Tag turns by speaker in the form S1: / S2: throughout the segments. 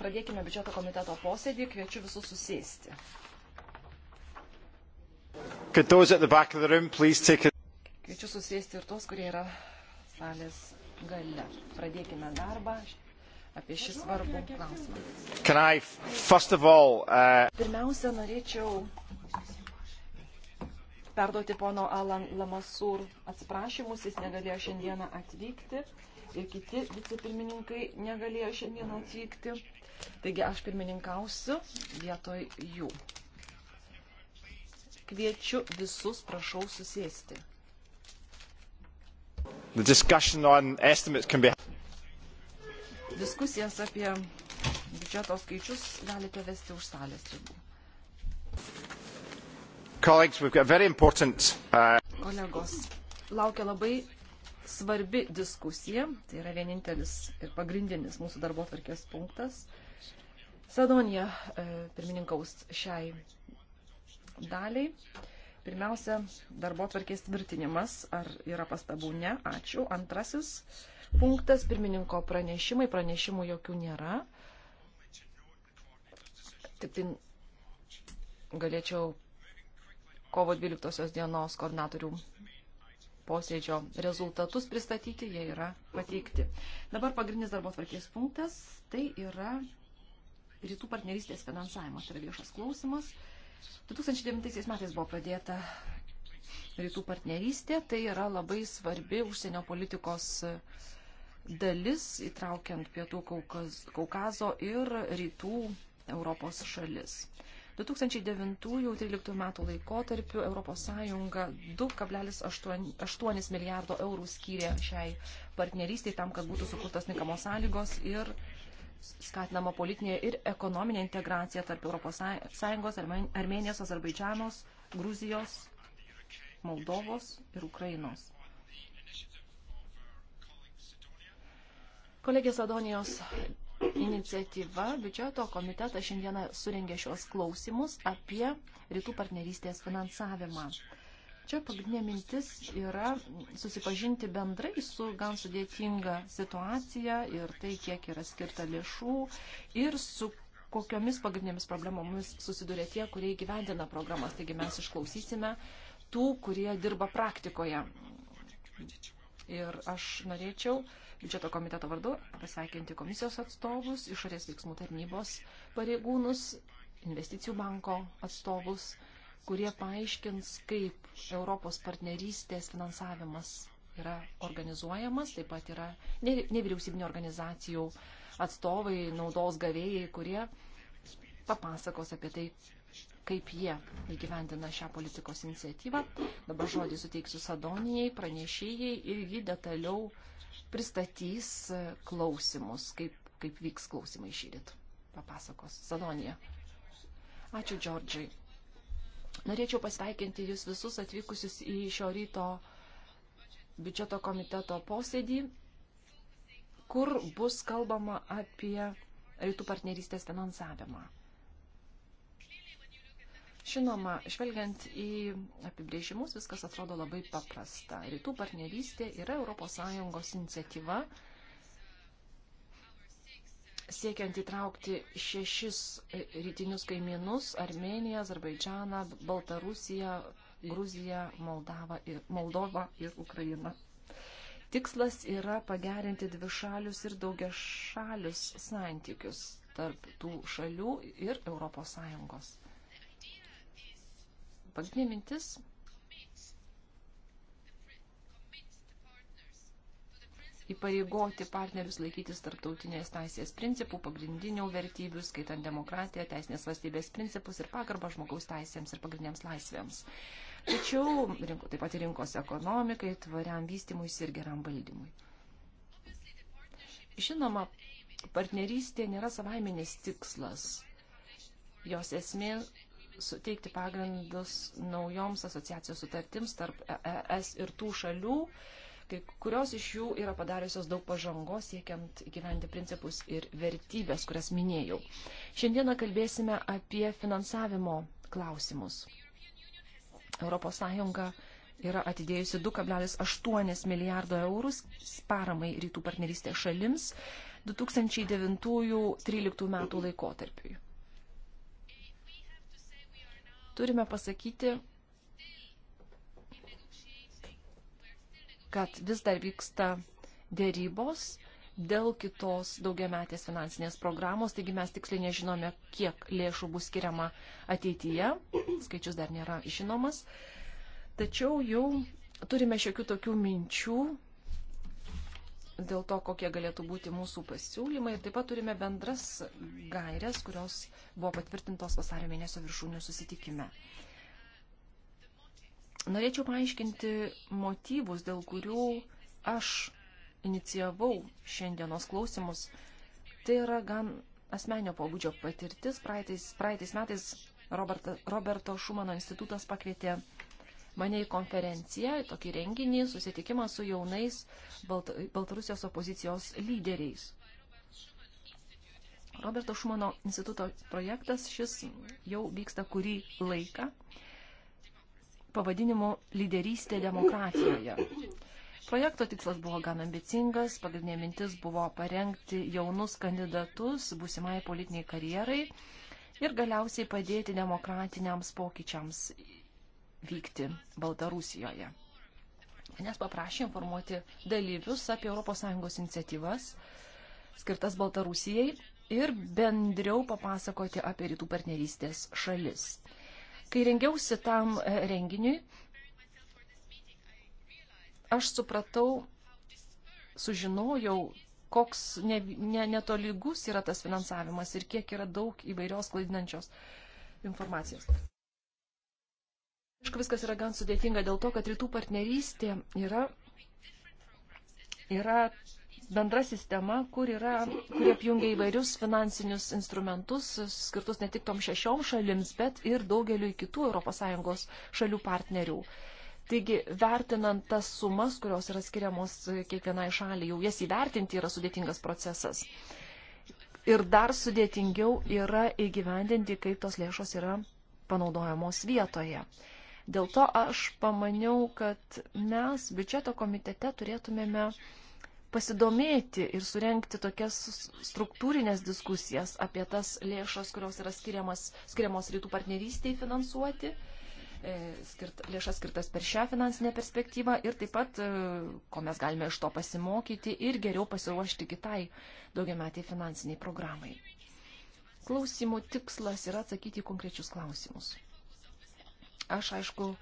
S1: pradėkime biudžeto komiteto posėdį, kviečiu visus susėsti. Room, a... Kviečiu susėsti ir tos, kurie yra salės gale. Pradėkime darbą apie šį svarbų klausimą. I, all, uh... Pirmiausia, norėčiau perduoti pono Alan Lamasur atsiprašymus, jis negalėjo šiandieną atvykti ir kiti vicepirmininkai negalėjo šiandien atvykti. Taigi aš pirmininkausiu vietoj jų. Kviečiu visus, prašau, susėsti. Be... Diskusijas apie biudžeto skaičius galite vesti už salės ribų. Uh, Kolegos, laukia labai svarbi diskusija, tai yra vienintelis ir pagrindinis mūsų darbo tvarkės punktas. Sadonija e, pirmininkaus šiai daliai. Pirmiausia, darbo tvarkės tvirtinimas. Ar yra pastabų? Ne. Ačiū. Antrasis punktas - pirmininko pranešimai. Pranešimų jokių nėra. Tik tai galėčiau kovo 12 dienos koordinatorių posėdžio rezultatus pristatyti, jie yra pateikti. Dabar pagrindinis darbo tvarkės punktas - tai yra rytų partnerystės finansavimo, tai yra viešas klausimas. 2009 metais buvo pradėta rytų partnerystė, tai yra labai svarbi užsienio politikos dalis, įtraukiant pietų Kaukaz, Kaukazo ir rytų Europos šalis. 2009-2013 metų laikotarpiu ES 2,8 milijardo eurų skyrė šiai partnerystiai tam, kad būtų sukurtos nikamos sąlygos ir skatinama politinė ir ekonominė integracija tarp ES, Armenijos, Azerbaidžianos, Gruzijos, Moldovos ir Ukrainos. Kolegės Adonijos iniciatyva biudžeto komitetas šiandieną surengė šios klausimus apie rytų partnerystės finansavimą. Čia pagrindinė mintis yra susipažinti bendrai su gan sudėtinga situacija ir tai, kiek yra skirta lėšų ir su kokiomis pagrindinėmis problemomis susiduria tie, kurie įgyvendina programas. Taigi mes išklausysime tų, kurie dirba praktikoje. Ir aš norėčiau biudžeto komiteto vardu pasveikinti komisijos atstovus, išorės veiksmų tarnybos pareigūnus, investicijų banko atstovus kurie paaiškins, kaip Europos partnerystės finansavimas yra organizuojamas, taip pat yra nevyriausybinio organizacijų atstovai, naudos gavėjai, kurie papasakos apie tai, kaip jie įgyvendina šią politikos iniciatyvą. Dabar žodį suteiksiu Sadonijai, pranešėjai ir ji detaliau pristatys klausimus, kaip, kaip vyks klausimai šį rytą. Papasakos Sadonija. Ačiū, Džordžiai. Norėčiau pasveikinti jūs visus atvykusius į šio ryto biudžeto komiteto posėdį, kur bus kalbama apie rytų partnerystės finansavimą. Žinoma, žvelgiant į apibrėžimus, viskas atrodo labai paprasta. Rytų partnerystė yra ES iniciatyva siekiant įtraukti šešis e, rytinius kaimynus - Armeniją, Azerbaidžaną, Baltarusiją, Gruziją, Moldavą ir, Moldovą ir Ukrainą. Tikslas yra pagerinti dvišalius ir daugiašalius santykius tarp tų šalių ir ES. Pagrindinė mintis įpareigoti partnerius laikytis tarptautinės teisės principų, pagrindinių vertybių, skaitant demokratiją, teisinės valstybės principus ir pagarbą žmogaus teisėms ir pagrindiniams laisvėms. Tačiau rinko, taip pat ir rinkos ekonomikai, tvariam vystimui ir geram valdymui. Žinoma, partnerystė nėra savaiminis tikslas. Jos esmė suteikti pagrindus naujoms asociacijos sutartims tarp ES e ir tų šalių, kai kurios iš jų yra padariusios daug pažangos siekiant gyventi principus ir vertybės, kurias minėjau. Šiandieną kalbėsime apie finansavimo klausimus. ES yra atidėjusi 2,8 milijardo eurų paramai rytų partnerystės šalims 2009-2013 metų laikotarpiui. Turime pasakyti, kad vis dar vyksta dėrybos dėl kitos daugiametės finansinės programos, taigi mes tiksliai nežinome, kiek lėšų bus skiriama ateityje, skaičius dar nėra žinomas, tačiau jau turime šiokių tokių minčių dėl to, kokie galėtų būti mūsų pasiūlymai ir taip pat turime bendras gairias, kurios buvo patvirtintos vasario mėnesio viršūnių susitikime. Norėčiau paaiškinti motyvus, dėl kurių aš inicijavau šiandienos klausimus. Tai yra gan asmenio pobūdžio patirtis. Praeitais, praeitais metais Roberta, Roberto Šumano institutas pakvietė mane į konferenciją, į tokį renginį, susitikimą su jaunais Balt Baltarusijos opozicijos lyderiais. Roberto Šumano instituto projektas šis jau vyksta kurį laiką pavadinimu lyderystė demokratijoje. Projekto tikslas buvo gan ambicingas, pagrindinė mintis buvo parengti jaunus kandidatus būsimai politiniai karjerai ir galiausiai padėti demokratiniams pokyčiams vykti Baltarusijoje. Manęs paprašė informuoti dalyvius apie ES iniciatyvas skirtas Baltarusijai ir bendriau papasakoti apie rytų partnerystės šalis. Kai rengiausi tam e, renginiui, aš supratau, sužinojau, koks ne, ne, netolygus yra tas finansavimas ir kiek yra daug įvairios klaidinančios informacijos. Aišku, viskas yra gan sudėtinga dėl to, kad rytų partnerystė yra, yra bendra sistema, kur, yra, kur apjungia įvairius finansinius instrumentus, skirtus ne tik tom šešiom šalims, bet ir daugeliu kitų ES šalių partnerių. Taigi, vertinant tas sumas, kurios yra skiriamos kiekvienai šaliai, jau jas įvertinti yra sudėtingas procesas. Ir dar sudėtingiau yra įgyvendinti, kaip tos lėšos yra panaudojamos vietoje. Dėl to aš pamaniau, kad mes biudžeto komitete turėtumėme uh, pasidomėti ir surenkti tokias struktūrinės diskusijas apie tas lėšas, kurios yra skiriamas, skiriamos rytų partnerystiai finansuoti, e, skirt, lėšas skirtas per šią finansinę perspektyvą ir taip pat, e, ko mes galime iš to pasimokyti ir geriau pasiruošti kitai daugiametiai finansiniai programai. Klausimų tikslas yra atsakyti į konkrečius klausimus. Aš, aišku,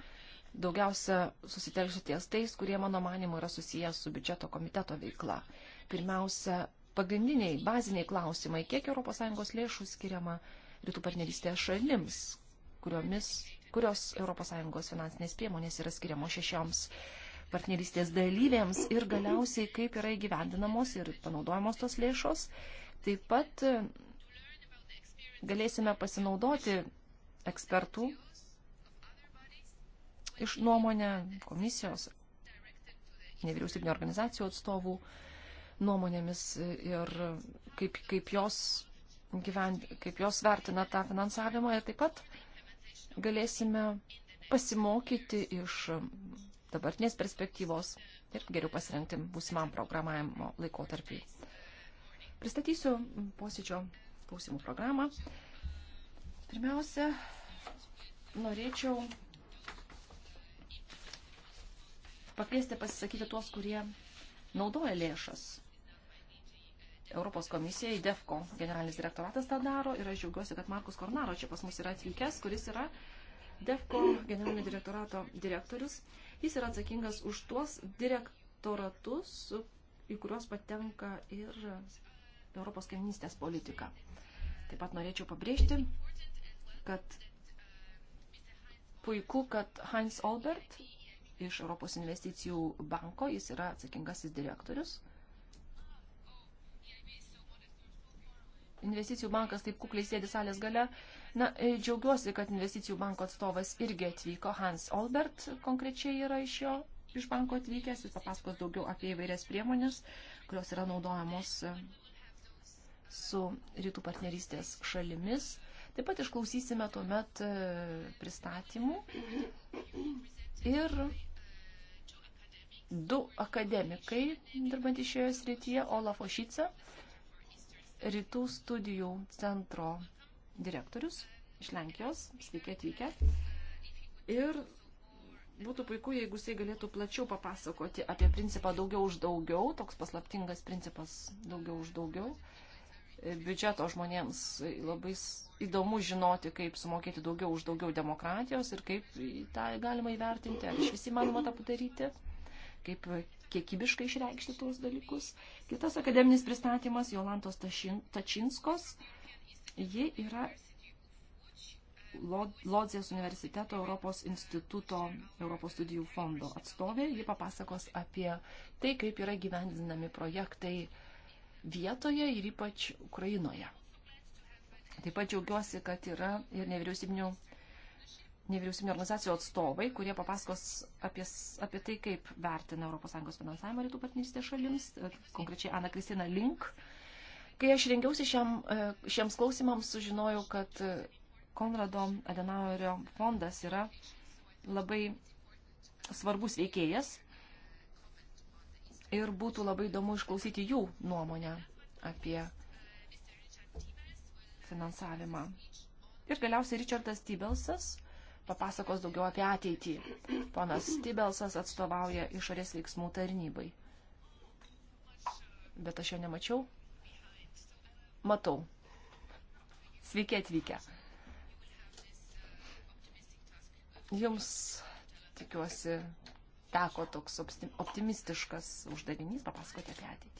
S1: daugiausia susitelksiu ties tais, kurie mano manimu yra susijęs su biudžeto komiteto veikla. Pirmiausia, pagrindiniai, baziniai klausimai, kiek ES lėšų skiriama rytų partnerystėje šalims, kuriomis, kurios ES finansinės priemonės yra skiriamos šešioms partnerystės dalyvėms ir galiausiai kaip yra įgyvendinamos ir panaudojamos tos lėšos. Taip pat galėsime pasinaudoti ekspertų iš nuomonę komisijos, nevyriausybinio organizacijų atstovų nuomonėmis ir kaip, kaip, jos, gyvent, kaip jos vertina tą finansavimą ir taip pat galėsime pasimokyti iš dabartinės perspektyvos ir geriau pasirengti būsimam programavimo laikotarpiui. Pristatysiu posėdžio klausimų programą. Pirmiausia, norėčiau pakviesti pasisakyti tuos, kurie naudoja lėšas. Europos komisija, DEFCO generalinis direktoratas tą daro ir aš džiaugiuosi, kad Markus Kornaro čia pas mus yra atvykęs, kuris yra DEFCO generalinio direktorato direktorius. Jis yra atsakingas už tuos direktoratus, į kuriuos patenka ir Europos kaiminystės politika. Taip pat norėčiau pabrėžti, kad puiku, kad Heinz Albert iš Europos investicijų banko, jis yra atsakingasis direktorius. Investicijų bankas taip kukliai sėdi salės gale. Na, e, džiaugiuosi, kad investicijų banko atstovas irgi atvyko. Hans Olbert konkrečiai yra iš jo, iš banko atvykęs. Jis papasakos daugiau apie įvairias priemonės, kurios yra naudojamos e, su rytų partnerystės šalimis. Taip pat išklausysime tuomet e, pristatymų ir du akademikai dirbantys šioje srityje - Olafo Šica, Rytų studijų centro direktorius iš Lenkijos. Sveiki atvykę. Ir būtų puiku, jeigu jisai galėtų plačiau papasakoti apie principą daugiau už daugiau, toks paslaptingas principas daugiau už daugiau. Biudžeto žmonėms labai įdomu žinoti, kaip sumokėti daugiau už daugiau demokratijos ir kaip tą galima įvertinti, ar iš vis įmanoma tą padaryti kaip kiekybiškai išreikšti tuos dalykus. Kitas akademinis pristatymas Jolantos Tačinskos. Ji yra Lodzės universiteto Europos instituto Europos studijų fondo atstovė. Ji papasakos apie tai, kaip yra gyvendinami projektai vietoje ir ypač Ukrainoje. Taip pat džiaugiuosi, kad yra ir nevyriausybinių nevyriausybinio organizacijų atstovai, kurie papasakos apie, apie tai, kaip vertina ES finansavimą rytų partnerystės šalims, e, konkrečiai Ana Kristina Link. Kai aš rengiausi šiam, e, šiems klausimams, sužinojau, kad e, Konrado Adenauerio fondas yra labai svarbus veikėjas ir būtų labai įdomu išklausyti jų nuomonę apie finansavimą. Ir galiausiai Richardas Tybelsas papasakos daugiau apie ateitį. Ponas Tibelsas atstovauja išorės veiksmų tarnybai. Bet aš jo nemačiau. Matau. Sveiki atvykę. Jums, tikiuosi, teko toks optimistiškas uždavinys papasakoti apie ateitį.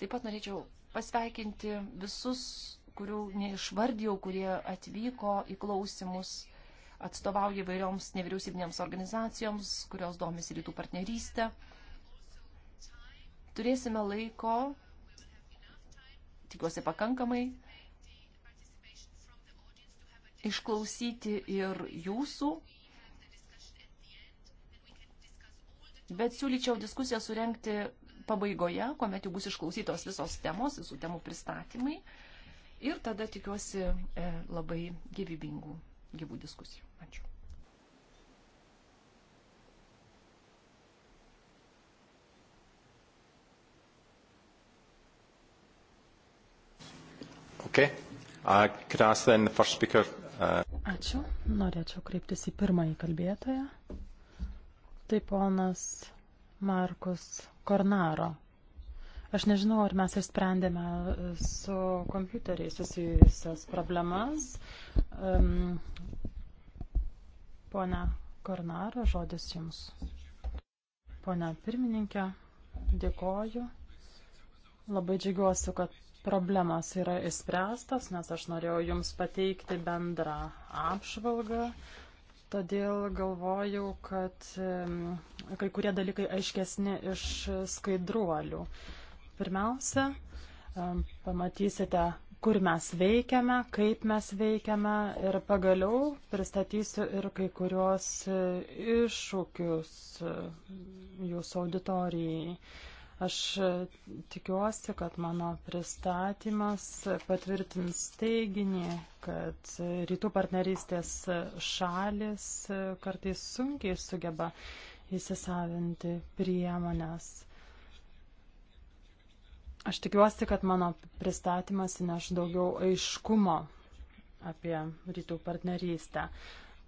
S1: Taip pat norėčiau pasveikinti visus kurių neišvardėjau, kurie atvyko į klausimus, atstovauja įvairioms nevyriausybinėms organizacijoms, kurios domisi rytų partnerystę. Turėsime laiko, tikiuosi pakankamai, išklausyti ir jūsų bet siūlyčiau diskusiją surenkti pabaigoje, kuomet jau bus išklausytos visos temos, visų temų pristatymai ir tada tikiuosi e, labai gyvybingų, gyvų diskusijų. Ačiū.
S2: Okay. Uh, could I ask then the first speaker? Uh... Ačiū. Norėčiau kreiptis į pirmąjį kalbėtoją. Tai ponas Markus Kornaro. Aš nežinau, ar mes išsprendėme su kompiuteriais susijusias problemas. Um, Pone Kornaro, žodis Jums. Pone pirmininkė, dėkoju. Labai džiaugiuosi, kad problemos yra įspręstas, nes aš norėjau Jums pateikti bendrą apžvalgą. Todėl galvojau, kad kai kurie dalykai aiškesni iš skaidruolių. Um, Pirmiausia, pamatysite, kur mes veikiame, kaip mes veikiame ir pagaliau pristatysiu ir kai kurios e, iššūkius e, jūsų auditorijai. Aš e, tikiuosi, kad mano pristatymas patvirtins teiginį, kad rytų partnerystės šalis kartais sunkiai sugeba įsisavinti priemonės. Aš tikiuosi, kad mano pristatymas neš daugiau aiškumo apie rytų partnerystę.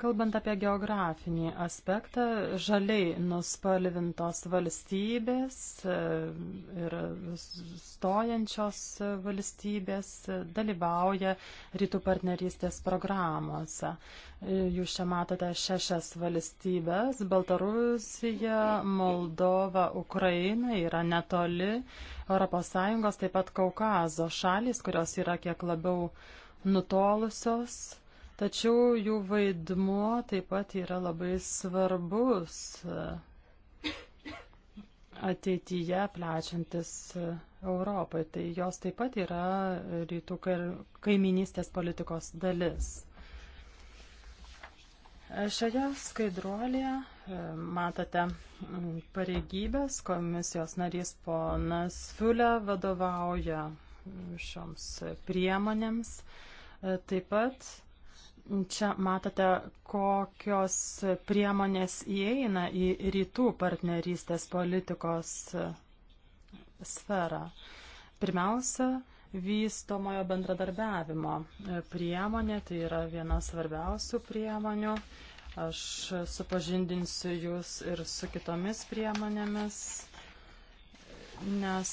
S2: Kalbant apie geografinį aspektą, žaliai nuspalvintos valstybės e, ir stojančios valstybės dalyvauja rytų partnerystės programuose. E, jūs čia matote šešias valstybės - Baltarusija, Moldova, Ukraina yra netoli ES, taip pat Kaukazo šalis, kurios yra kiek labiau nutolusios Tačiau jų vaidmuo taip pat yra labai svarbus e, ateityje plečiantis e, Europai. Tai jos taip pat yra rytų kaiminystės politikos dalis. E, šioje skaidruolėje matote pareigybės, komisijos narys ponas Fiulė vadovauja šioms priemonėms. Taip pat Čia matote, kokios priemonės įeina į rytų partnerystės politikos sferą. Pirmiausia, vystomojo bendradarbiavimo priemonė, tai yra viena svarbiausių priemonių. Aš supažindinsiu jūs ir su kitomis priemonėmis, nes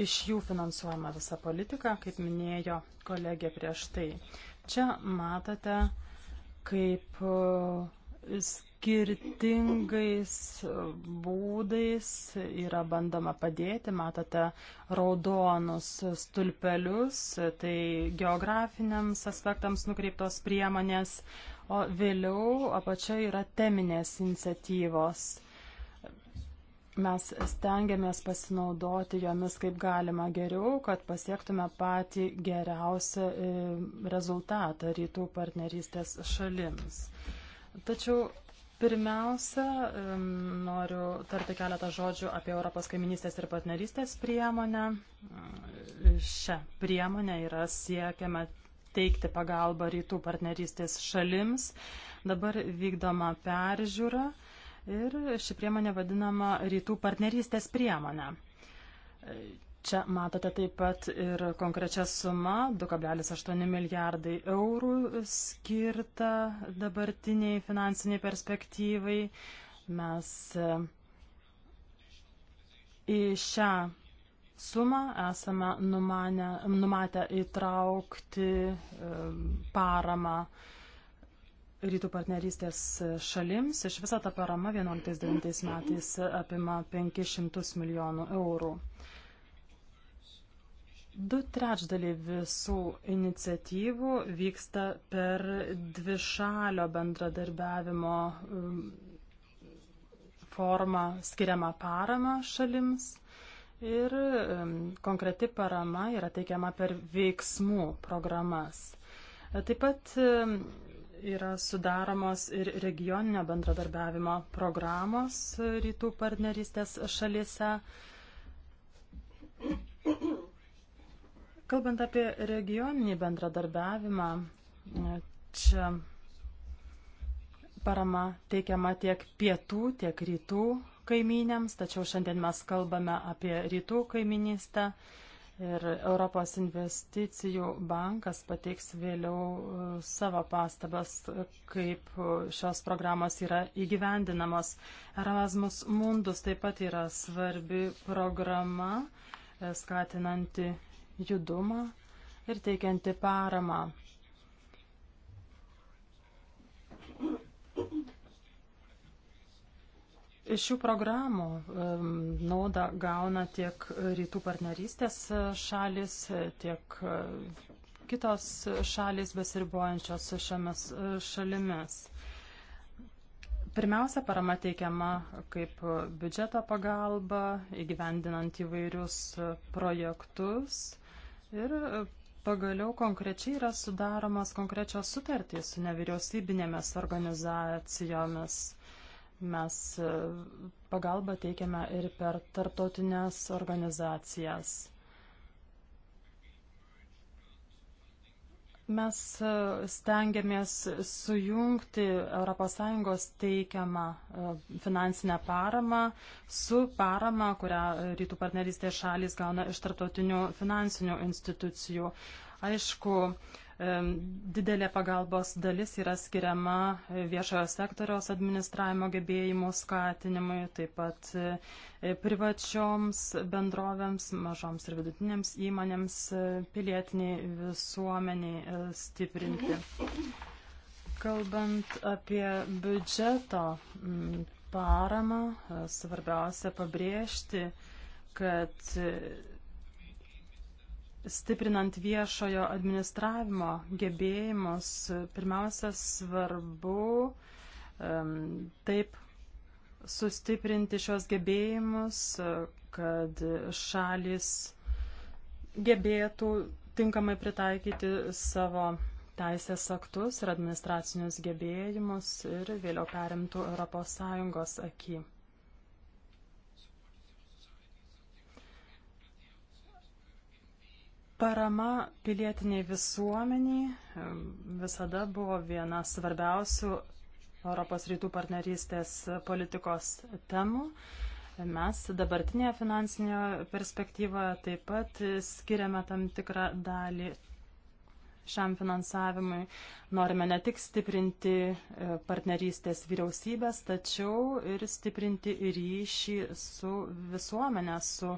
S2: iš jų finansuojama visa politika, kaip minėjo kolegė prieš tai. Čia matote, kaip e, skirtingais būdais yra bandoma padėti. Matote raudonus stulpelius, tai geografiniams aspektams nukreiptos priemonės, o vėliau apačioje yra teminės iniciatyvos mes stengiamės pasinaudoti jomis kaip galima geriau, kad pasiektume patį geriausią e, rezultatą rytų partnerystės šalims. Tačiau pirmiausia, noriu tarti keletą žodžių apie Europos kaiminystės ir partnerystės priemonę. Šią priemonę yra siekiama teikti pagalbą rytų partnerystės šalims. Dabar vykdoma peržiūra ir ši priemonė vadinama rytų partnerystės priemonė. Čia matote taip pat ir konkrečią sumą - 2,8 milijardai eurų skirta dabartiniai finansiniai perspektyvai. Mes e, į šią sumą esame numanę, numatę įtraukti e, paramą rytų partnerystės šalims. Iš viso ta parama 11-9 metais apima 500 milijonų eurų. Du trečdaliai visų iniciatyvų vyksta per dvišalio bendradarbiavimo um, formą skiriamą paramą šalims ir um, konkreti parama yra teikiama per veiksmų programas. Taip pat um, yra sudaromos ir regioninio bendradarbiavimo programos rytų partnerystės šalyse. Kalbant apie regioninį bendradarbiavimą, čia parama teikiama tiek pietų, tiek rytų kaimynėms, tačiau šiandien mes kalbame apie rytų kaiminystę. Ir Europos investicijų bankas pateiks vėliau e, savo pastabas, kaip e, šios programos yra įgyvendinamos. Erasmus Mundus taip pat yra svarbi programa, e, skatinanti judumą ir teikianti paramą. Iš šių programų naudą gauna tiek rytų partnerystės šalis, tiek e, kitos šalis besiribojančios šiomis e, šalimis. Pirmiausia, parama teikiama kaip biudžeto pagalba, įgyvendinant įvairius e, projektus ir Pagaliau konkrečiai yra sudaromas konkrečios sutartys su nevyriausybinėmis organizacijomis. Mes e, pagalbą teikiame ir per tarptautinės organizacijas. Mes e, stengiamės sujungti ES teikiamą e, finansinę paramą su parama, kurią rytų partnerystės šalis gauna iš tarptautinių finansinių institucijų. Aišku, Didelė pagalbos dalis yra skiriama viešojo sektoriaus administravimo gebėjimų skatinimui, taip pat e, privačioms bendrovėms, mažoms ir vidutinėms įmonėms, e, pilietiniai visuomeniai e, stiprinti. Kalbant apie biudžeto paramą, svarbiausia pabrėžti, kad stiprinant viešojo administravimo gebėjimus, pirmiausia svarbu um, taip sustiprinti šios gebėjimus, kad šalis gebėtų tinkamai pritaikyti savo teisės aktus ir administracinius gebėjimus ir vėliau perimtų ES akį. Parama pilietiniai visuomeniai visada buvo viena svarbiausių Europos rytų partnerystės politikos temų. Mes dabartinėje finansinio perspektyvoje taip pat skiriame tam tikrą dalį šiam finansavimui. Norime ne tik stiprinti e, partnerystės vyriausybės, tačiau ir stiprinti ryšį su visuomenė, su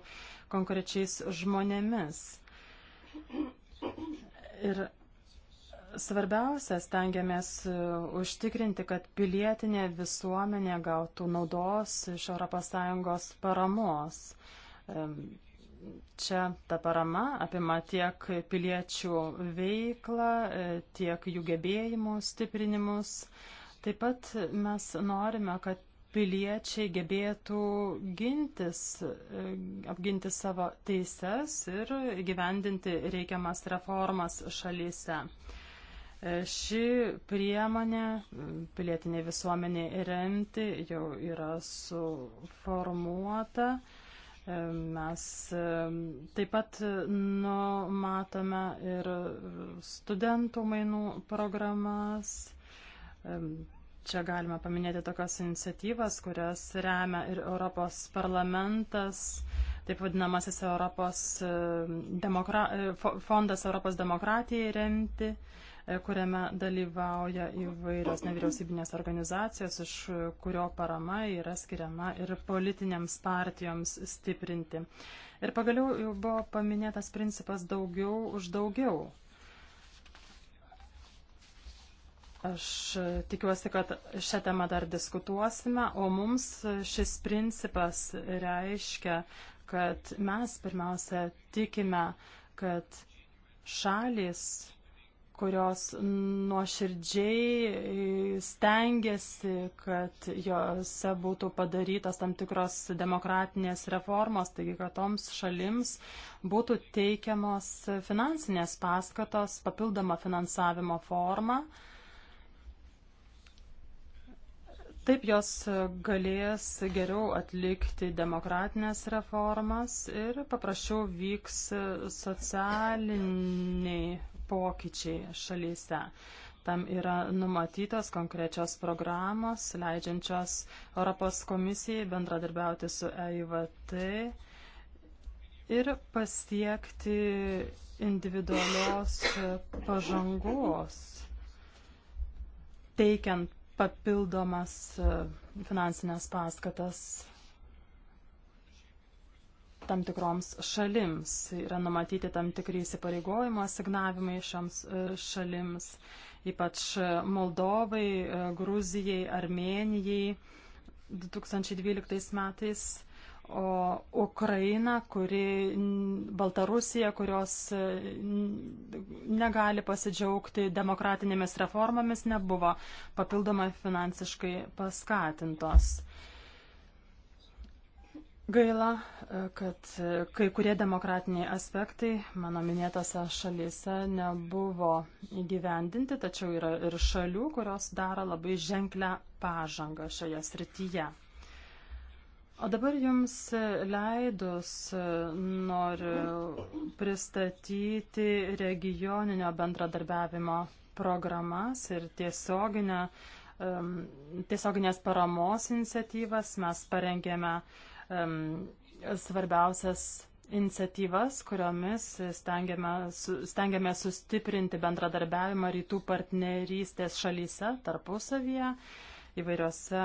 S2: konkrečiais žmonėmis. Ir svarbiausia, stengiamės užtikrinti, kad pilietinė visuomenė gautų naudos iš ES paramos. Čia ta parama apima tiek piliečių veiklą, e, tiek jų gebėjimų stiprinimus. Taip pat mes norime, kad piliečiai gebėtų gintis, e, apginti savo teises ir gyvendinti reikiamas reformas šalyse. E, ši priemonė pilietinė visuomenė remti jau yra suformuota. E, mes taip pat numatome ir studentų mainų programas Čia galima paminėti tokias iniciatyvas, kurias remia ir Europos parlamentas, taip vadinamasis Europos e, demokra... E, fondas Europos demokratijai remti, e, kuriame dalyvauja įvairios nevyriausybinės organizacijos, iš kurio parama yra skiriama ir politinėms partijoms stiprinti. Ir pagaliau jau buvo paminėtas principas daugiau už daugiau Aš tikiuosi, kad šią temą dar diskutuosime, o mums šis principas reiškia, kad mes pirmiausia tikime, kad šalis, kurios nuoširdžiai stengiasi, kad jose būtų padarytas tam tikros demokratinės reformos, taigi kad toms šalims būtų teikiamos finansinės paskatos, papildoma finansavimo forma. Taip jos galės geriau atlikti demokratinės reformas ir paprasčiau vyks socialiniai pokyčiai šalyse. Tam yra numatytos konkrečios programos, leidžiančios Europos komisijai bendradarbiauti su EIVT ir pasiekti individualios pažangos, teikiant papildomas e, finansinės paskatas tam tikroms šalims. Yra numatyti tam tikri įsipareigojimo asignavimai šioms e, šalims, ypač Moldovai, e, Gruzijai, Armenijai 2012 metais O Ukraina, kuri Baltarusija, kurios e, negali pasidžiaugti demokratinėmis reformomis, nebuvo papildomai finansiškai paskatintos. Gaila, e, kad e, kai kurie demokratiniai aspektai mano minėtose šalyse nebuvo įgyvendinti, tačiau yra ir šalių, kurios daro labai ženklę pažangą šioje srityje. O dabar jums leidus e, noriu pristatyti regioninio bendradarbiavimo programas ir tiesioginę, tiesioginės paramos iniciatyvas. Mes parengėme svarbiausias iniciatyvas, kuriomis stengiame sustiprinti bendradarbiavimą rytų partnerystės šalyse tarpusavyje įvairiose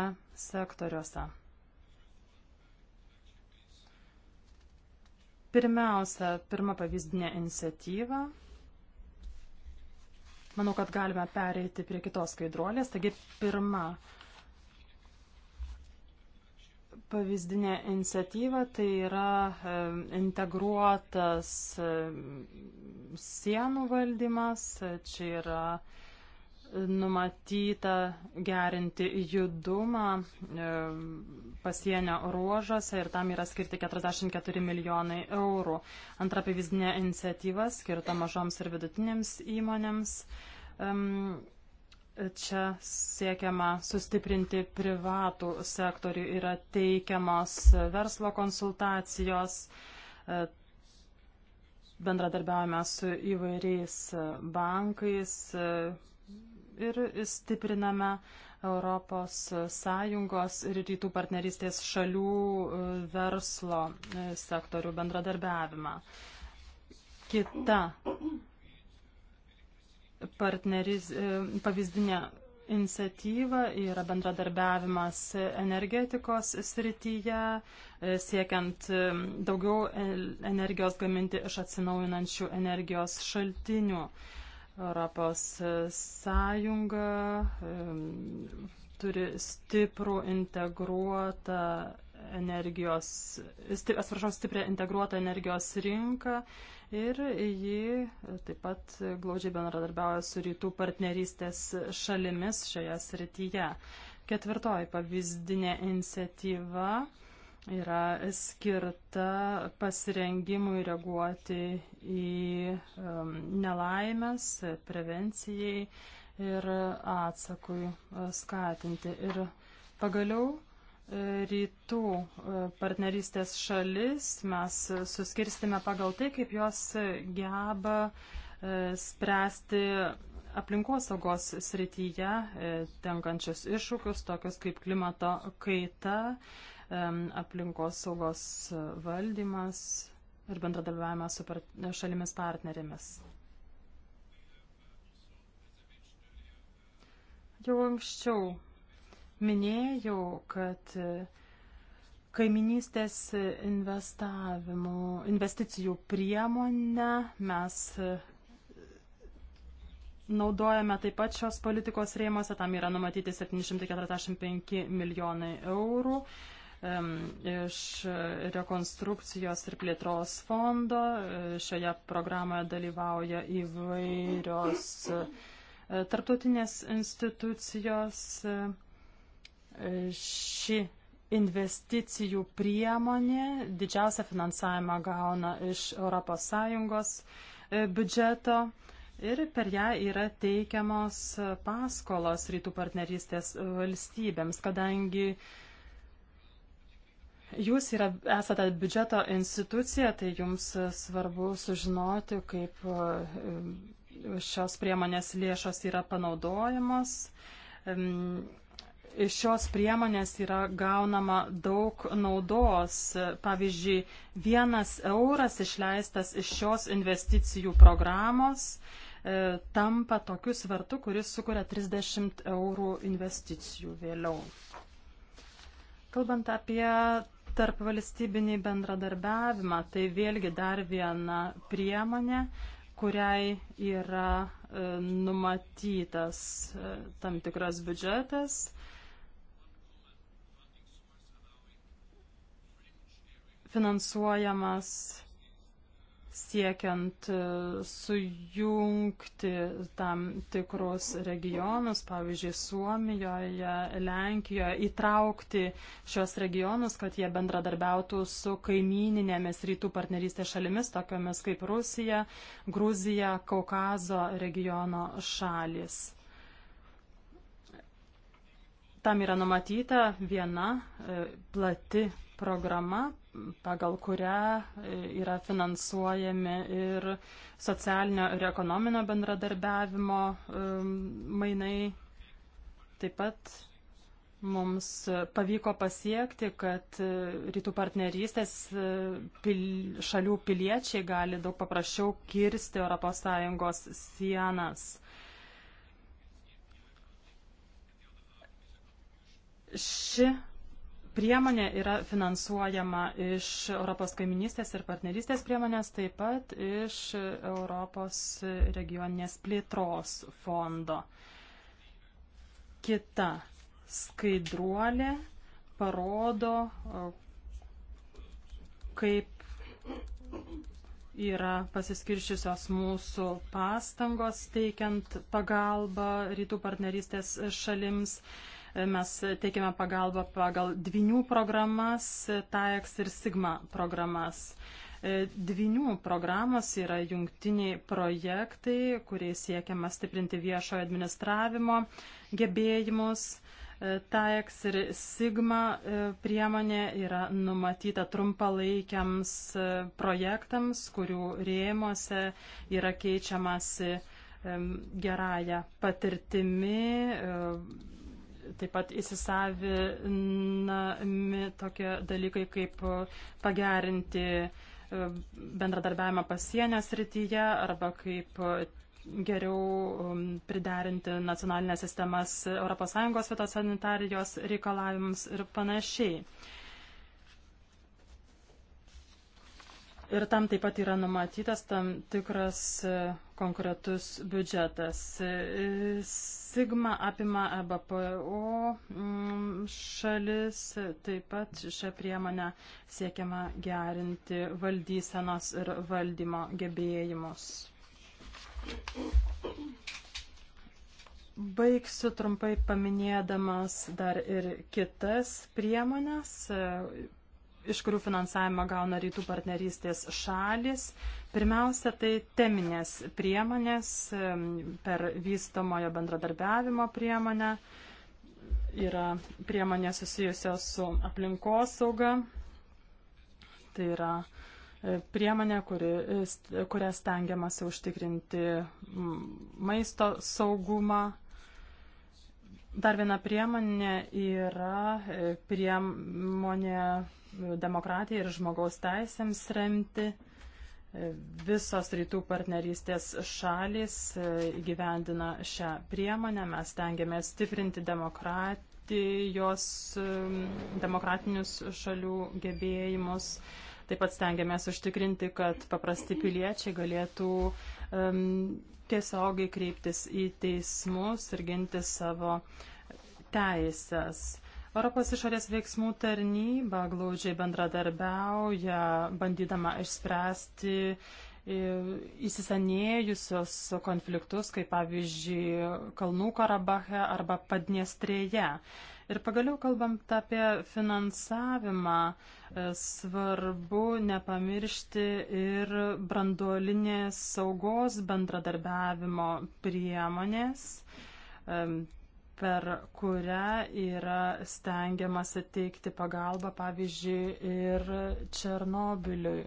S2: sektoriuose. Pirmiausia, pirma pavyzdinė iniciatyva. Manau, kad galime pereiti prie kitos skaidruolės. Taigi, pirma pavyzdinė iniciatyva tai yra e, integruotas e, sienų valdymas. Čia yra numatyta gerinti judumą e, pasienio ruožuose ir tam yra skirti 44 milijonai eurų. Antra pavyzdinė iniciatyva skirta mažoms ir vidutinėms įmonėms. Čia siekiama sustiprinti privatų sektorių, yra teikiamos verslo konsultacijos, e, bendradarbiavame su įvairiais bankais, e, ir stipriname Europos Sąjungos ir rytų partnerystės šalių e, verslo e, sektorių bendradarbiavimą. Kita partneriz, e, pavyzdinė iniciatyva yra bendradarbiavimas energetikos srityje, siekiant daugiau energijos gaminti iš atsinaujinančių energijos šaltinių. Europos Sąjunga turi stiprų integruotą energijos, atsiprašau, stiprią integruotą energijos rinką ir ji taip pat glaudžiai bendradarbiauja su rytų partnerystės šalimis šioje srityje. Ketvirtoji pavyzdinė iniciatyva yra skirta pasirengimui reaguoti į um, nelaimės, prevencijai ir atsakui uh, skatinti. Ir pagaliau uh, rytų uh, partnerystės šalis mes suskirstime pagal tai, kaip jos geba spręsti aplinkosaugos srityje tenkančius iššūkius, tokius kaip klimato kaita, aplinkos saugos valdymas ir bendradarbiavimas su part... šalimis partnerėmis. Jau anksčiau minėjau, kad kaiminystės investavimo, investicijų priemonę mes naudojame taip pat šios politikos rėmose, tam yra numatyti 745 milijonai eurų iš rekonstrukcijos ir plėtros fondo. E, šioje programoje dalyvauja įvairios e, tarptautinės institucijos. E, ši investicijų priemonė didžiausią finansavimą gauna iš ES biudžeto. Ir per ją yra teikiamos paskolos rytų partnerystės valstybėms, kadangi uh, Jūs yra, esate biudžeto institucija, tai jums svarbu sužinoti, kaip e, šios priemonės lėšos yra panaudojamos. Iš šios priemonės yra gaunama daug naudos. Pavyzdžiui, vienas euras išleistas iš šios investicijų programos e, tampa tokiu svertu, kuris sukuria 30 eurų investicijų vėliau. Kalbant apie tarp valstybinį bendradarbiavimą, tai vėlgi dar viena priemonė, kuriai yra e, numatytas e, tam tikras biudžetas. finansuojamas siekiant e, sujungti tam tikrus regionus, pavyzdžiui, Suomijoje, Lenkijoje, įtraukti šios regionus, kad jie bendradarbiautų su kaimininėmis rytų partnerystės šalimis, tokiamis kaip Rusija, Gruzija, Kaukazo regiono šalis. Tam yra numatyta viena e, plati programa, pagal kurią e, yra finansuojami ir socialinio ir ekonominio bendradarbiavimo e, mainai. Taip pat mums pavyko pasiekti, kad e, rytų partnerystės pil, šalių piliečiai gali daug paprasčiau kirsti ES sienas. Ši priemonė yra finansuojama iš Europos kaiminystės ir partnerystės priemonės, taip pat iš Europos regioninės plėtros fondo. Kita skaidruolė parodo, kaip yra pasiskirščiusios mūsų pastangos teikiant pagalbą rytų partnerystės šalims. Uh, Mes teikiame pagalbą pagal dvinių programas, TAEX ir SIGMA programas. E, dvinių programos yra jungtiniai projektai, kuriais siekiama stiprinti viešojo administravimo gebėjimus. E, TAEX ir SIGMA e, priemonė yra numatyta trumpalaikiams projektams, kurių rėmose yra keičiamasi gerąją patirtimi taip pat įsisavinami tokie dalykai kaip pagerinti e, bendradarbiavimą pasienio srityje arba kaip e, geriau um, priderinti nacionalinės sistemas ES fitosanitarijos reikalavimams ir panašiai. Ir tam taip pat yra numatytas tam tikras e, konkretus biudžetas. Sigma apima EBPO mm, šalis, taip pat šią priemonę siekiama gerinti valdysenos ir valdymo gebėjimus. Baigsiu trumpai paminėdamas dar ir kitas priemonės, iš kurių finansavimą gauna rytų partnerystės šalis. Pirmiausia, tai teminės priemonės per vystomojo bendradarbiavimo priemonę. Yra priemonė susijusia su aplinkosauga. Tai yra e, priemonė, kuri, e, kurią stengiamasi užtikrinti maisto saugumą. Dar viena priemonė yra e, priemonė demokratijai ir žmogaus teisėms remti. Visos rytų partnerystės šalis e, įgyvendina šią priemonę. Mes tengiamės stiprinti demokratijos, e, demokratinius šalių gebėjimus. Taip pat stengiamės užtikrinti, kad paprasti piliečiai galėtų um, tiesiogiai kreiptis į teismus ir ginti savo teisės. Europos išorės veiksmų tarnyba glaudžiai bendradarbiauja, bandydama išspręsti e, įsisenėjusios konfliktus, kaip pavyzdžiui Kalnų Karabache arba Padniestrėje. Ir pagaliau kalbant apie finansavimą, e, svarbu nepamiršti ir branduolinės saugos bendradarbiavimo priemonės per kurią yra stengiamasi teikti pagalbą, pavyzdžiui, ir Černobiliui.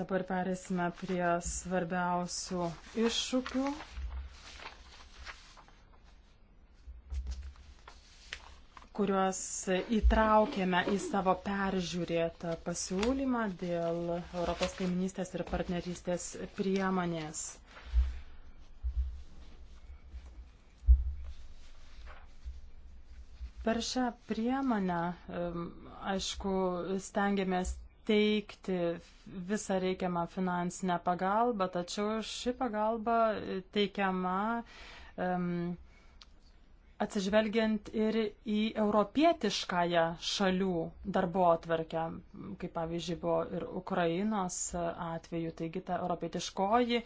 S2: Dabar perėsime prie svarbiausių iššūkių. kuriuos įtraukėme į savo peržiūrėtą pasiūlymą dėl Europos kaiminystės ir partnerystės priemonės. Per šią priemonę, aišku, stengiamės teikti visą reikiamą finansinę pagalbą, tačiau ši pagalba teikiama um, atsižvelgiant ir į europietiškąją šalių darbo atvarkę, kaip pavyzdžiui buvo ir Ukrainos atveju. Taigi ta europietiškoji e,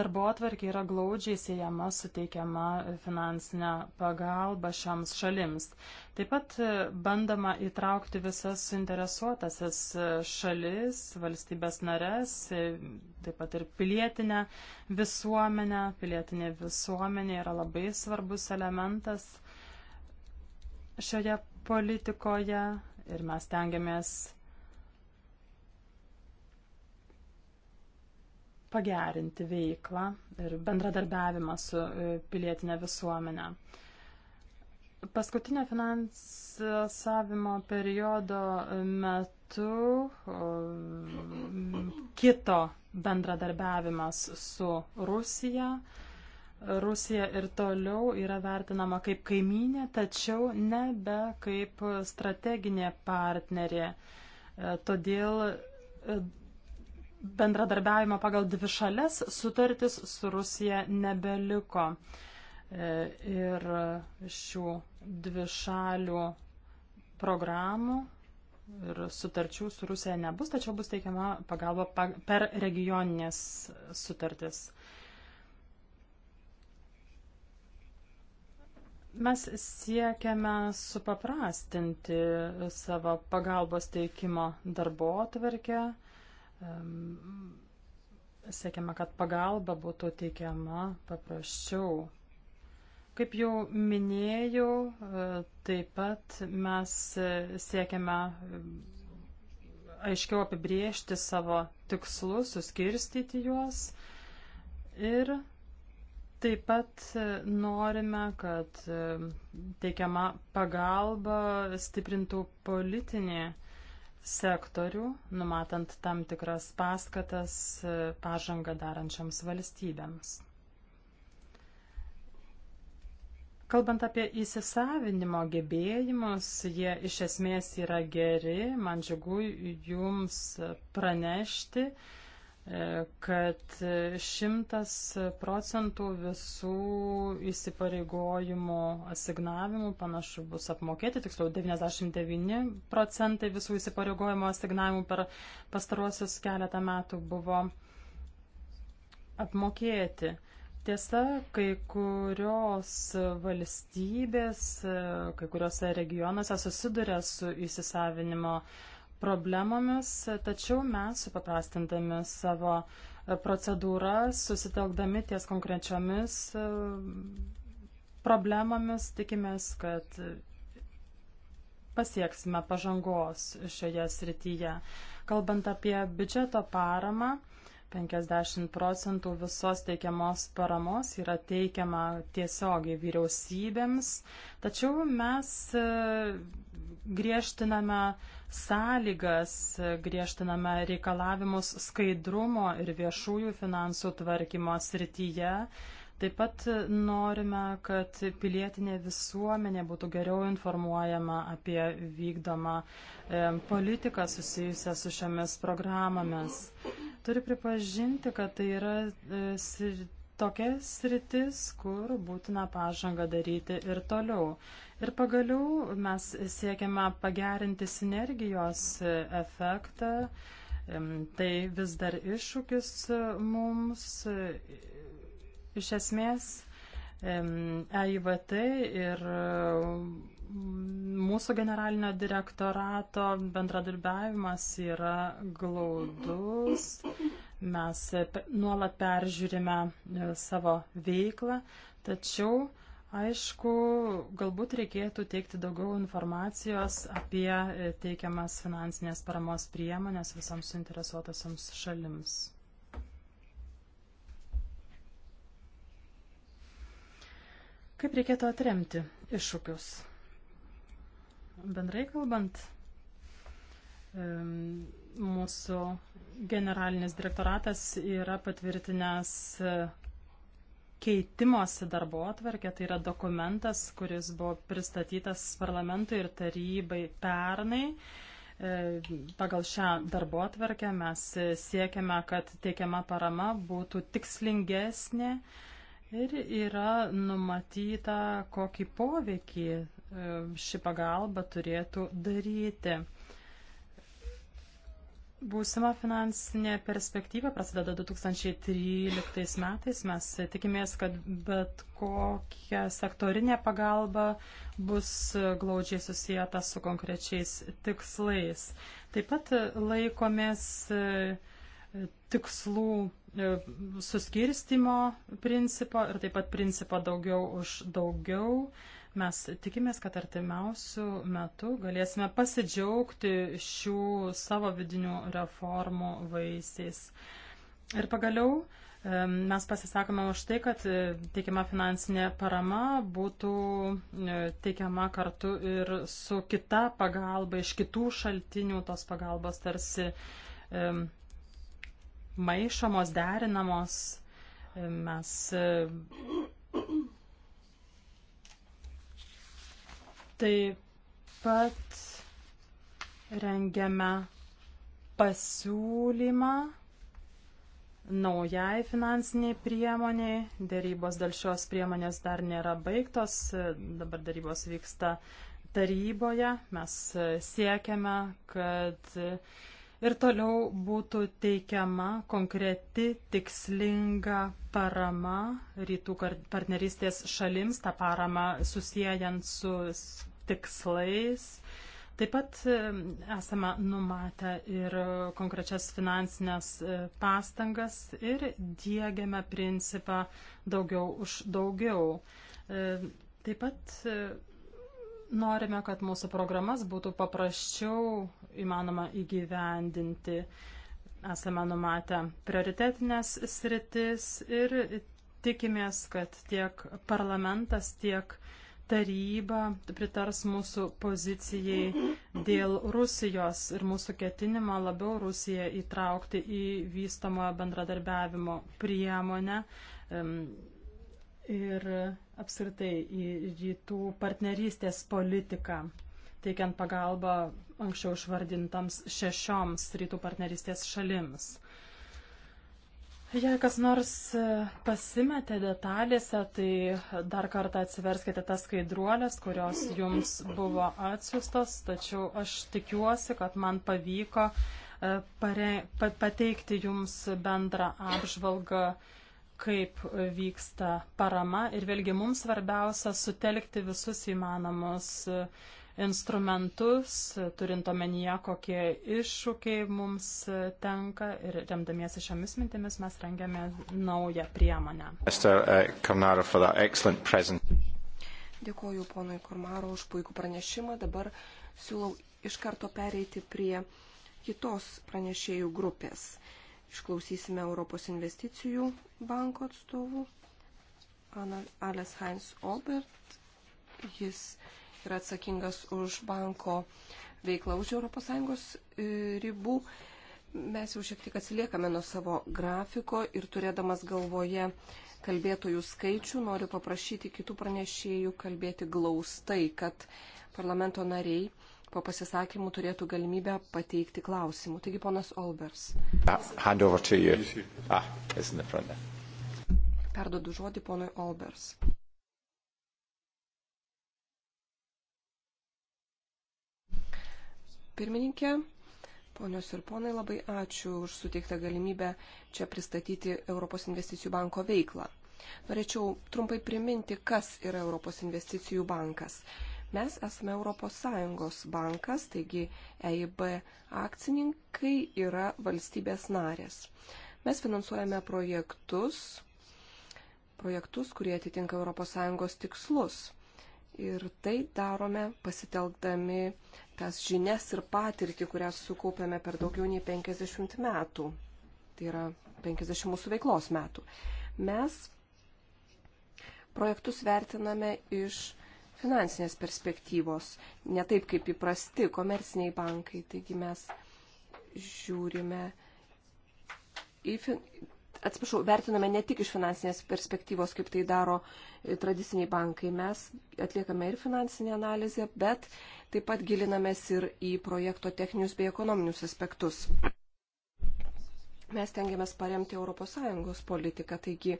S2: darbo atvarkė yra glaudžiai siejama suteikiama finansinė pagalba šioms šalims. Taip pat e, bandama įtraukti visas suinteresuotasias e, šalis, valstybės nares, e, taip pat ir pilietinę visuomenę. Pilietinė visuomenė yra labai svarbus elementas šioje politikoje ir mes tengiamės pagerinti veiklą ir bendradarbiavimą su pilietinė visuomenė. Paskutinio finansavimo periodo metu um, kito bendradarbiavimas su Rusija. Rusija ir toliau yra vertinama kaip kaiminė, tačiau nebe kaip strateginė partnerė. E, todėl e, bendradarbiavimo pagal dvi šalės sutartis su Rusija nebeliko. E, ir šių dvišalių programų ir sutarčių su Rusija nebus, tačiau bus teikiama pagalba per regioninės sutartis. Mes siekiame supaprastinti savo pagalbos teikimo darbo atverkę. Siekiame, kad pagalba būtų teikiama paprasčiau. Kaip jau minėjau, e, taip pat mes siekiame e, aiškiau apibriežti savo tikslus, suskirstyti juos ir taip pat e, norime, kad teikiama pagalba stiprintų politinį sektorių, numatant tam tikras paskatas pažangą darančiams valstybėms. Kalbant apie įsisavinimo gebėjimus, jie iš esmės yra geri. Man džiugu jums pranešti, e, kad šimtas procentų visų įsipareigojimų asignavimų panašu bus apmokėti, tiksliau 99 procentai visų įsipareigojimų asignavimų per pastaruosius keletą metų buvo apmokėti. Tiesa, kai kurios valstybės, kai kuriuose regionuose susiduria su įsisavinimo problemomis, tačiau mes supaprastindami savo procedūras, susitelkdami ties konkrečiomis e, problemomis, tikimės, kad pasieksime pažangos šioje srityje. Kalbant apie biudžeto paramą, 50 procentų visos teikiamos paramos yra teikiama tiesiogiai vyriausybėms, tačiau mes e, griežtiname sąlygas, griežtiname reikalavimus skaidrumo ir viešųjų finansų tvarkymo srityje, Taip pat norime, kad pilietinė visuomenė būtų geriau informuojama apie vykdomą e, politiką susijusią su šiomis programomis. Turiu pripažinti, kad tai yra e, tokia sritis, kur būtina pažanga daryti ir toliau. Ir pagaliau mes siekiame pagerinti sinergijos efektą. Tai vis dar iššūkis mums Iš esmės, EIVT e ir mm, mūsų generalinio direktorato bendradarbiavimas yra glaudus. Mes nuolat peržiūrime e, savo veiklą, tačiau, aišku, galbūt reikėtų teikti daugiau informacijos apie e, teikiamas finansinės paramos priemonės visoms suinteresuotosiams šalims. Kaip reikėtų atremti iššūkius? Bendrai kalbant, mūsų generalinis direktoratas yra patvirtinęs e, keitimosi darbo atvarkė, tai yra dokumentas, kuris buvo pristatytas parlamentui ir tarybai pernai. E, pagal šią darbo atvarkę mes e, siekiame, kad teikiama parama būtų tikslingesnė, Ir yra numatyta, kokį poveikį e, ši pagalba turėtų daryti. Būsima finansinė perspektyva prasideda 2013 metais. Mes tikimės, kad bet kokia sektorinė pagalba bus glaudžiai susijęta su konkrečiais tikslais. Taip pat laikomės e, tikslų E, suskirstimo principo ir taip pat principo daugiau už daugiau. Mes tikimės, kad artimiausių metų galėsime pasidžiaugti šių savo vidinių reformų vaisiais. Ir pagaliau e, mes pasisakome už tai, kad e, teikiama finansinė parama būtų teikiama kartu ir su kita pagalba iš kitų šaltinių tos pagalbos tarsi maišomos, derinamos. Mes taip pat rengiame pasiūlymą naujai finansiniai priemoniai. Darybos dėl šios priemonės dar nėra baigtos, dabar darybos vyksta taryboje. Mes siekiame, kad ir toliau būtų teikiama konkreti, tikslinga parama rytų partnerystės šalims, tą paramą susijęjant su tikslais. Taip pat esame numatę ir konkrečias finansinės e, pastangas ir dėgiame principą daugiau už daugiau. Taip pat e, Norime, kad mūsų programas būtų paprasčiau įmanoma įgyvendinti. Esame numatę prioritetinės sritis ir tikimės, kad tiek parlamentas, tiek taryba pritars mūsų pozicijai dėl Rusijos ir mūsų ketinimą labiau Rusiją įtraukti į vystamojo bendradarbiavimo priemonę. Ir apskritai į rytų partnerystės politiką, teikiant pagalbą anksčiau išvardintams šešioms rytų partnerystės šalims. Jei kas nors e, pasimetė detalėse, tai dar kartą atsiverskite tas skaidruolės, kurios jums buvo atsiustos, tačiau aš tikiuosi, kad man pavyko e, pare, pateikti jums bendrą apžvalgą kaip vyksta parama ir vėlgi mums svarbiausia sutelkti visus įmanomus e, instrumentus, turint omenyje, kokie iššūkiai mums e, tenka ir remdamiesi šiomis mintimis mes rengiame naują priemonę. E, Dėkuoju ponui Kormaro už puikų pranešimą. Dabar
S3: siūlau iš karto pereiti prie kitos pranešėjų grupės. Išklausysime Europos investicijų banko atstovų. Ales Heinz Obert. Jis yra atsakingas už banko veiklą už ES e, ribų. Mes jau šiek tiek atsiliekame nuo savo grafiko ir turėdamas galvoje kalbėtojų skaičių noriu paprašyti kitų pranešėjų kalbėti glaustai, kad parlamento nariai po pasisakymų turėtų galimybę pateikti klausimų. Taigi, ponas Olbers.
S1: Ah, ah
S3: Perdodu žodį ponui Olbers. Pirmininkė, ponios ir ponai, labai ačiū už suteiktą galimybę čia pristatyti Europos investicijų banko veiklą. Norėčiau trumpai priminti, kas yra Europos investicijų bankas. Mes esame ES bankas, taigi EIB akcininkai yra valstybės narės. Mes finansuojame projektus, projektus, kurie atitinka ES tikslus. Ir tai darome pasitelkdami tas žinias ir patirtį, kurią sukaupėme per daugiau nei 50 metų. Tai yra 50 mūsų veiklos metų. Mes projektus vertiname iš finansinės perspektyvos, ne taip kaip įprasti komerciniai bankai. Taigi mes žiūrime, į, atsiprašau, vertiname ne tik iš finansinės perspektyvos, kaip tai daro e, tradiciniai bankai. Mes atliekame ir finansinę analizę, bet taip pat gilinamės ir į projekto techninius bei ekonominius aspektus. Mes tengiamės paremti ES politiką, taigi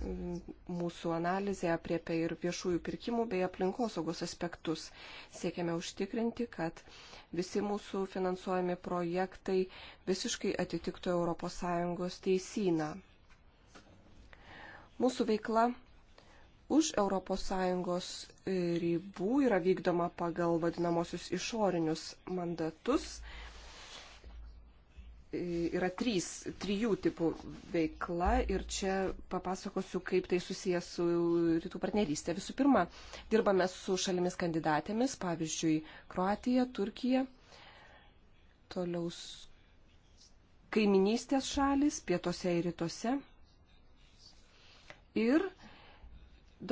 S3: mūsų analizė apriepia ir viešųjų pirkimų bei aplinkosaugos aspektus. Siekiame užtikrinti, kad visi mūsų finansuojami projektai visiškai atitiktų ES teisyną. Mūsų veikla už ES ribų yra vykdoma pagal vadinamosius išorinius mandatus yra trys, trijų tipų veikla ir čia papasakosiu, kaip tai susijęs su rytų partnerystė. Visų pirma, dirbame su šalimis kandidatėmis, pavyzdžiui, Kroatija, Turkija, toliau kaiminystės šalis, pietose ir rytuose. Ir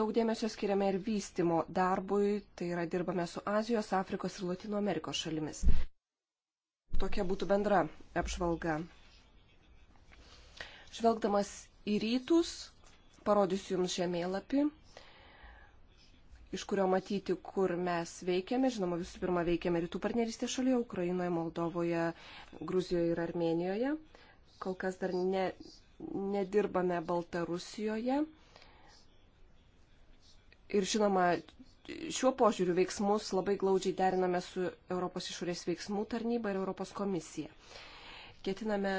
S3: daug dėmesio skiriame ir vystimo darbui, tai yra dirbame su Azijos, Afrikos ir Latino Amerikos šalimis tokia būtų bendra apžvalga. Žvelgdamas į rytus, parodysiu Jums žemėlapį, iš kurio matyti, kur mes veikiame. Žinoma, visų pirma, veikiame rytų partnerystės šalyje - Ukrainoje, Moldovoje, Gruzijoje ir Armenijoje. Kol kas dar ne, nedirbame Baltarusijoje. Ir žinoma, šiuo požiūriu veiksmus labai glaudžiai deriname su Europos išorės veiksmų tarnyba ir Europos komisija. Ketiname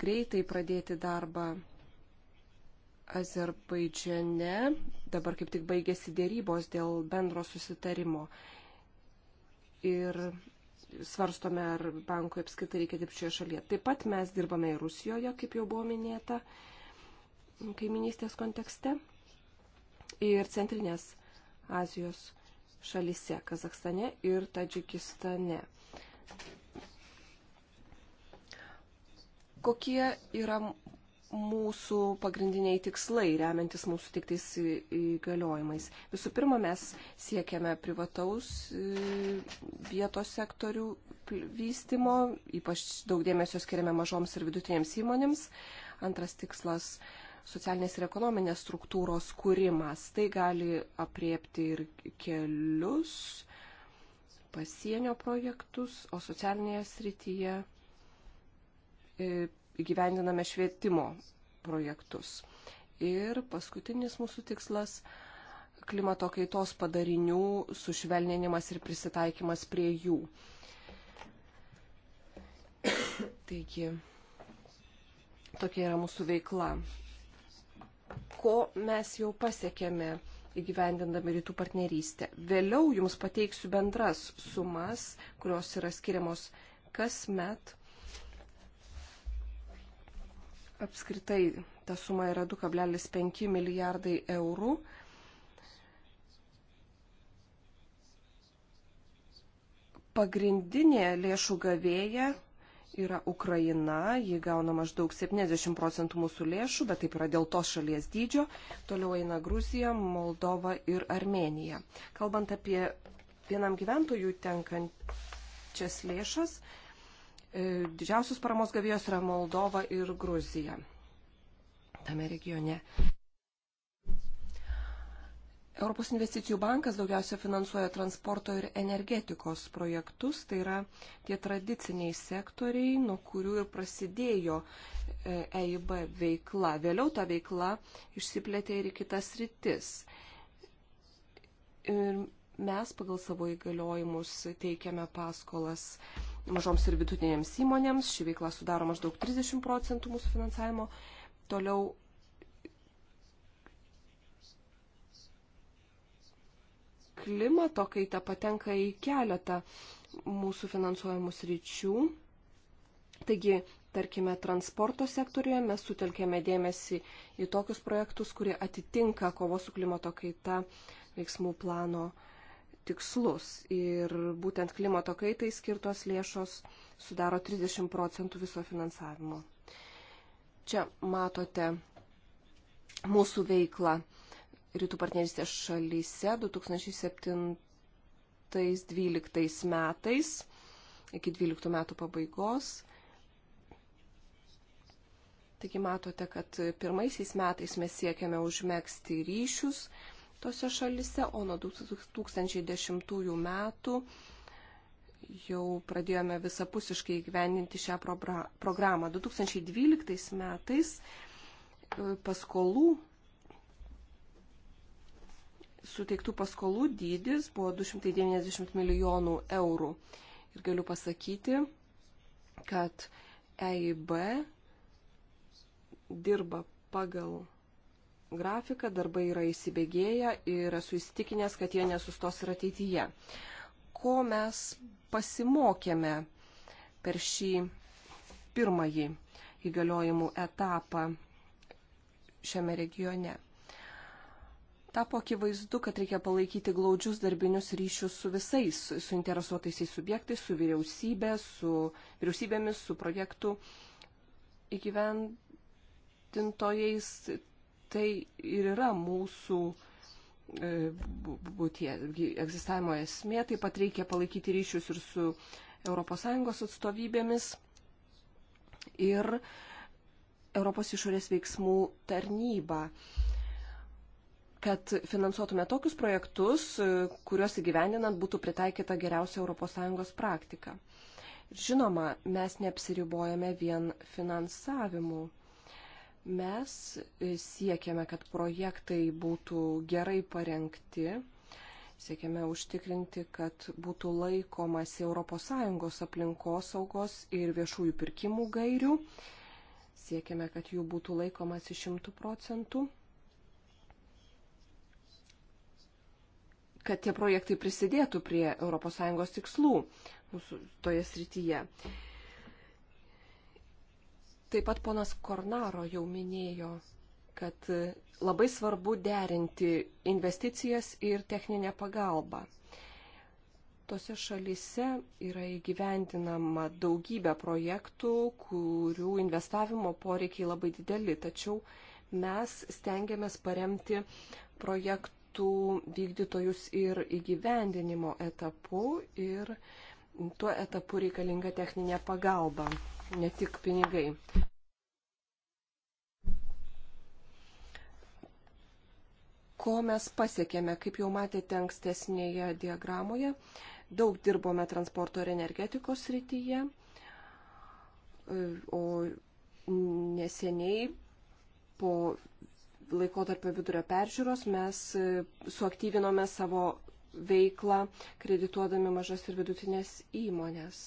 S3: greitai pradėti darbą Azerbaidžiane. Dabar kaip tik baigėsi dėrybos dėl bendro susitarimo. Ir svarstome, ar bankui apskaitai reikia dirbti šioje šalyje. Taip pat mes dirbame ir Rusijoje, kaip jau buvo minėta, kaiminystės kontekste. Ir centrinės Azijos šalyse - Kazakstane ir Tadžikistane. Kokie yra mūsų pagrindiniai tikslai, remiantis mūsų tiktais įgaliojimais. Visų pirma, mes siekiame privataus vietos sektorių vystimo, ypač daug dėmesio skiriame mažoms ir vidutinėms įmonėms. Antras tikslas socialinės ir ekonominės struktūros kūrimas. Tai gali apriepti ir kelius, pasienio projektus, o socialinėje srityje e, įgyvendiname švietimo projektus. Ir paskutinis mūsų tikslas - klimato kaitos padarinių sušvelninimas ir prisitaikymas prie jų. Taigi, tokia yra mūsų veikla ko mes jau pasiekėme įgyvendindami rytų partnerystę. Vėliau jums pateiksiu bendras sumas, kurios yra skiriamos kasmet. Apskritai ta suma yra 2,5 milijardai eurų. Pagrindinė lėšų gavėja yra Ukraina, ji gauna maždaug 70 procentų mūsų lėšų, bet taip yra dėl tos šalies dydžio. Toliau eina Gruzija, Moldova ir Armenija. Kalbant apie vienam gyventojų tenkančias lėšas, e, didžiausios paramos gavėjos yra Moldova ir Gruzija tame regione. Europos investicijų bankas daugiausia finansuoja transporto ir energetikos projektus, tai yra tie tradiciniai sektoriai, nuo kurių ir prasidėjo EIB e veikla. Vėliau ta veikla išsiplėtė ir į kitas rytis. Ir mes pagal savo įgaliojimus teikiame paskolas mažoms ir vidutinėms įmonėms. Ši veikla sudaro maždaug 30 procentų mūsų finansavimo. Toliau klimato kaita patenka į keletą mūsų finansuojamų sričių. Taigi, tarkime, transporto sektoriuje mes sutelkėme dėmesį į tokius projektus, kurie atitinka kovos su klimato kaita veiksmų plano tikslus. Ir būtent klimato kaitai skirtos lėšos sudaro 30 procentų viso finansavimo. Čia matote mūsų veiklą rytų partnerystės šalyse 2007-2012 metais iki 12 metų pabaigos. Taigi matote, kad pirmaisiais metais mes siekiame užmėgsti ryšius tose šalise, o nuo 2010 metų jau pradėjome visapusiškai gyveninti šią programą. 2012 metais e, paskolų suteiktų paskolų dydis buvo 290 milijonų eurų. Ir galiu pasakyti, kad EIB dirba pagal grafiką, darbai yra įsibėgėję ir esu įsitikinęs, kad jie nesustos ir ateityje. Ko mes pasimokėme per šį pirmąjį įgaliojimų etapą šiame regione? Tapo akivaizdu, kad reikia palaikyti glaudžius darbinius ryšius su visais suinteresuotaisiais subjektais, su vyriausybė, su vyriausybėmis, su projektų įgyvendintojais. Tai ir yra mūsų e, būtie, egzistavimo esmė. Taip pat reikia palaikyti ryšius ir su ES atstovybėmis ir Europos išorės veiksmų tarnyba kad finansuotume tokius projektus, kuriuos įgyvendinant būtų pritaikyta geriausia ES praktika. Žinoma, mes neapsiribojame vien finansavimu. Mes siekiame, kad projektai būtų gerai parengti, siekiame užtikrinti, kad būtų laikomasi ES aplinkosaugos ir viešųjų pirkimų gairių, siekiame, kad jų būtų laikomasi šimtų procentų. kad tie projektai prisidėtų prie ES tikslų mūsų toje srityje. Taip pat ponas Kornaro jau minėjo, kad labai svarbu derinti investicijas ir techninę pagalbą. Tose šalise yra įgyvendinama daugybė projektų, kurių investavimo poreikiai labai dideli, tačiau mes stengiamės paremti projektų tų vykdytojus ir įgyvendinimo etapu ir tuo etapu reikalinga techninė pagalba, ne tik pinigai. Ko mes pasiekėme, kaip jau matėte ankstesnėje diagramoje, daug dirbome transporto ir energetikos srityje, o neseniai po laikotarpio vidurio peržiūros mes e, suaktyvinome savo veiklą, kredituodami mažas ir vidutinės įmonės.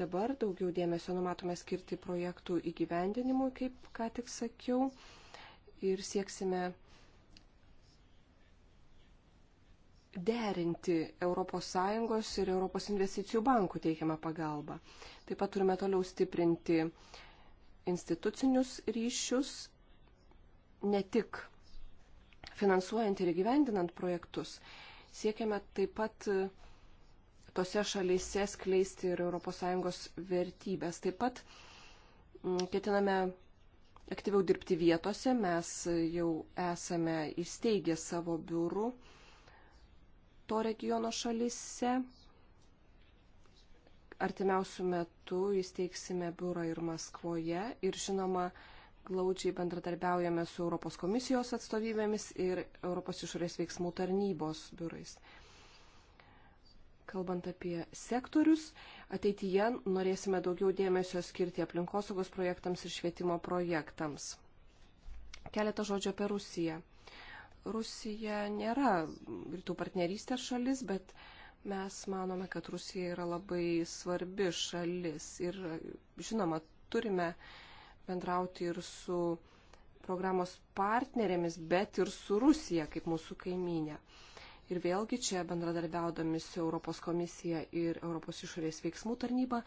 S3: Dabar daugiau dėmesio numatome skirti projektų įgyvendinimui, kaip ką tik sakiau, ir sieksime derinti ES ir ES investicijų bankų teikiamą pagalbą. Taip pat turime toliau stiprinti institucinius ryšius ne tik finansuojant ir įgyvendinant projektus, siekiame taip pat e, tose šalyse skleisti ir ES vertybės. Taip pat ketiname aktyviau dirbti vietose, mes jau esame įsteigę savo biurų to regiono šalyse. Artimiausių metų įsteigsime biurą ir Maskvoje ir žinoma, glaučiai bendradarbiaujame su Europos komisijos atstovybėmis ir Europos išorės veiksmų tarnybos biurais. Kalbant apie sektorius, ateityje norėsime daugiau dėmesio skirti aplinkosaugos projektams ir švietimo projektams. Keletą žodžių apie Rusiją. Rusija nėra rytų partnerystės šalis, bet mes manome, kad Rusija yra labai svarbi šalis ir žinoma, turime uh, bendrauti ir su programos partnerėmis, bet ir su Rusija kaip mūsų kaiminė. Ir vėlgi čia bendradarbiaudami su Europos komisija ir Europos išorės veiksmų tarnyba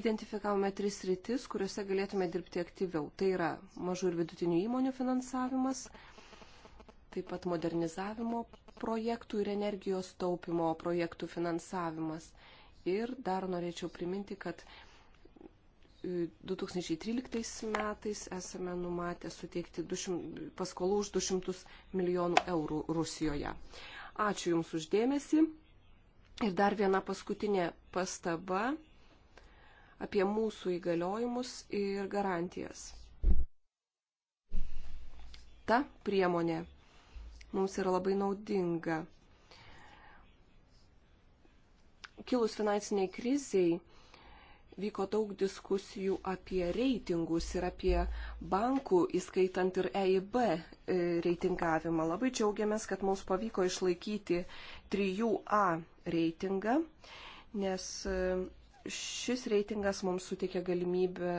S3: identifikavome tris rytis, kuriuose galėtume dirbti aktyviau. Tai yra mažų ir vidutinių įmonių finansavimas, taip pat modernizavimo projektų ir energijos taupimo projektų finansavimas. Ir dar norėčiau priminti, kad 2013 metais esame numatę suteikti 200, paskolų už 200 milijonų eurų Rusijoje. Ačiū Jums uždėmesi. Ir dar viena paskutinė pastaba apie mūsų įgaliojimus ir garantijas. Ta priemonė mums yra labai naudinga. Kilus finansiniai kriziai, vyko daug diskusijų apie reitingus ir apie bankų, įskaitant ir EIB e, reitingavimą. Labai džiaugiamės, kad mums pavyko išlaikyti 3A reitingą, nes e, šis reitingas mums suteikia galimybę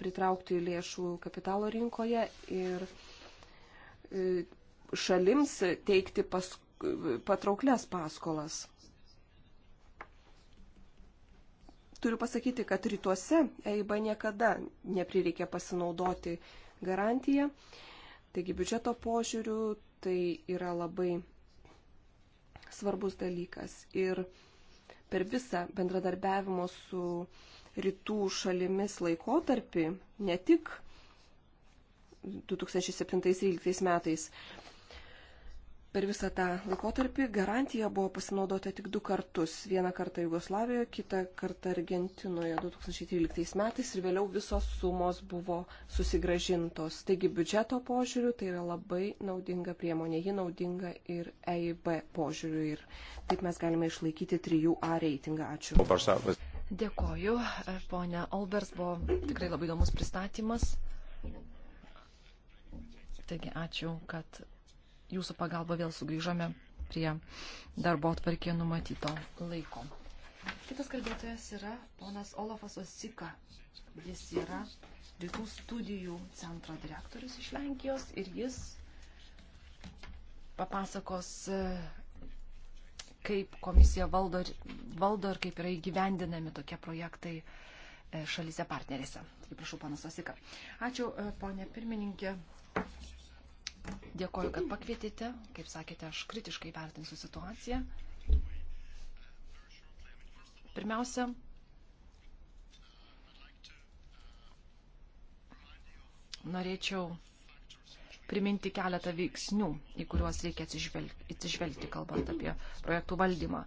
S3: pritraukti lėšų kapitalo rinkoje ir e, šalims teikti pas, patrauklias paskolas. Turiu pasakyti, kad rytuose EIBA niekada neprireikė pasinaudoti garantiją. Taigi biudžeto požiūrių tai yra labai svarbus dalykas. Ir per visą bendradarbiavimo su rytų šalimis laikotarpį, ne tik 2007-2013 metais, per visą tą laikotarpį garantija buvo pasinaudota tik du kartus. Vieną kartą Jugoslavijoje, kitą kartą Argentinoje 2013 metais ir vėliau visos sumos buvo susigražintos. Taigi biudžeto požiūriu tai yra labai naudinga priemonė. Ji naudinga ir EIB požiūriu ir taip mes galime išlaikyti 3A reitingą. Ačiū. Dėkoju, ponia Albers, buvo tikrai
S1: labai įdomus pristatymas. Taigi ačiū, kad jūsų pagalba vėl sugrįžome prie darbo atvarkė numatyto laiko. Kitas kalbėtojas yra ponas Olafas Osika. Jis yra rytų studijų centro direktorius iš Lenkijos ir jis papasakos, e, kaip komisija valdo, valdo ir kaip yra įgyvendinami tokie projektai e, šalyse partnerėse. Taigi prašau, panas Osika. Ačiū, e, ponė pirmininkė, Dėkoju, kad pakvietėte. Kaip sakėte, aš kritiškai vertinsiu situaciją. Pirmiausia, norėčiau priminti keletą veiksnių, į kuriuos reikia atsižvelgti, atsižvelgti kalbant apie projektų valdymą.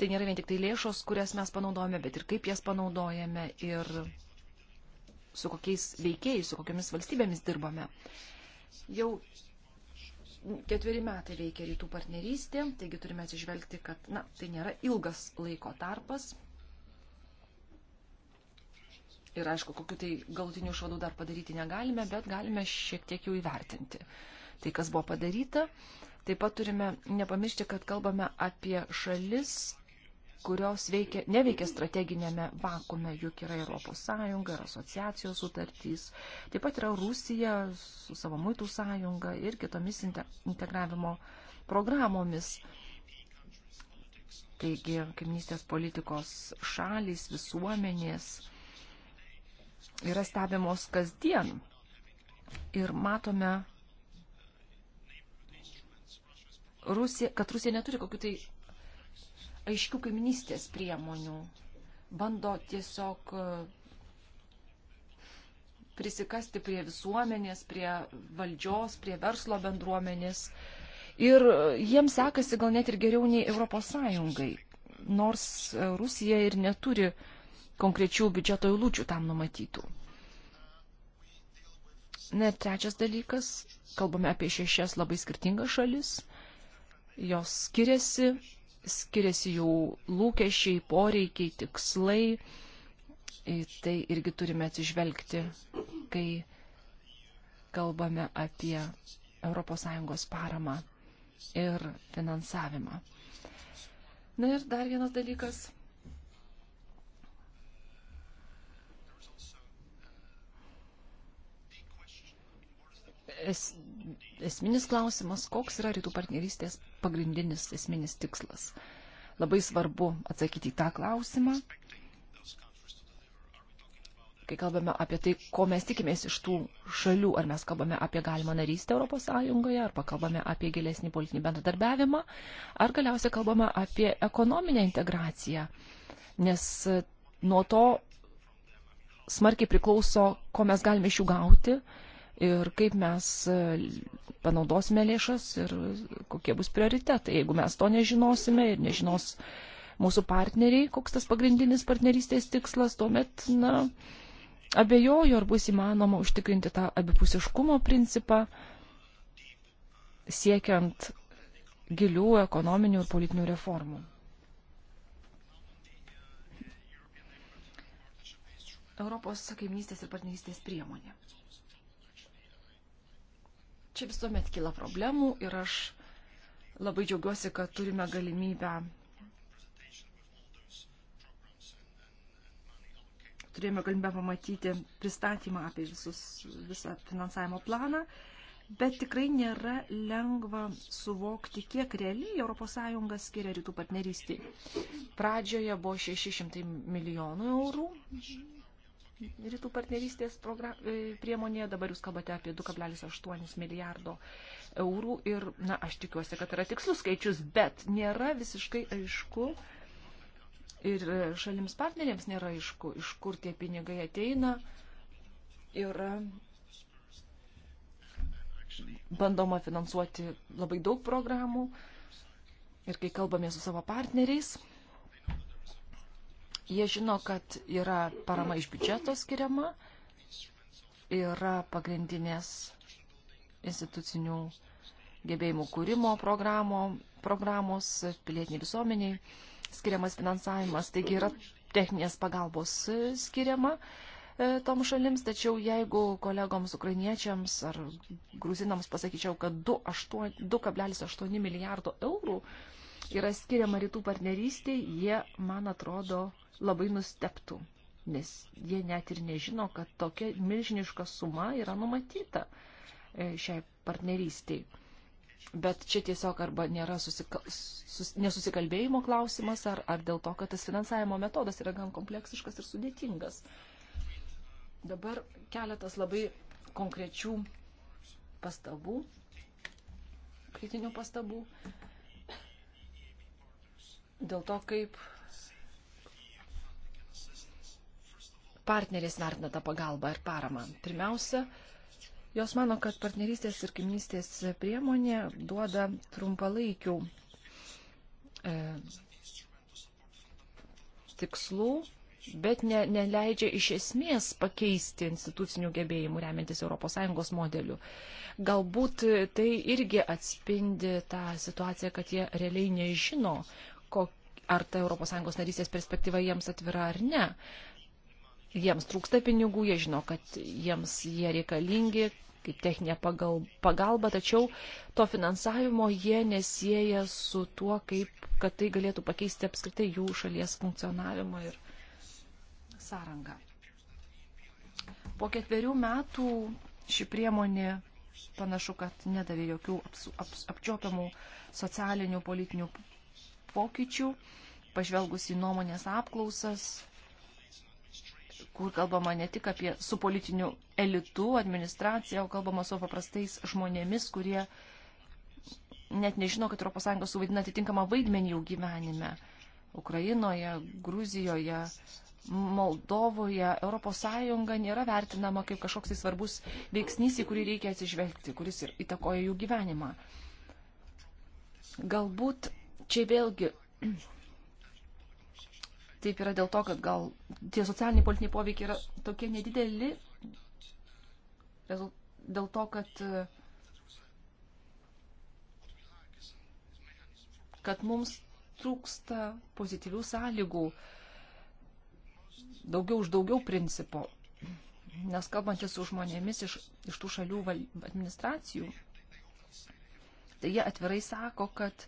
S1: Tai nėra vien tik tai lėšos, kurias mes panaudojame, bet ir kaip jas panaudojame ir su kokiais veikėjais, su kokiamis valstybėmis dirbame. Jau ketveri metai veikia rytų partnerystė, taigi turime atsižvelgti, kad na, tai nėra ilgas laiko tarpas. Ir aišku, kokiu tai galutiniu išvadu dar padaryti negalime, bet galime šiek tiek jų įvertinti. Tai, kas buvo padaryta. Taip pat turime nepamiršti, kad kalbame apie šalis, kurios veikia, neveikia strateginėme vakume, juk yra Europos Sąjunga, yra asociacijos sutartys, taip pat yra Rusija su savo muitų sąjunga ir kitomis integravimo programomis. Taigi, kaimynystės politikos šalys, visuomenės yra stebimos kasdien. Ir matome, Rusija, kad Rusija neturi kokių tai aiškių kaiminystės priemonių, bando tiesiog e, prisikasti prie visuomenės, prie valdžios, prie verslo bendruomenės. Ir e, jiems sekasi gal net ir geriau nei ES, nors e, Rusija ir neturi konkrečių biudžeto įlūčių tam numatytų. Na ir trečias dalykas, kalbame apie šešias labai skirtingas šalis, jos skiriasi skiriasi jų lūkesčiai, poreikiai, tikslai. Ir tai irgi turime atsižvelgti, kai kalbame apie ES paramą ir finansavimą. Na ir dar vienas dalykas. Es esminis klausimas, koks yra rytų partnerystės pagrindinis esminis tikslas. Labai svarbu atsakyti į tą klausimą, kai kalbame apie tai, ko mes tikimės iš tų šalių, ar mes kalbame apie galimą narystę ES, ar pakalbame apie gilesnį politinį bendradarbiavimą, ar galiausiai kalbame apie ekonominę integraciją, nes e, nuo to smarkiai priklauso, ko mes galime iš jų gauti ir kaip mes e, panaudosime lėšas ir kokie bus prioritetai. Jeigu mes to nežinosime ir nežinos mūsų partneriai, koks tas pagrindinis partnerystės tikslas, tuomet, na, abejoju, ar bus įmanoma užtikrinti tą abipusiškumo principą, siekiant gilių ekonominių ir politinių reformų. Europos kaimynystės ir partnerystės priemonė. Čia visuomet kyla problemų ir aš labai džiaugiuosi, kad turime galimybę. Turėjome galimybę pamatyti pristatymą apie visus, visą finansavimo planą, bet tikrai nėra lengva suvokti, kiek realiai ES skiria rytų partnerystį. Pradžioje buvo 600 milijonų eurų rytų partnerystės e, priemonėje, dabar jūs kalbate apie 2,8 milijardo eurų ir, na, aš tikiuosi, kad yra tikslus skaičius, bet nėra visiškai aišku ir e, šalims partneriams nėra aišku, iš kur tie pinigai ateina. Yra bandoma finansuoti labai daug programų ir kai kalbame su savo partneriais, Jie žino, kad yra parama iš biudžeto skiriama, yra pagrindinės institucinių gebėjimų kūrimo programo, programos, pilietiniai visuomeniai skiriamas finansavimas, taigi yra techninės pagalbos skiriama e, tom šalims, tačiau jeigu kolegoms ukrainiečiams ar gruzinams pasakyčiau, kad 2,8 milijardo eurų yra skiriama rytų partnerystiai, jie, man atrodo, labai nusteptų, nes jie net ir nežino, kad tokia milžiniška suma yra numatyta e, šiai partnerystiai. Bet čia tiesiog arba nėra susika, sus, nesusikalbėjimo klausimas, ar, ar dėl to, kad tas finansavimo metodas yra gan kompleksiškas ir sudėtingas. Dabar keletas labai konkrečių pastabų, kritinių pastabų. E, dėl to, kaip partnerės vertina tą pagalbą ir paramą. Pirmiausia, jos mano, kad partnerystės ir kaimynystės priemonė duoda trumpalaikių e, tikslų, bet ne, neleidžia iš esmės pakeisti institucinių gebėjimų remiantis ES modeliu. Galbūt tai irgi atspindi tą situaciją, kad jie realiai nežino, kok, ar ta ES narystės perspektyva jiems atvira ar ne. Jiems trūksta pinigų, jie žino, kad jiems jie reikalingi kaip techninė pagalba, tačiau to finansavimo jie nesieja su tuo, kaip, kad tai galėtų pakeisti apskritai jų šalies funkcionavimą ir sąrangą. Po ketverių metų ši priemonė panašu, kad nedavė jokių apsu, aps, apčiopiamų socialinių, politinių pokyčių, pažvelgus į nuomonės apklausas, kur kalbama ne tik apie su politiniu elitu administraciją, o kalbama su paprastais žmonėmis, kurie net nežino, kad ES suvaidina atitinkamą vaidmenį jų gyvenime. Ukrainoje, Gruzijoje, Moldovoje ES nėra vertinama kaip kažkoks tai svarbus veiksnys, į kurį reikia atsižvelgti, kuris ir įtakoja jų gyvenimą. Galbūt Čia vėlgi taip yra dėl to, kad gal tie socialiniai politiniai poveikiai yra tokie nedideli, dėl to, kad, kad mums trūksta pozityvių sąlygų, daugiau už daugiau principo. Nes kalbantis su žmonėmis iš, iš tų šalių val, administracijų, tai jie atvirai sako, kad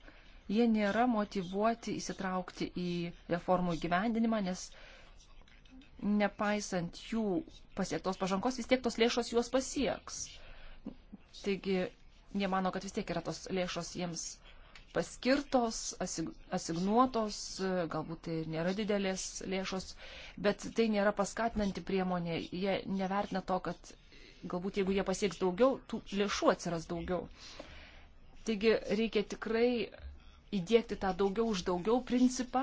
S1: jie nėra motivuoti įsitraukti į reformų įgyvendinimą, nes nepaisant jų pasiektos pažangos, vis tiek tos lėšos juos pasieks. Taigi, jie mano, kad vis tiek yra tos lėšos jiems paskirtos, asignuotos, galbūt tai nėra didelės lėšos, bet tai nėra paskatinanti priemonė, jie nevertina to, kad galbūt jeigu jie pasieks daugiau, tų lėšų atsiras daugiau. Taigi reikia tikrai įdėkti tą daugiau už daugiau principą,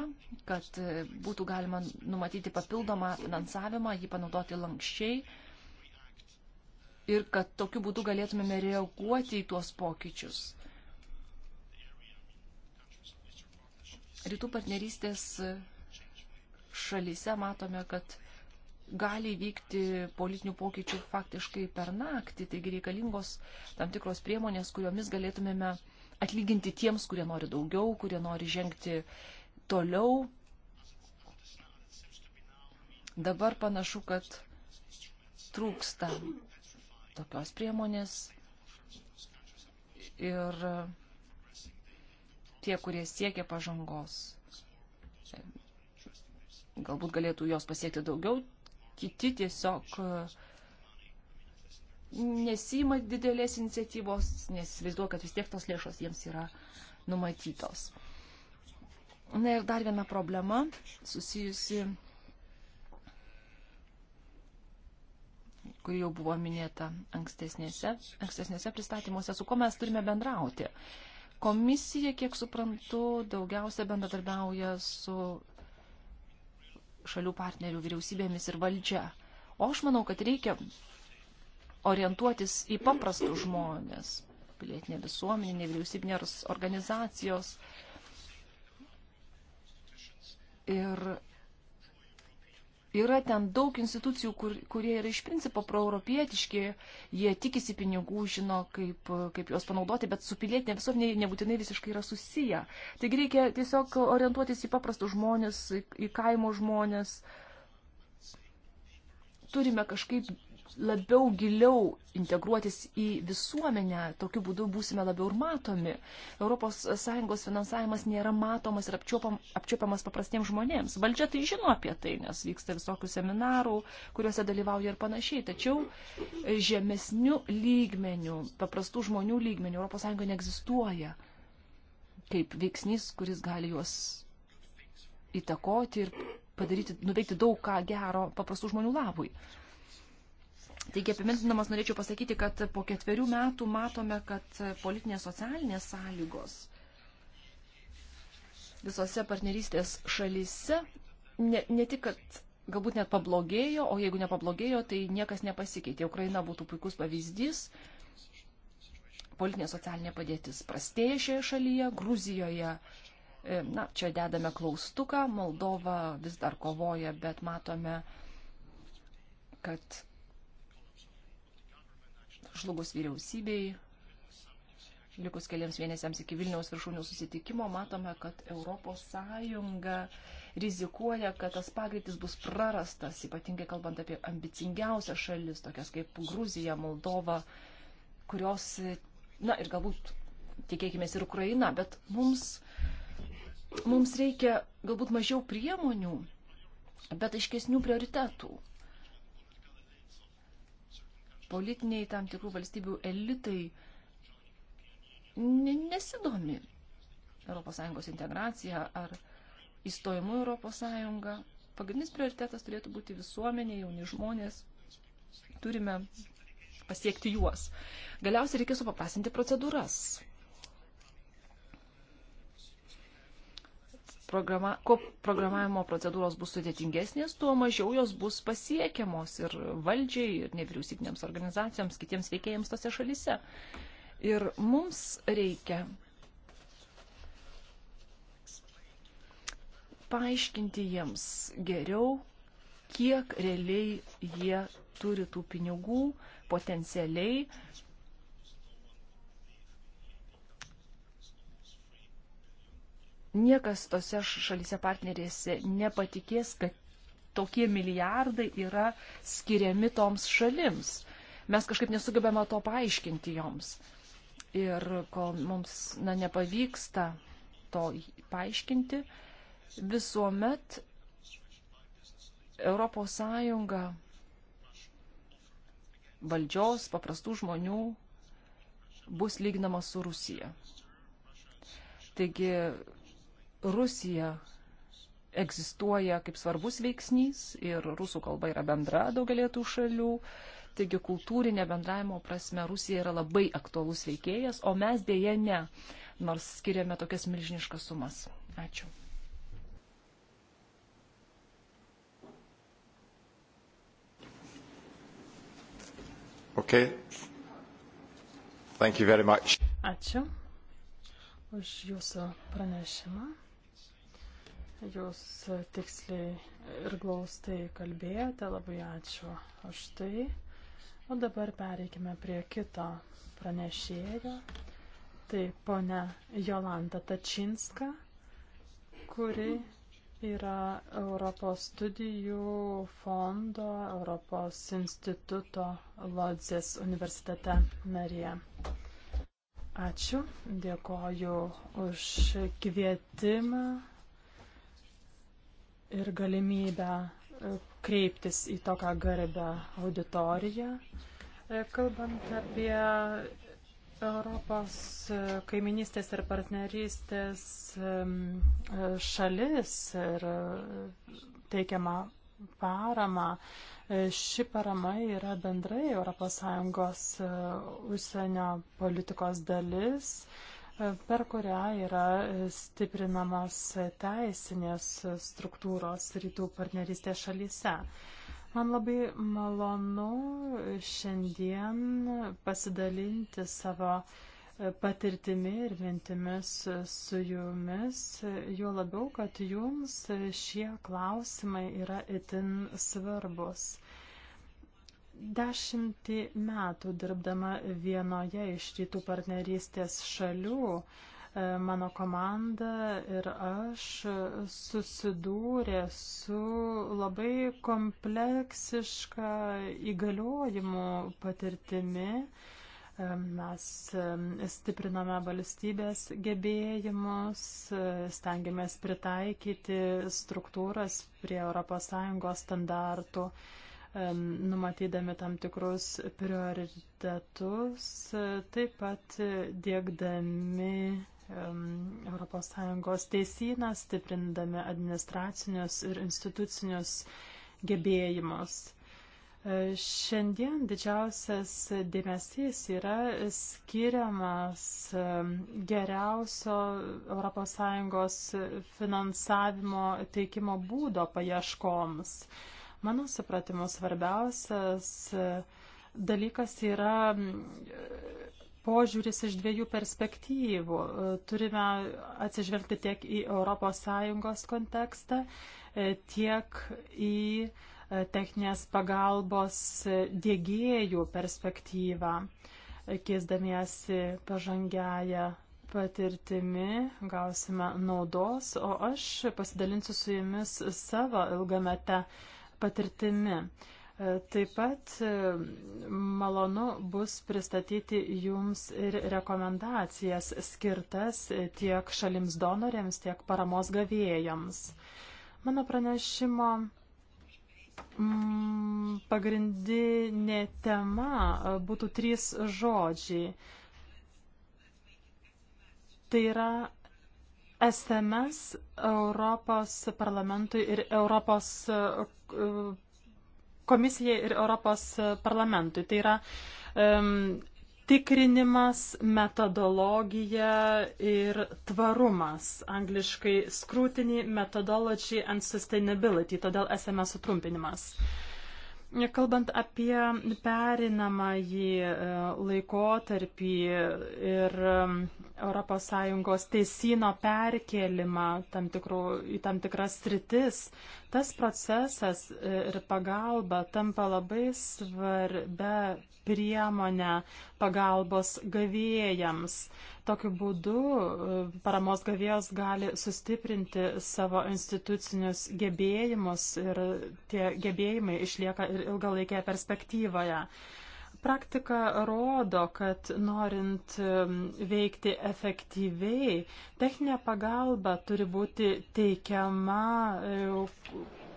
S1: kad e, būtų galima numatyti papildomą finansavimą, jį panaudoti lankščiai ir kad tokiu būdu galėtumėme reaguoti į tuos pokyčius. Rytų partnerystės šalyse matome, kad gali vykti politinių pokyčių faktiškai per naktį, taigi reikalingos tam tikros priemonės, kuriomis galėtumėme uh, atlyginti tiems, kurie nori daugiau, kurie nori žengti toliau. Dabar panašu, kad trūksta tokios priemonės ir tie, kurie siekia pažangos, galbūt galėtų jos pasiekti daugiau, kiti tiesiog uh, nesima didelės iniciatyvos, nes įsivaizduoju, kad vis tiek tos lėšos jiems yra numatytos. Na ir dar viena problema susijusi, kuri jau buvo minėta ankstesnėse, ankstesnėse pristatymuose, su kuo mes turime bendrauti. Komisija, kiek suprantu, daugiausia bendradarbiauja su šalių partnerių vyriausybėmis ir valdžia. O aš manau, kad reikia orientuotis į paprastus žmonės, pilietinė visuomenė, nevyriausybinės organizacijos. Ir yra ten daug institucijų, kur, kurie yra iš principo proeuropietiški, jie tikisi pinigų, žino, kaip, kaip juos panaudoti, bet su pilietinė visuomenė nebūtinai visiškai yra susiję. Taigi reikia tiesiog orientuotis į paprastus žmonės, į kaimo žmonės. Turime kažkaip labiau giliau integruotis į visuomenę, tokiu būdu būsime labiau ir matomi. ES finansavimas nėra matomas ir apčiopam, apčiopiamas paprastiems žmonėms. Valdžia tai žino apie tai, nes vyksta visokių seminarų, kuriuose dalyvauja ir panašiai. Tačiau žemesnių lygmenių, paprastų žmonių lygmenių ES neegzistuoja kaip veiksnys, kuris gali juos įtakoti ir padaryti, nuveikti daug ką gero paprastų žmonių labui. Taigi apimintinamas norėčiau pasakyti, kad po ketverių metų matome, kad politinės socialinės sąlygos visose partnerystės šalyse ne, ne tik, kad galbūt net pablogėjo, o jeigu nepablogėjo, tai niekas nepasikeitė. Ukraina būtų puikus pavyzdys. Politinė socialinė padėtis prastėja šioje šalyje, Gruzijoje. E, na, čia dedame klaustuką, Moldova vis dar kovoja, bet matome, kad žlugus vyriausybei, likus keliams mėnesiams iki Vilniaus viršūnių susitikimo, matome, kad ES rizikuoja, kad tas pagreitis bus prarastas, ypatingai kalbant apie ambicingiausias šalis, tokias kaip Gruzija, Moldova, kurios, na ir galbūt tikėkime ir Ukraina, bet mums, mums reikia galbūt mažiau priemonių, bet aiškesnių prioritetų politiniai tam tikrų valstybių elitai nesidomi ES integracija ar įstojimu ES. Pagrindinis prioritetas turėtų būti visuomenė, jauni žmonės. Turime pasiekti juos. Galiausiai reikia supaprastinti procedūras. programa, kuo programavimo procedūros bus sudėtingesnės, tuo mažiau jos bus pasiekiamos ir valdžiai, ir nevyriausybinėms organizacijoms, kitiems veikėjams tose šalise. Ir mums reikia paaiškinti jiems geriau, kiek realiai jie turi tų pinigų potencialiai niekas tose šalyse partnerėse nepatikės, kad tokie milijardai yra skiriami toms šalims. Mes kažkaip nesugebėme to paaiškinti joms. Ir kol mums na, nepavyksta to paaiškinti, visuomet ES valdžios, paprastų žmonių bus lyginama su Rusija. Taigi Rusija egzistuoja kaip svarbus veiksnys ir rusų kalba yra bendra daugelėtų šalių. Taigi kultūrinė bendravimo prasme Rusija yra labai aktualus veikėjas, o mes dėje ne, nors skiriame tokias milžiniškas sumas. Ačiū. Okay. Thank you very much.
S2: Ačiū už jūsų pranešimą. Jūs tiksliai ir glaustai kalbėjote, labai ačiū už tai. O dabar pereikime prie kito pranešėjo. Tai ponia Jolanta Tačinska, kuri yra Europos studijų fondo Europos instituto Lodzės universitete narė. Ačiū, dėkoju už kvietimą ir galimybę e, kreiptis į tokią garbę auditoriją. E, kalbant apie Europos e, kaiminystės ir partnerystės šalis ir teikiamą paramą, ši parama yra bendrai ES užsienio politikos dalis per kurią yra stiprinamos teisinės struktūros rytų partnerystės šalyse. Man labai malonu šiandien pasidalinti savo patirtimi ir mintimis su jumis, juo labiau, kad jums šie klausimai yra itin svarbus. Dešimtį metų dirbdama vienoje iš rytų partnerystės šalių, e, mano komanda ir aš susidūrė su labai kompleksiška įgaliojimų patirtimi. E, mes e, stipriname valstybės gebėjimus, stengiamės pritaikyti struktūras prie ES standartų numatydami tam tikrus prioritetus, taip pat dėkdami ES teisyną, stiprindami administracinius ir institucinius gebėjimus. E, šiandien didžiausias dėmesys yra skiriamas geriausio ES finansavimo teikimo būdo paieškoms. Mano supratimu, svarbiausias e, dalykas yra požiūris iš dviejų perspektyvų. E, turime atsižvelgti tiek į ES kontekstą, e, tiek į techninės pagalbos dėgėjų perspektyvą, keisdamiesi pažangiają patirtimi, gausime naudos, o aš pasidalinsiu su jumis savo ilgamete patirtimi. E, taip pat e, malonu bus pristatyti jums ir rekomendacijas skirtas tiek šalims donorėms, tiek paramos gavėjams. Mano pranešimo mm, pagrindinė tema e, būtų trys žodžiai. Tai yra SMS Europos parlamentui ir Europos komisijai ir Europos parlamentui. Tai yra um, tikrinimas, metodologija ir tvarumas. Angliškai scrutiny, methodology and sustainability, todėl SMS sutrumpinimas. Kalbant apie perinamąjį e, laikotarpį ir ES teisino perkelimą tam tikrų, į tam tikras sritis, Tas procesas e, ir pagalba tampa labai svarbia priemonė pagalbos gavėjams. Tokiu būdu e, paramos gavėjas gali sustiprinti savo institucinius gebėjimus ir tie gebėjimai išlieka ir ilgalaikėje perspektyvoje. Praktika rodo, kad norint veikti efektyviai, techninė pagalba turi būti teikiama e,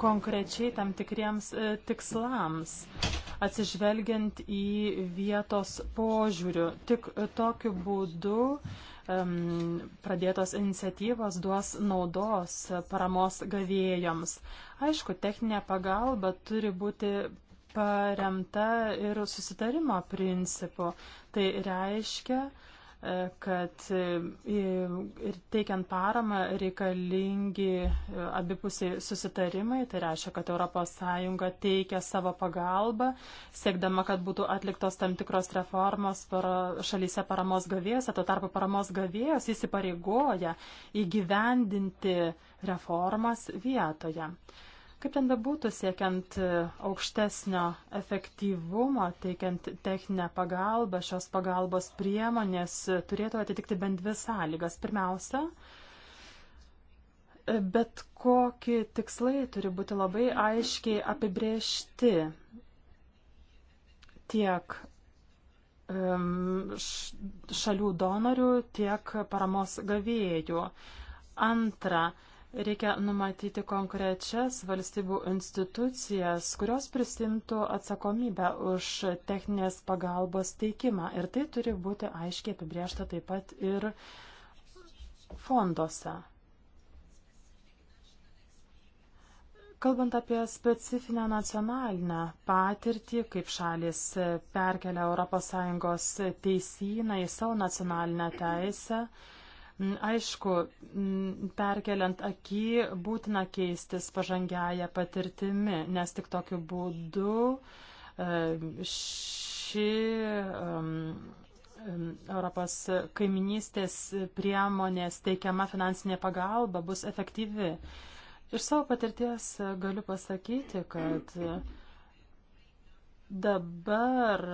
S2: konkrečiai tam tikriems e, tikslams, atsižvelgiant į vietos požiūrių. Tik tokiu būdu pradėtos iniciatyvos duos naudos paramos gavėjams. Aišku, techninė pagalba turi būti paremta ir susitarimo principu. Tai reiškia, e, kad e, ir teikiant paramą reikalingi e, abipusiai susitarimai, tai reiškia, kad ES teikia savo pagalbą, siekdama, kad būtų atliktos tam tikros reformos para, šalyse paramos gavėjose, tuo tarpu paramos gavėjos įsipareigoja įgyvendinti reformas vietoje. Kaip ten bebūtų siekiant e, aukštesnio efektyvumo, teikiant techninę pagalbą, šios pagalbos priemonės e, turėtų atitikti bent dvi sąlygas. Pirmiausia, e, bet kokie tikslai turi būti labai aiškiai apibriežti tiek šalių donorių, tiek paramos gavėjų. Antra, Reikia numatyti konkrečias valstybių institucijas, kurios prisimtų atsakomybę už techninės pagalbos teikimą. Ir tai turi būti aiškiai apibriešta taip pat ir fonduose. Kalbant apie specifinę nacionalinę patirtį, kaip šalis perkelia ES teisyną į savo nacionalinę teisę, Aišku, perkeliant akį būtina keistis pažangiają patirtimi, nes tik tokiu būdu e, ši Europos kaiminystės priemonės teikiama finansinė pagalba bus efektyvi. Iš savo patirties e, galiu pasakyti, kad dabar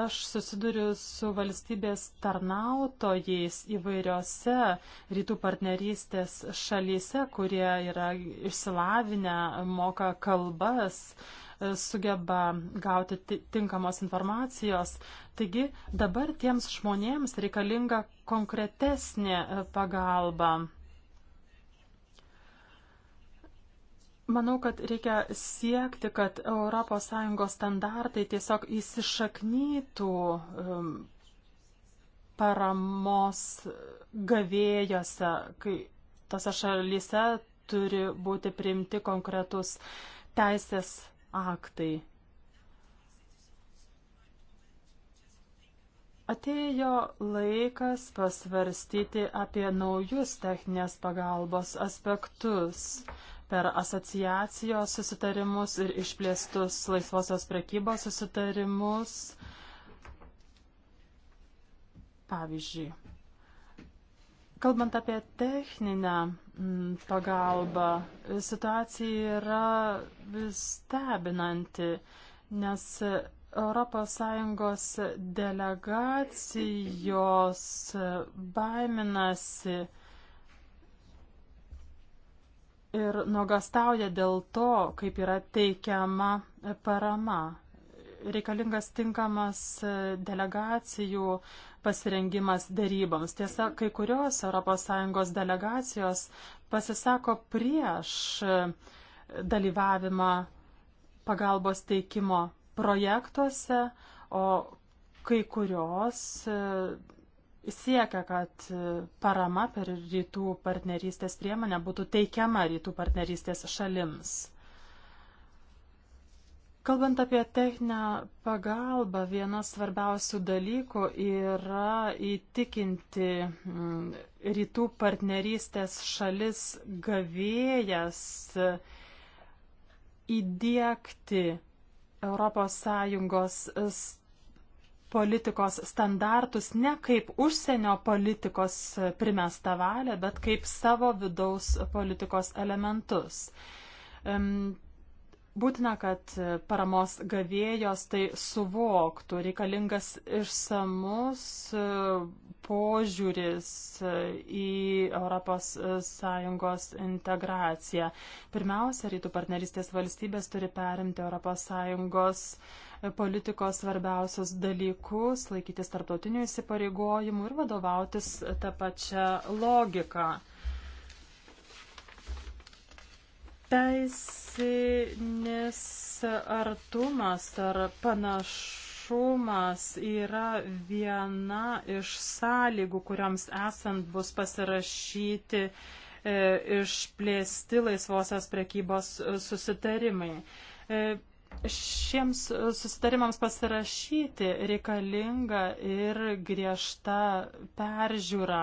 S2: Aš susiduriu su valstybės tarnautojais įvairiose rytų partnerystės šalyse, kurie yra išsilavinę, moka kalbas, e, sugeba gauti tinkamos informacijos. Taigi dabar tiems žmonėms reikalinga konkretesnė e, pagalba. Manau, kad reikia siekti, kad ES standartai tiesiog įsišaknytų um, paramos gavėjose, kai tose šalyse turi būti priimti konkretus teisės aktai. Atėjo laikas pasvarstyti apie naujus techninės pagalbos aspektus per asociacijos susitarimus ir išplėstus laisvosios prekybos susitarimus. Pavyzdžiui, kalbant apie techninę mm, pagalbą, situacija yra vis stebinanti, nes ES delegacijos baiminasi, ir nuogastauja dėl to, kaip yra teikiama parama. Reikalingas tinkamas delegacijų pasirengimas dėryboms. Tiesa, kai kurios ES delegacijos pasisako prieš dalyvavimą pagalbos teikimo projektuose, o kai kurios siekia, kad e, parama per rytų partnerystės priemonę būtų teikiama rytų partnerystės šalims. Kalbant apie techninę pagalbą, vienas svarbiausių dalykų yra įtikinti rytų partnerystės šalis gavėjas e, įdėkti ES politikos standartus ne kaip užsienio politikos primestą valią, bet kaip savo vidaus politikos elementus. Būtina, kad paramos gavėjos tai suvoktų, reikalingas išsamus e, požiūris e, į ES integraciją. Pirmiausia, rytų partnerystės valstybės turi perimti ES politikos svarbiausius dalykus, laikytis tarptautinių įsipareigojimų ir vadovautis tą pačią logiką. Teisinis artumas ar panašumas yra viena iš sąlygų, kuriams esant bus pasirašyti e, išplėsti laisvosios prekybos susitarimai. E, šiems e, susitarimams pasirašyti reikalinga ir griežta peržiūra,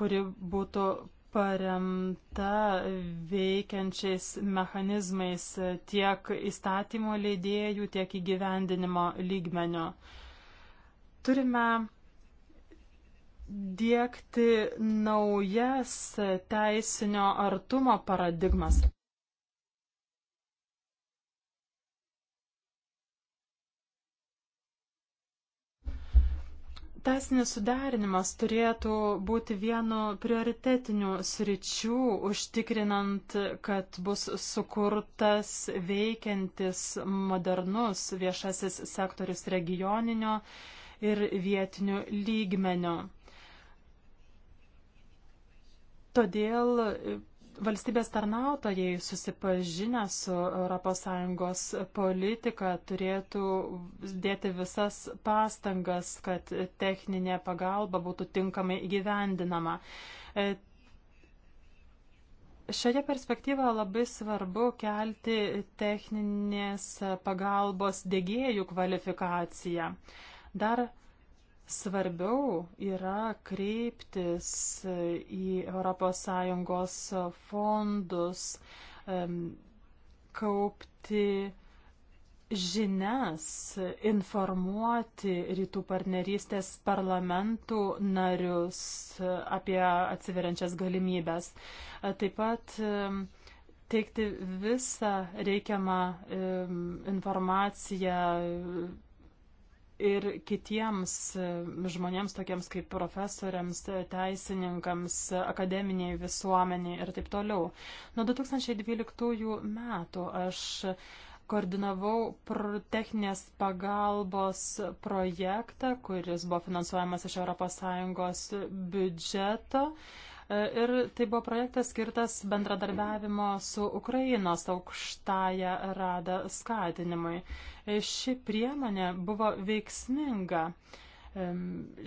S2: kuri būtų paremta veikiančiais mechanizmais tiek įstatymo leidėjų, tiek įgyvendinimo lygmenio. Turime dėkti naujas teisinio artumo paradigmas. Teisinis suderinimas turėtų būti vienu prioritetinių sričių, užtikrinant, kad bus sukurtas veikiantis modernus viešasis sektorius regioninio ir vietinių lygmenio. Todėl Valstybės tarnautojai susipažinę su ES politika turėtų dėti visas pastangas, kad techninė pagalba būtų tinkamai įgyvendinama. E, šioje perspektyvoje labai svarbu kelti techninės pagalbos dėgėjų kvalifikaciją. Dar Svarbiau yra kreiptis į ES fondus, kaupti žinias, informuoti rytų partnerystės parlamentų narius apie atsiveriančias galimybės. Taip pat teikti visą reikiamą informaciją ir kitiems e, žmonėms, tokiems kaip profesoriams, teisininkams, akademiniai visuomeniai ir taip toliau. Nuo 2012 metų aš koordinavau techninės pagalbos projektą, kuris buvo finansuojamas iš ES biudžeto. E, ir tai buvo projektas skirtas bendradarbiavimo su Ukrainos aukštaja rada skatinimui. E, ši priemonė buvo veiksminga. E,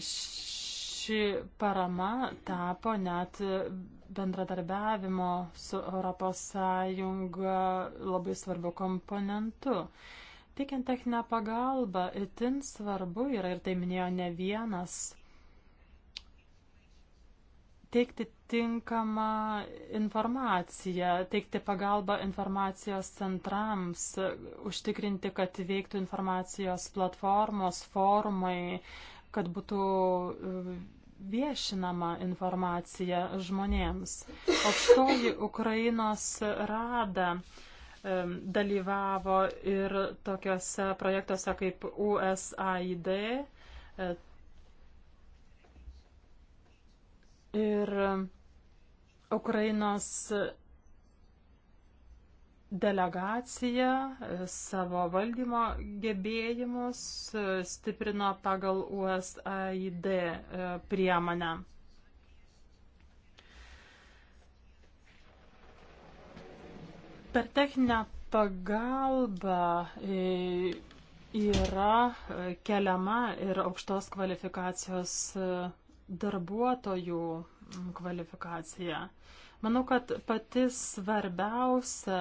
S2: ši parama tapo net bendradarbiavimo su ES labai svarbiu komponentu. Teikiant techninę pagalbą, itin svarbu yra, ir tai minėjo ne vienas teikti tinkamą informaciją, teikti pagalbą informacijos centrams, užtikrinti, kad veiktų informacijos platformos, forumai, kad būtų e, viešinama informacija žmonėms. Aukštoji Ukrainos rada e, dalyvavo ir tokiuose projektuose kaip USAID, e, ir Ukrainos delegacija savo valdymo gebėjimus stiprino pagal USAID e, priemonę. Per techninę pagalbą e, yra e, keliama ir aukštos kvalifikacijos darbuotojų kvalifikacija. Manau, kad pati svarbiausia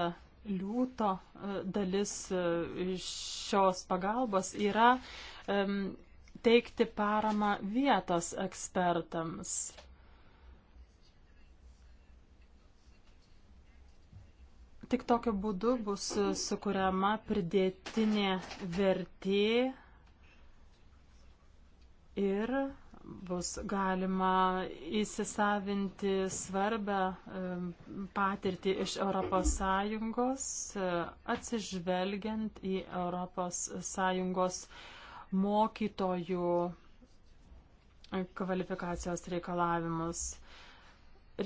S2: liūto e, dalis e, šios pagalbos yra teikti paramą vietos ekspertams. Tik tokiu būdu bus sukuriama pridėtinė vertė ir bus galima įsisavinti svarbę patirtį iš ES, e, atsižvelgiant į ES mokytojų kvalifikacijos reikalavimus.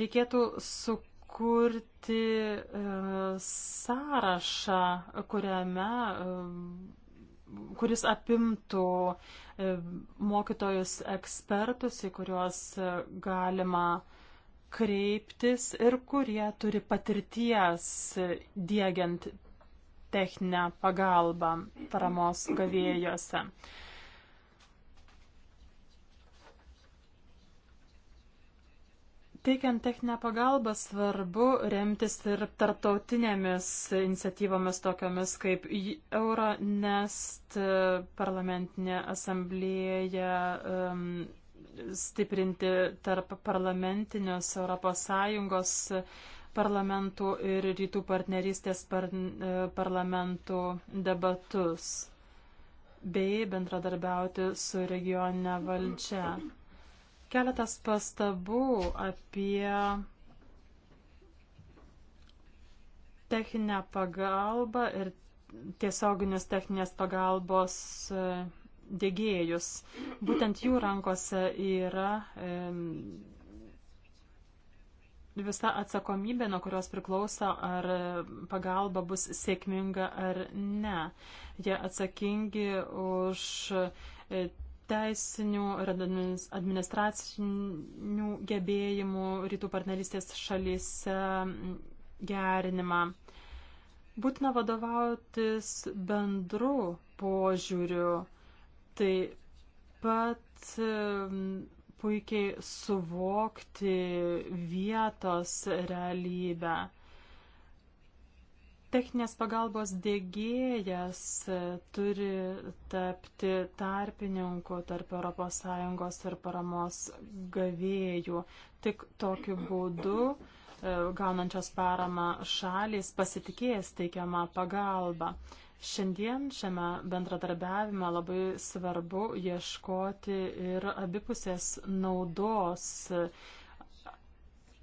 S2: Reikėtų sukurti e, sąrašą, kuriame kuris apimtų e, mokytojus ekspertus, į kuriuos e, galima kreiptis ir kurie turi patirties e, dėgiant techninę pagalbą paramos gavėjose. Teikiant techninę pagalbą svarbu remtis ir tarptautinėmis iniciatyvomis tokiomis kaip Euronest e, parlamentinė asamblėja, stiprinti tarp parlamentinius ES parlamentų ir rytų partnerystės par, e, parlamentų debatus bei bendradarbiauti su regioninė valdžia. Keletas pastabų apie techninę pagalbą ir tiesioginius techninės pagalbos e, dėgėjus. Būtent jų rankose yra visa atsakomybė, nuo kurios priklauso, ar pagalba bus sėkminga ar ne. Jie atsakingi už e, teisinių ir administracinių gebėjimų rytų partnerystės šalyse gerinimą. Būtina vadovautis bendru požiūriu, taip pat puikiai suvokti vietos realybę. Techninės pagalbos dėgėjas e, turi tapti tarpininku tarp ES ir paramos gavėjų. Tik tokiu būdu e, gaunančios paramą šalis pasitikėjęs teikiamą pagalbą. Šiandien šiame bendradarbiavime labai svarbu ieškoti ir abipusės naudos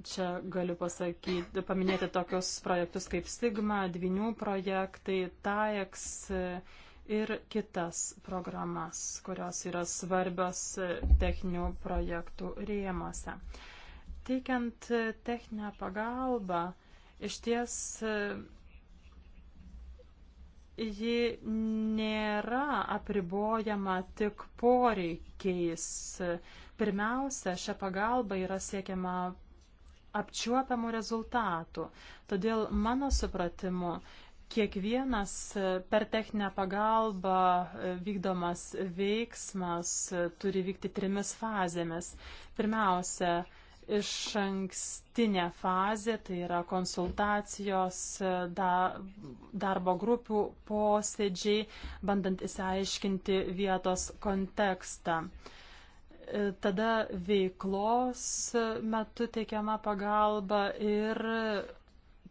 S2: Čia galiu pasakyti, paminėti tokius projektus kaip Sigma, dvinių projektai, TAEX ir kitas programas, kurios yra svarbios techninių projektų rėmose. Teikiant techninę pagalbą, iš ties ji nėra apribojama tik poreikiais. Pirmiausia, šią pagalbą yra siekiama apčiuopiamų rezultatų. Todėl mano supratimu, kiekvienas e, per techninę pagalbą e, vykdomas veiksmas e, turi vykti trimis fazėmis. Pirmiausia, iš ankstinė fazė, tai yra konsultacijos, darbo grupių posėdžiai, bandant įsiaiškinti vietos kontekstą tada veiklos metu teikiama pagalba ir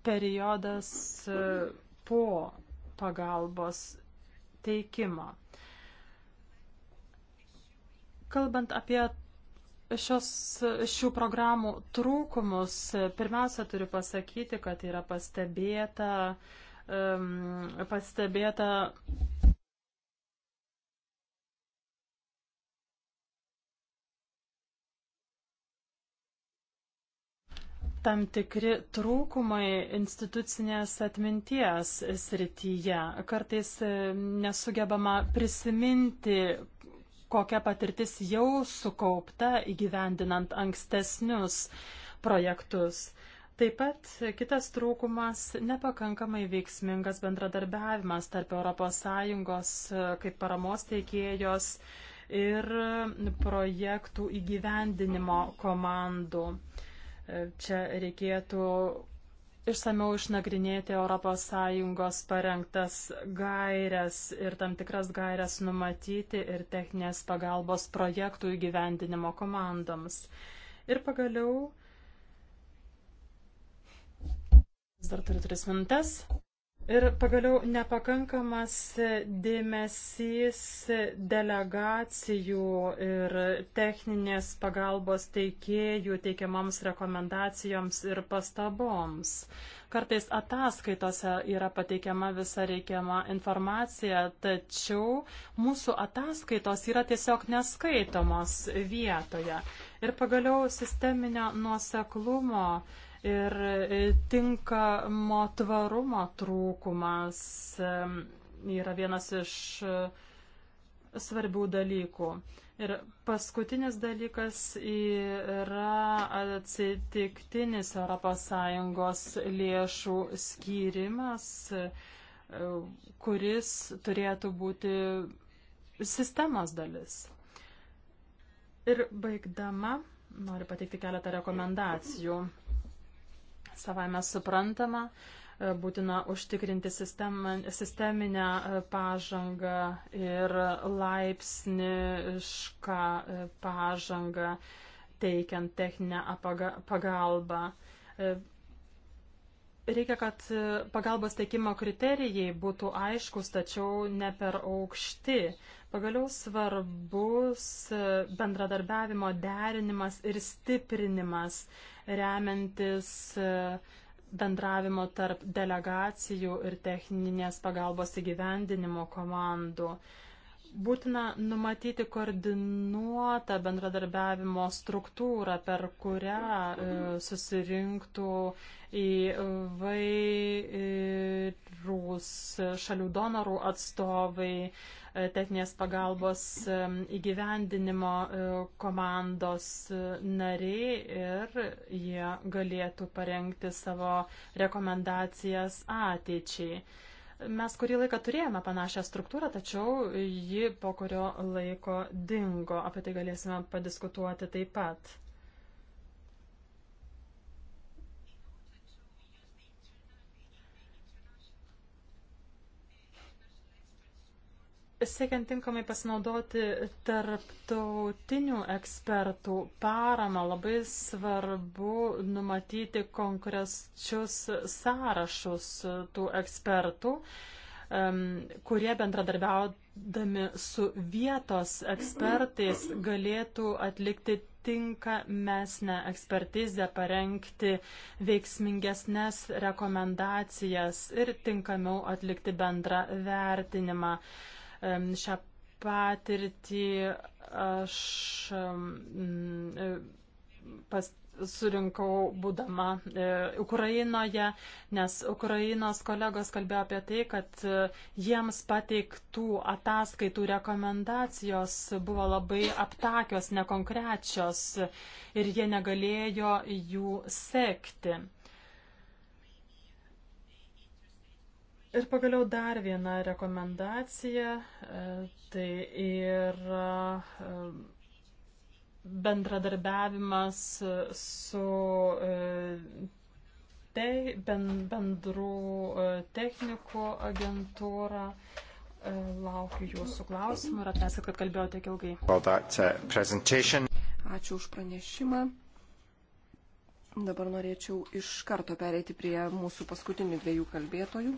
S2: periodas po pagalbos teikimo. Kalbant apie šios, šių programų trūkumus, pirmiausia, turiu pasakyti, kad yra pastebėta, um, pastebėta tam tikri trūkumai institucinės atminties srityje. Kartais e, nesugebama prisiminti, kokia patirtis jau sukaupta įgyvendinant ankstesnius projektus. Taip pat kitas trūkumas - nepakankamai veiksmingas bendradarbiavimas tarp ES e, kaip paramos teikėjos ir e, projektų įgyvendinimo komandų. Čia reikėtų išsameu išnagrinėti ES parengtas gairias ir tam tikras gairias numatyti ir techninės pagalbos projektų įgyvendinimo komandoms. Ir pagaliau. Dar turiu tris minutės. Ir pagaliau nepakankamas dėmesys delegacijų ir techninės pagalbos teikėjų teikiamams rekomendacijoms ir pastaboms. Kartais ataskaitose yra pateikiama visa reikiama informacija, tačiau mūsų ataskaitos yra tiesiog neskaitomos vietoje. Ir pagaliau sisteminio nuoseklumo ir e, tinkamo tvarumo trūkumas e, yra vienas iš e, svarbių dalykų. Ir paskutinis dalykas yra atsitiktinis ES lėšų skyrimas, kuris turėtų būti sistemos dalis. Ir baigdama noriu pateikti keletą rekomendacijų savai mes suprantama, e, būtina užtikrinti sistemą, sisteminę e, pažangą ir laipsnišką e, pažangą, teikiant techninę pagalbą. Reikia, kad pagalbos teikimo kriterijai būtų aiškus, tačiau ne per aukšti. Pagaliau svarbus bendradarbiavimo derinimas ir stiprinimas remiantis e, bendravimo tarp delegacijų ir techninės pagalbos įgyvendinimo komandų. Būtina numatyti koordinuotą bendradarbiavimo struktūrą, per kurią e, susirinktų įvairūs šalių donorų atstovai, e, techninės pagalbos e, įgyvendinimo komandos nariai ir jie galėtų parengti savo rekomendacijas ateičiai. Mes kurį laiką turėjome panašią struktūrą, tačiau ji po kurio laiko dingo. Apie tai galėsime padiskutuoti taip pat. siekiant tinkamai pasinaudoti tarptautinių ekspertų paramą, labai svarbu numatyti konkrečius sąrašus tų ekspertų, kurie bendradarbiaudami su vietos ekspertais galėtų atlikti tinkamesnę ekspertizę, parengti veiksmingesnės rekomendacijas ir tinkamiau atlikti bendrą vertinimą šią patirtį aš pas, surinkau būdama e, Ukrainoje, nes Ukrainos kolegos kalbėjo apie tai, kad e, jiems pateiktų ataskaitų rekomendacijos buvo labai aptakios, nekonkrečios ir jie negalėjo jų sekti. Ir pagaliau dar viena rekomendacija, e, tai yra e, bendradarbiavimas su e, te, ben, bendrų technikų agentūra. Laukiu jūsų klausimų ir atleiskit, kad kalbėjau tiek ilgai. Uh, Ačiū už pranešimą.
S3: Dabar norėčiau iš karto pereiti prie mūsų paskutinių dviejų kalbėtojų.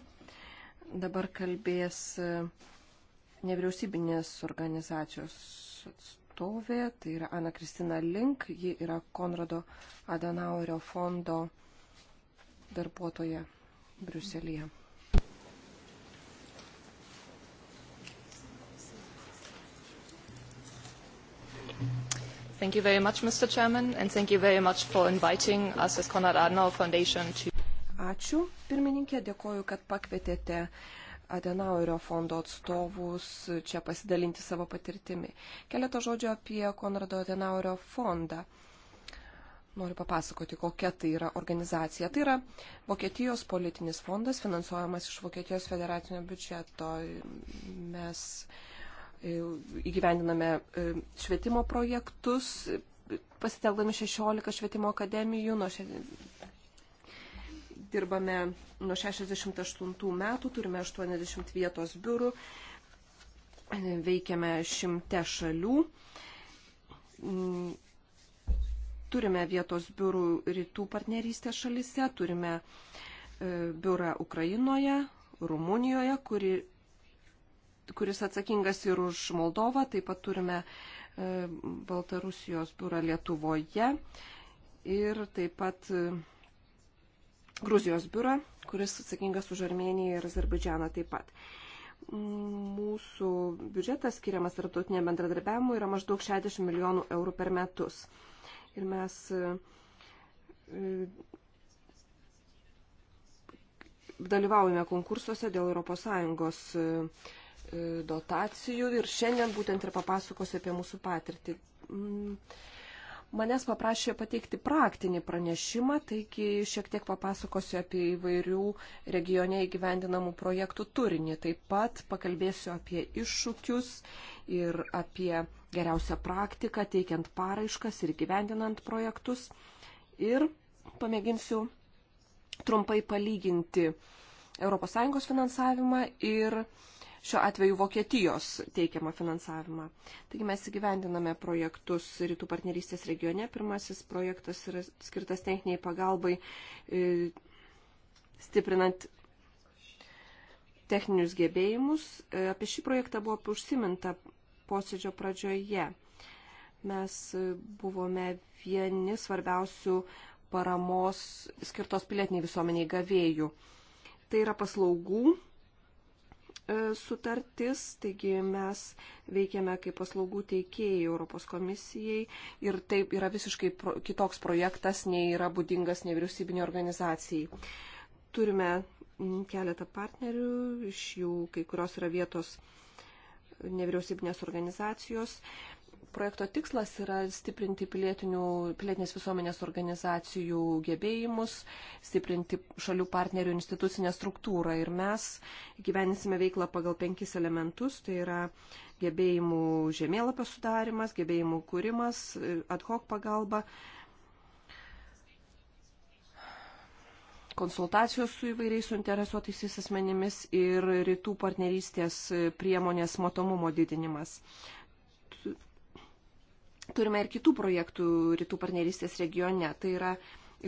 S3: Dabar kalbės e, nevyriausybinės organizacijos atstovė, tai yra Ana Kristina Link, ji yra Konrado Adenauerio fondo darbuotoja Briuselėje.
S1: Thank you very much, Mr. Chairman, and thank you very much for
S3: inviting us as Konrad Adenauer Foundation to Ačiū, pirmininkė, dėkoju, kad pakvietėte Adenauerio fondo atstovus čia pasidalinti savo patirtimi. Keletą žodžių apie Konrado Adenauerio fondą. Noriu papasakoti, kokia tai yra organizacija. Tai yra Vokietijos politinis fondas, finansuojamas iš Vokietijos federacinio biudžeto. Mes e, įgyvendiname e, švietimo projektus, pasitelkdami 16 švietimo akademijų nuo dirbame nuo 68 metų, turime 80 vietos biurų, veikiame šimte šalių. Turime vietos biurų rytų partnerystės šalise, turime e, biurą Ukrainoje, Rumunijoje, kuri, kuris atsakingas ir už Moldovą, taip pat turime e, Baltarusijos biurą Lietuvoje ir taip pat e, Gruzijos biurą, kuris atsakingas už Armėniją ir Azerbaidžianą taip pat. Mūsų biudžetas skiriamas tarptautiniam bendradarbiavimui yra maždaug 60 milijonų eurų per metus. Ir mes e, dalyvaujame konkursuose dėl ES e, e, dotacijų ir šiandien būtent ir papasakosiu apie mūsų patirtį. Mm. Manęs paprašė pateikti praktinį pranešimą, taigi šiek tiek papasakosiu apie įvairių regione įgyvendinamų projektų turinį. Taip pat pakalbėsiu apie iššūkius ir apie geriausią praktiką, teikiant paraiškas ir gyvendinant projektus. Ir pamėginsiu trumpai palyginti ES finansavimą ir šiuo atveju Vokietijos teikiamą finansavimą. Taigi mes įgyvendiname projektus Rytų partnerystės regione. Pirmasis projektas yra skirtas techniniai pagalbai e, stiprinant techninius gebėjimus. E, apie šį projektą buvo užsiminta posėdžio pradžioje. Mes e, buvome vieni svarbiausių paramos skirtos pilietiniai visuomeniai gavėjų. Tai yra paslaugų E, sutartis, taigi mes veikiame kaip paslaugų teikėjai Europos komisijai ir taip yra visiškai pro, kitoks projektas, nei yra būdingas nevyriausybinio organizacijai. Turime mm, keletą partnerių, iš jų kai kurios yra vietos nevyriausybinės organizacijos projekto tikslas yra stiprinti pilietinės visuomenės organizacijų gebėjimus, stiprinti šalių partnerių institucinę struktūrą. Ir mes gyvensime veiklą pagal penkis elementus. Tai yra gebėjimų žemėlapio sudarimas, gebėjimų kūrimas, ad hoc pagalba, konsultacijos su įvairiais suinteresuotaisiais asmenimis ir rytų partnerystės priemonės matomumo didinimas. Turime ir kitų projektų rytų partnerystės regione. Tai yra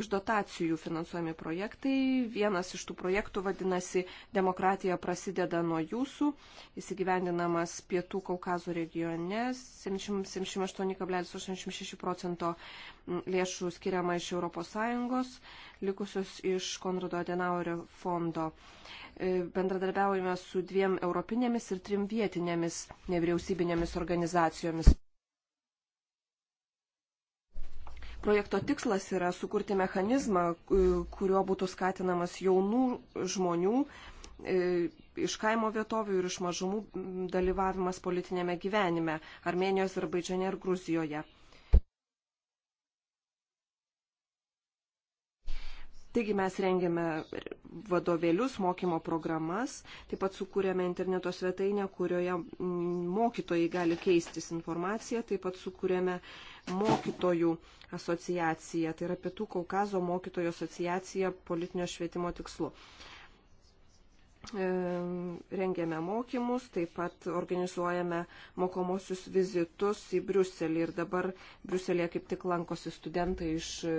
S3: iš dotacijų finansuojami projektai. Vienas iš tų projektų vadinasi Demokratija prasideda nuo jūsų. Jis įgyvendinamas Pietų Kaukazo regione. 78,86 procento lėšų skiriama iš ES, likusios iš Konrado Adenauerio fondo. E, bendradarbiaujame su dviem europinėmis ir trim vietinėmis nevyriausybinėmis organizacijomis. Projekto tikslas yra sukurti mechanizmą, e, kuriuo būtų skatinamas jaunų žmonių e, iš kaimo vietovių ir iš mažumų dalyvavimas politinėme gyvenime Armenijos, Azerbaidžiane ir Gruzijoje. Taigi mes rengiame vadovėlius, mokymo programas, taip pat sukūrėme interneto svetainę, kurioje mokytojai gali keistis informaciją, taip pat sukūrėme mokytojų asociacija, tai yra Pietų Kaukazo mokytojų asociacija politinio švietimo tikslu. E, rengėme mokymus, taip pat organizuojame mokomosius vizitus į Briuselį ir dabar Briuselėje kaip tik lankosi studentai iš e,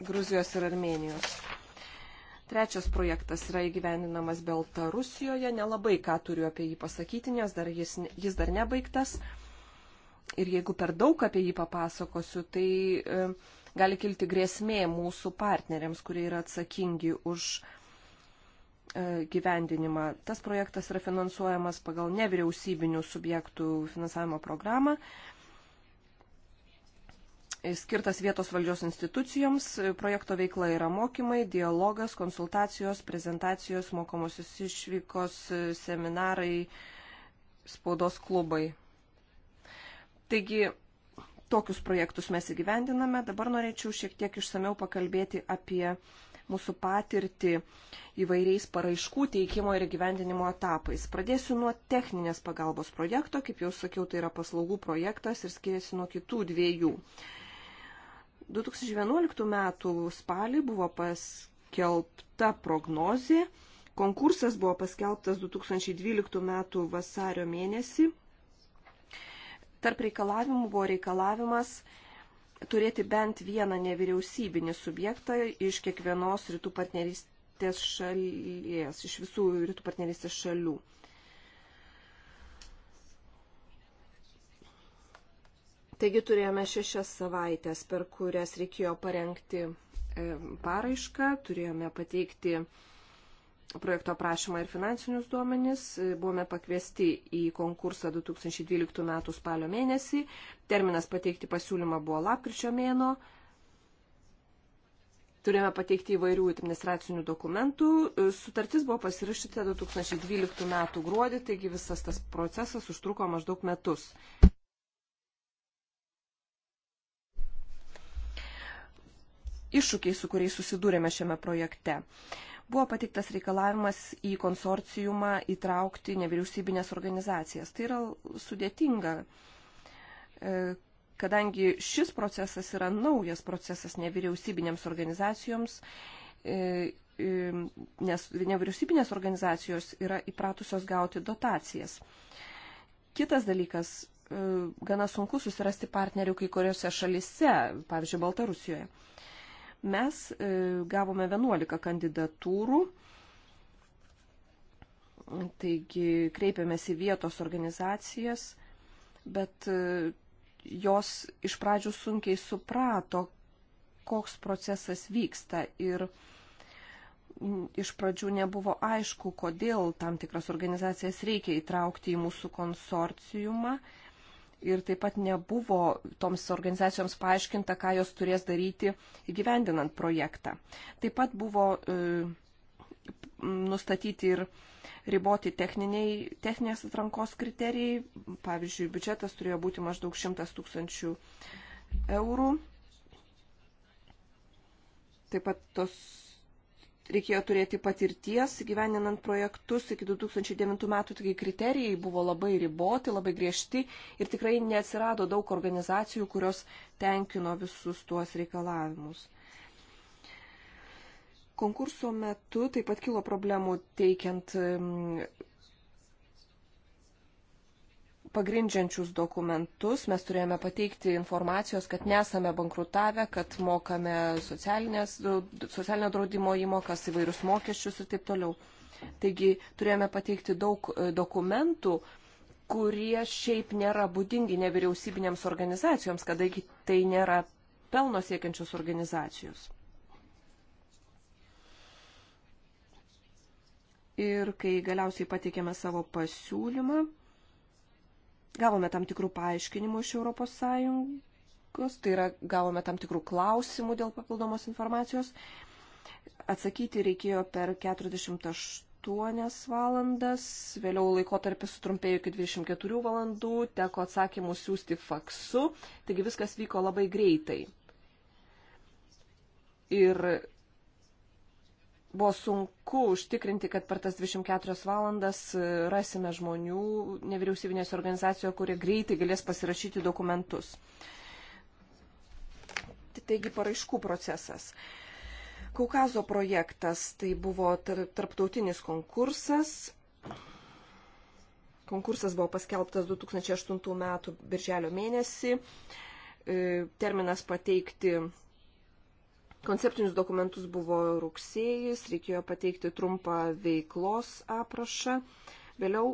S3: Gruzijos ir Armenijos. Trečias projektas yra įgyveninamas Baltarusijoje, nelabai ką turiu apie jį pasakyti, nes dar jis, jis dar nebaigtas. E, ir jeigu per daug apie jį papasakosiu, tai e, gali kilti grėsmė mūsų partneriams, kurie yra atsakingi už e, gyvendinimą. Tas projektas yra finansuojamas pagal nevyriausybinių subjektų finansavimo programą. E, skirtas vietos valdžios institucijoms. Projekto veikla yra mokymai, dialogas, konsultacijos, prezentacijos, mokomosios išvykos, seminarai, spaudos klubai. Taigi, tokius projektus mes įgyvendiname. Dabar norėčiau šiek tiek išsameu pakalbėti apie mūsų patirtį įvairiais paraiškų teikimo ir gyvendinimo etapais. Pradėsiu nuo techninės pagalbos projekto, kaip jau sakiau, tai yra paslaugų projektas ir skiriasi nuo kitų dviejų. 2011 m. spalį buvo paskelbta prognozė, konkursas buvo paskelbtas 2012 m. vasario mėnesį Tarp reikalavimų buvo reikalavimas turėti bent vieną nevyriausybinį subjektą iš kiekvienos rytų partnerystės šalies, iš visų rytų partnerystės šalių. Taigi turėjome šešias savaitės, per kurias reikėjo parengti e, paraišką, turėjome pateikti projekto aprašymą ir finansinius duomenis. Buvome pakviesti į konkursą 2012 m. spalio mėnesį. Terminas pateikti pasiūlymą buvo lapkričio mėno. Turėjome pateikti įvairių administracinių dokumentų. Sutartis buvo pasirašyta 2012 m. gruodį, taigi visas tas procesas užtruko maždaug metus. Iššūkiai, su kuriais susidūrėme šiame projekte. Uh, buvo patiktas reikalavimas į konsorciumą įtraukti nevyriausybinės organizacijas. Tai yra sudėtinga, e, kadangi šis procesas yra naujas procesas nevyriausybinėms organizacijoms, e, e, nes nevyriausybinės organizacijos yra įpratusios gauti dotacijas. Kitas dalykas gana sunku susirasti partnerių kai kuriuose šalise, pavyzdžiui, Baltarusijoje. Mes e, gavome 11 kandidatūrų, taigi kreipėmės į vietos organizacijas, bet e, jos iš pradžių sunkiai suprato, koks procesas vyksta ir iš pradžių nebuvo aišku, kodėl tam tikras organizacijas reikia įtraukti į mūsų konsorciumą. E, ir taip pat nebuvo toms organizacijoms paaiškinta, ką jos turės daryti įgyvendinant projektą. Taip pat buvo e, nustatyti ir riboti techniniai, techninės atrankos kriterijai. Pavyzdžiui, biudžetas turėjo būti maždaug 100 tūkstančių eurų. Taip pat tos reikėjo turėti patirties gyveninant projektus iki 2009 metų, taigi kriterijai buvo labai riboti, labai griežti ir tikrai neatsirado daug organizacijų, kurios tenkino visus tuos reikalavimus. Konkurso metu taip pat kilo problemų teikiant pagrindžiančius dokumentus. Mes turėjome pateikti informacijos, kad nesame bankrutavę, kad mokame socialinio draudimo įmokas, įvairius mokesčius ir taip toliau. Taigi turėjome pateikti daug e, dokumentų, kurie šiaip nėra būdingi nevyriausybinėms organizacijoms, kadangi tai nėra pelno siekiančios organizacijos. Ir kai galiausiai pateikėme savo pasiūlymą, Gavome tam tikrų paaiškinimų iš ES, tai yra gavome tam tikrų klausimų dėl papildomos informacijos. Atsakyti reikėjo per 48 valandas, vėliau laikotarpis sutrumpėjo iki 24 valandų, teko atsakymus siūsti faksu, taigi viskas vyko labai greitai. Ir buvo sunku užtikrinti, kad per tas 24 valandas e, rasime žmonių nevyriausybinės organizacijoje, kurie greitai galės pasirašyti dokumentus. Taigi paraiškų procesas. Kaukazo projektas tai buvo tarptautinis konkursas. Konkursas buvo paskelbtas 2008 m. birželio mėnesį. E, terminas pateikti Konceptinius dokumentus buvo rugsėjais, reikėjo pateikti trumpą veiklos aprašą. Vėliau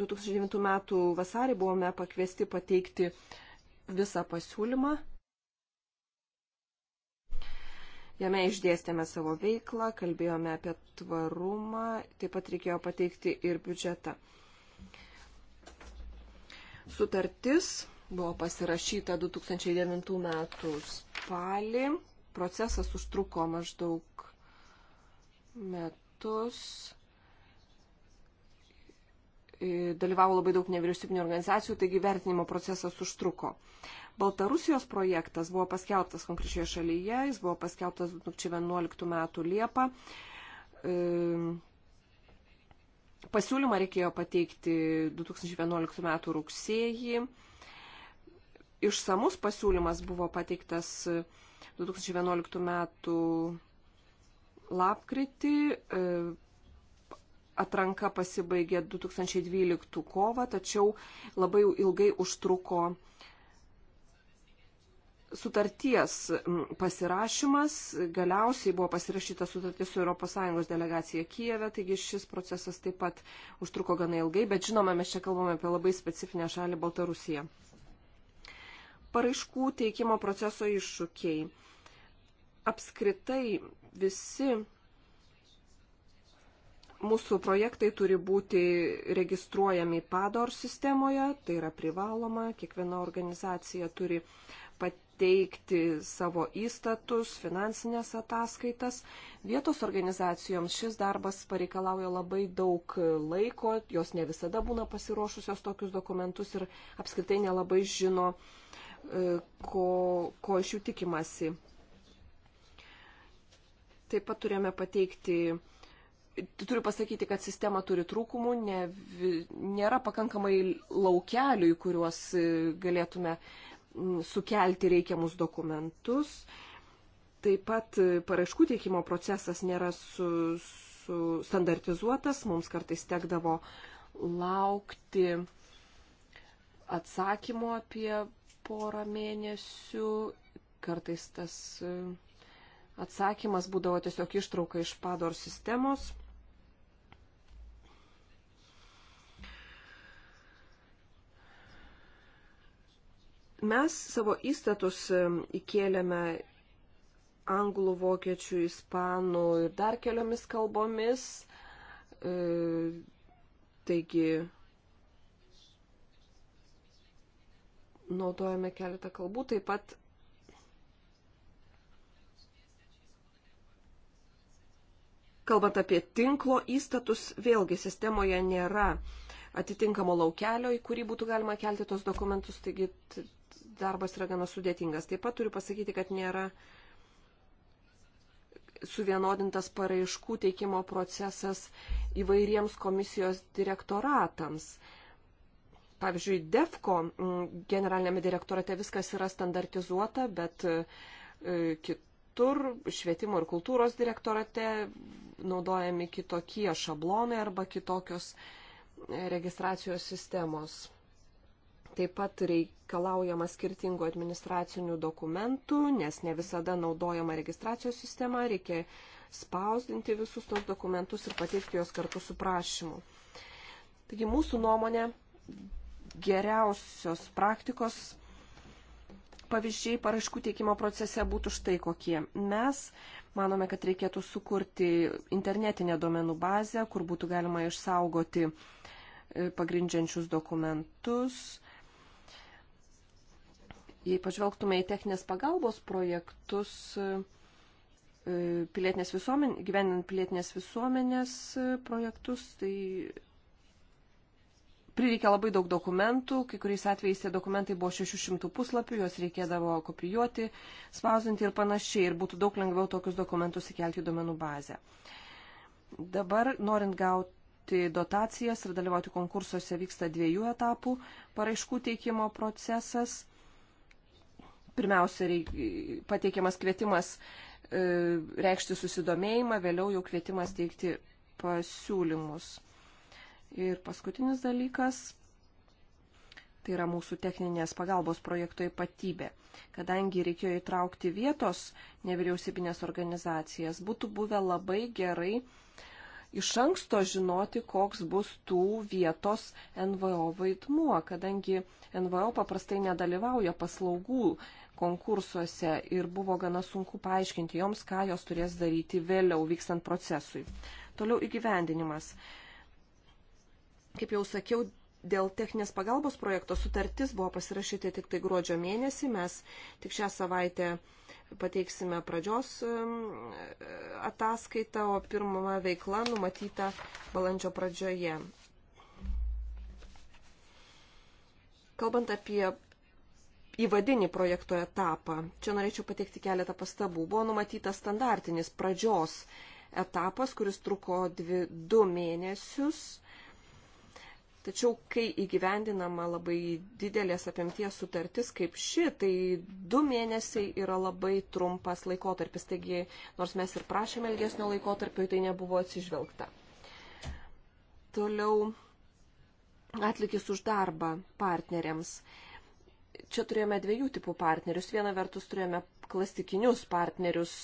S3: 2009 m. vasarį buvome pakviesti pateikti visą pasiūlymą. Jame išdėstėme savo veiklą, kalbėjome apie tvarumą, taip pat reikėjo pateikti ir biudžetą. Sutartis buvo pasirašyta 2009 m. spalį procesas užtruko maždaug metus. E, dalyvavo labai daug nevyriausybinio organizacijų, taigi vertinimo procesas užtruko. Baltarusijos projektas buvo paskelbtas konkrečioje šalyje, jis buvo paskelbtas 2011 m. Liepą. E, pasiūlymą reikėjo pateikti 2011 m. rugsėjį. Išsamus pasiūlymas buvo pateiktas 2011 2011 metų lapkritį, e, atranka pasibaigė 2012 kovą, tačiau labai ilgai užtruko sutarties pasirašymas, galiausiai buvo pasirašyta sutartis su ES delegacija Kijeve, taigi šis procesas taip pat užtruko gana ilgai, bet žinoma, mes čia kalbame apie labai specifinę šalį Baltarusiją paraiškų teikimo proceso iššūkiai. Apskritai visi mūsų projektai turi būti registruojami PADOR sistemoje, tai yra privaloma, kiekviena organizacija turi pateikti savo įstatus, finansinės ataskaitas. Vietos organizacijoms šis darbas pareikalauja labai daug laiko, jos ne visada būna pasiruošusios tokius dokumentus ir apskritai nelabai žino, uh, E, ko, ko iš jų tikimasi. Taip pat turėjome pateikti, turiu pasakyti, kad sistema turi trūkumų, ne, nėra pakankamai laukelių, į kuriuos e, galėtume sukelti reikiamus dokumentus. Taip pat e, paraiškų teikimo procesas nėra su, su standartizuotas, mums kartais tekdavo laukti atsakymo apie porą mėnesių, kartais tas e, atsakymas būdavo tiesiog ištrauka iš pador sistemos. Mes savo įstatus e, įkėlėme anglų, vokiečių, ispanų ir dar keliomis kalbomis. E, taigi naudojame keletą kalbų, taip pat kalbant apie tinklo įstatus, vėlgi sistemoje nėra atitinkamo laukelio, į kurį būtų galima kelti tos dokumentus, taigi darbas yra gana sudėtingas. Taip pat turiu pasakyti, kad nėra suvienodintas paraiškų teikimo procesas įvairiems komisijos direktoratams pavyzdžiui, DEFCO mm, generalinėme direktorate viskas yra standartizuota, bet e, kitur švietimo ir kultūros direktorate naudojami kitokie šablonai arba kitokios e, registracijos sistemos. Taip pat reikalaujama skirtingų administracinių dokumentų, nes ne visada naudojama registracijos sistema, reikia spausdinti visus tos dokumentus ir pateikti juos kartu su prašymu. Taigi mūsų nuomonė geriausios praktikos pavyzdžiai paraškų teikimo procese būtų štai kokie. Mes manome, kad reikėtų sukurti internetinę domenų bazę, kur būtų galima išsaugoti e, pagrindžiančius dokumentus. Jei pažvelgtume į techninės pagalbos projektus, e, pilietinės visuomenės, gyvenant pilietinės visuomenės e, projektus, tai prireikė labai daug dokumentų, kai kuriais atvejais tie dokumentai buvo 600 puslapių, juos reikėdavo kopijuoti, spausinti ir panašiai, ir būtų daug lengviau tokius dokumentus įkelti į domenų bazę. Dabar, norint gauti dotacijas ir dalyvauti konkursuose, vyksta dviejų etapų paraiškų teikimo procesas. Pirmiausia, reik, pateikiamas kvietimas e, reikšti susidomėjimą, vėliau jau kvietimas teikti pasiūlymus Ir paskutinis dalykas tai yra mūsų techninės pagalbos projekto ypatybė. Kadangi reikėjo įtraukti vietos nevyriausybinės organizacijas, būtų buvę labai gerai iš anksto žinoti, koks bus tų vietos NVO vaidmuo, kadangi NVO paprastai nedalyvauja paslaugų konkursuose ir buvo gana sunku paaiškinti joms, ką jos turės daryti vėliau vykstant procesui. Toliau įgyvendinimas. Kaip jau sakiau, dėl techninės pagalbos projekto sutartis buvo pasirašyti tik tai gruodžio mėnesį. Mes tik šią savaitę pateiksime pradžios ataskaitą, o pirmama veikla numatyta balandžio pradžioje. Kalbant apie įvadinį projekto etapą, čia norėčiau pateikti keletą pastabų. Buvo numatytas standartinis pradžios etapas, kuris truko dvi, du mėnesius Tačiau, kai įgyvendinama labai didelės apimties sutartis kaip ši, tai du mėnesiai yra labai trumpas laikotarpis. Taigi, nors mes ir prašėme ilgesnio laikotarpio, tai nebuvo atsižvelgta. Toliau atlikis už darbą partneriams. Čia turėjome dviejų tipų partnerius. Viena vertus turėjome klasikinius partnerius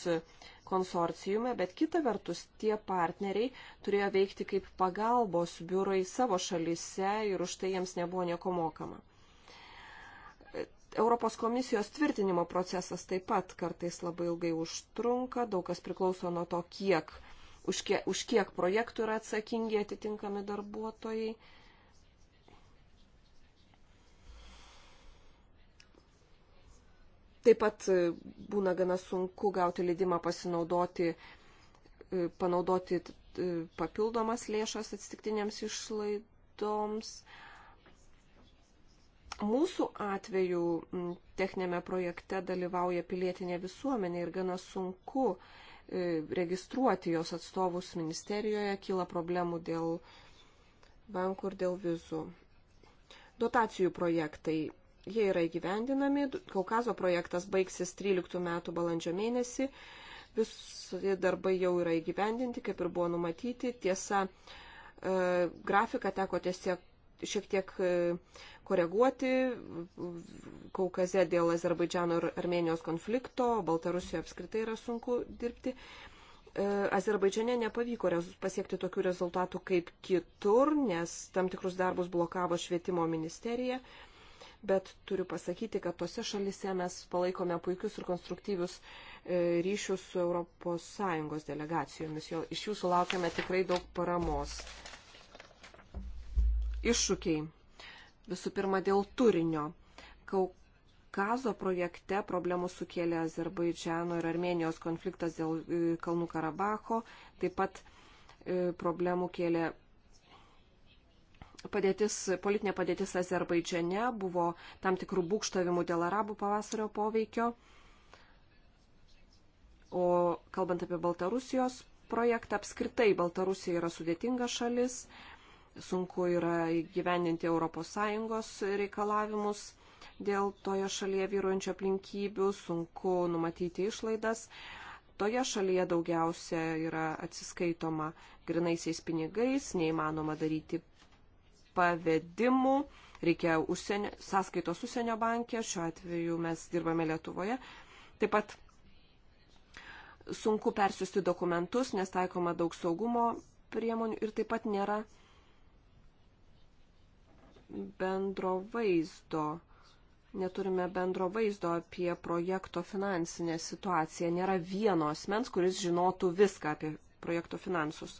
S3: konsorciume, bet kita vertus tie partneriai turėjo veikti kaip pagalbos biurai savo šalyse ir už tai jiems nebuvo nieko mokama. Europos komisijos tvirtinimo procesas taip pat kartais labai ilgai užtrunka, daug kas priklauso nuo to, kiek, už, kiek, už kiek projektų yra atsakingi atitinkami darbuotojai. Taip pat e, būna gana sunku gauti leidimą pasinaudoti, e, panaudoti e, papildomas lėšas atsitiktinėms išlaidoms. Mūsų atveju techninėme projekte dalyvauja pilietinė visuomenė ir gana sunku registruoti jos atstovus ministerijoje, kyla problemų dėl bankų ir dėl vizų. Dotacijų projektai Jie yra įgyvendinami. Kaukazo projektas baigsis 13 metų balandžio mėnesį. Visi darbai jau yra įgyvendinti, kaip ir buvo numatyti. Tiesa, e, grafiką teko tiesiog šiek tiek e, koreguoti Kaukaze dėl Azerbaidžiano ir Armenijos konflikto, Baltarusijoje apskritai yra sunku dirbti. E, Azerbaidžiane nepavyko pasiekti tokių rezultatų kaip kitur, nes tam tikrus darbus blokavo švietimo ministerija. Uh, bet turiu pasakyti, kad tose šalise mes palaikome puikius ir konstruktyvius e, ryšius su ES delegacijomis. Jo, iš jūsų laukiame tikrai daug paramos. Iššūkiai. Visų pirma, dėl turinio. Kauk Kaukazo projekte problemų sukėlė Azerbaidžiano ir Armenijos konfliktas dėl e, Kalnų Karabacho, taip pat e, problemų kėlė padėtis, politinė padėtis Azerbaidžiane, buvo tam tikrų būkštavimų dėl arabų pavasario poveikio. O kalbant apie Baltarusijos projektą, apskritai Baltarusija yra sudėtinga šalis, sunku yra įgyveninti ES reikalavimus dėl toje šalyje vyruojančio aplinkybių, sunku numatyti išlaidas. Toje šalyje daugiausia yra atsiskaitoma grinaisiais pinigais, neįmanoma daryti pavedimų, reikia užsienio, sąskaitos užsienio bankė, šiuo atveju mes dirbame Lietuvoje. Taip pat sunku persiųsti dokumentus, nes taikoma daug saugumo priemonių ir taip pat nėra bendro vaizdo. Neturime bendro vaizdo apie projekto finansinę situaciją. Nėra vieno asmens, kuris žinotų viską apie projekto finansus.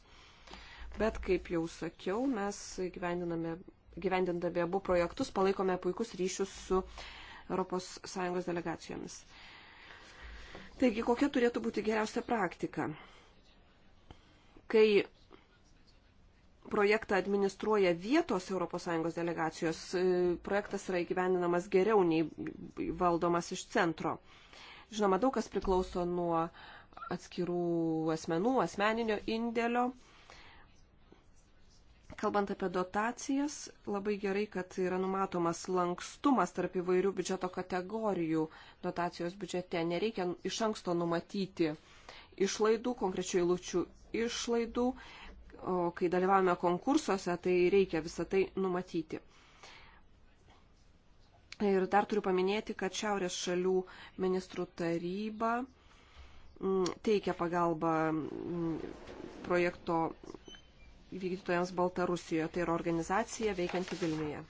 S3: Bet, kaip jau sakiau, mes gyvendindami abu projektus palaikome puikus ryšius su ES delegacijomis. Taigi, kokia turėtų būti geriausia praktika? Kai projektą administruoja vietos ES delegacijos, e, projektas yra įgyvendinamas geriau nei valdomas iš centro. Žinoma, daug kas priklauso nuo atskirų asmenų, asmeninio indėlio. Kalbant apie dotacijas, labai gerai, kad yra numatomas lankstumas tarp įvairių biudžeto kategorijų dotacijos biudžete. Nereikia iš anksto numatyti išlaidų, konkrečių įlučių išlaidų, o kai dalyvavome konkursuose, tai reikia visą tai numatyti. Ir dar turiu paminėti, kad Šiaurės šalių ministrų taryba mm, teikia pagalbą mm, projekto vykdytojams Baltarusijoje, tai yra organizacija veikianti Vilniuje.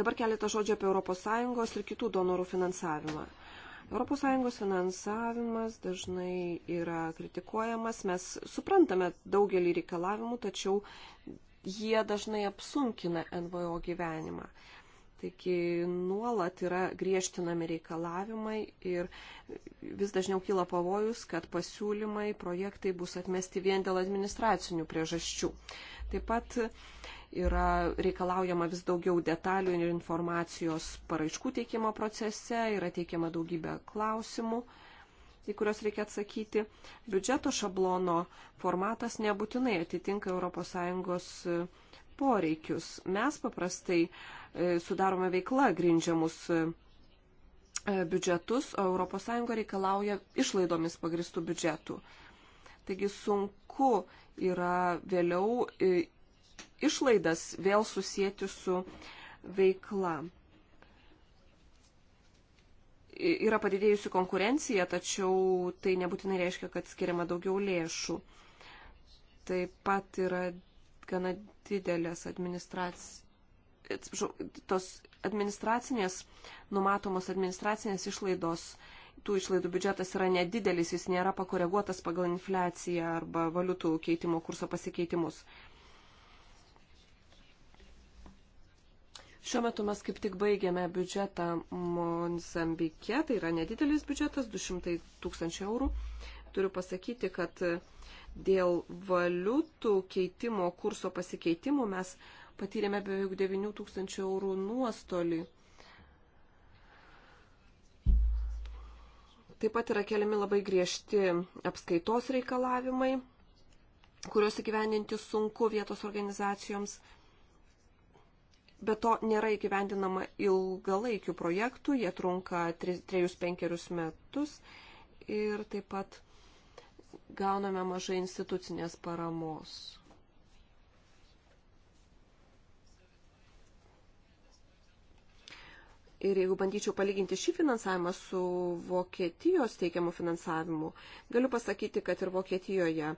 S3: Dabar keletą žodžių apie ES ir kitų donorų finansavimą. ES finansavimas dažnai yra kritikuojamas, mes suprantame daugelį reikalavimų, tačiau jie dažnai apsunkina NVO gyvenimą. Taigi nuolat yra griežtinami reikalavimai ir vis dažniau kyla pavojus, kad pasiūlymai, projektai bus atmesti vien dėl administracinių priežasčių. Taip pat yra reikalaujama vis daugiau detalių ir informacijos paraiškų teikimo procese, yra teikiama daugybė klausimų į kuriuos reikia atsakyti. Biudžeto šablono formatas nebūtinai atitinka ES poreikius. Mes paprastai e, sudarome veikla grindžiamus e, e, biudžetus, o ES reikalauja išlaidomis pagristų biudžetų. Taigi sunku yra vėliau išlaidas vėl susijęti su veikla. Yra padidėjusi konkurencija, tačiau tai nebūtinai reiškia, kad skiriama daugiau lėšų. Taip pat yra gana didelės administracijos. Atsiprašau, tos administracinės, numatomos administracinės išlaidos, tų išlaidų biudžetas yra nedidelis, jis nėra pakoreguotas pagal infliaciją arba valiutų keitimo kurso pasikeitimus. Šiuo metu mes kaip tik baigėme biudžetą Mozambike, tai yra nedidelis biudžetas, 200 tūkstančių eurų. Turiu pasakyti, kad dėl valiutų keitimo, kurso pasikeitimų mes patyrėme beveik 9 tūkstančių eurų nuostolį. Taip pat yra keliami labai griežti apskaitos reikalavimai, kuriuos įgyvendinti sunku vietos organizacijoms. Be to nėra įgyvendinama ilgalaikių projektų, jie trunka 3-5 metus ir taip pat gauname mažai institucinės paramos. Ir jeigu bandyčiau palyginti šį finansavimą su Vokietijos teikiamu finansavimu, galiu pasakyti, kad ir Vokietijoje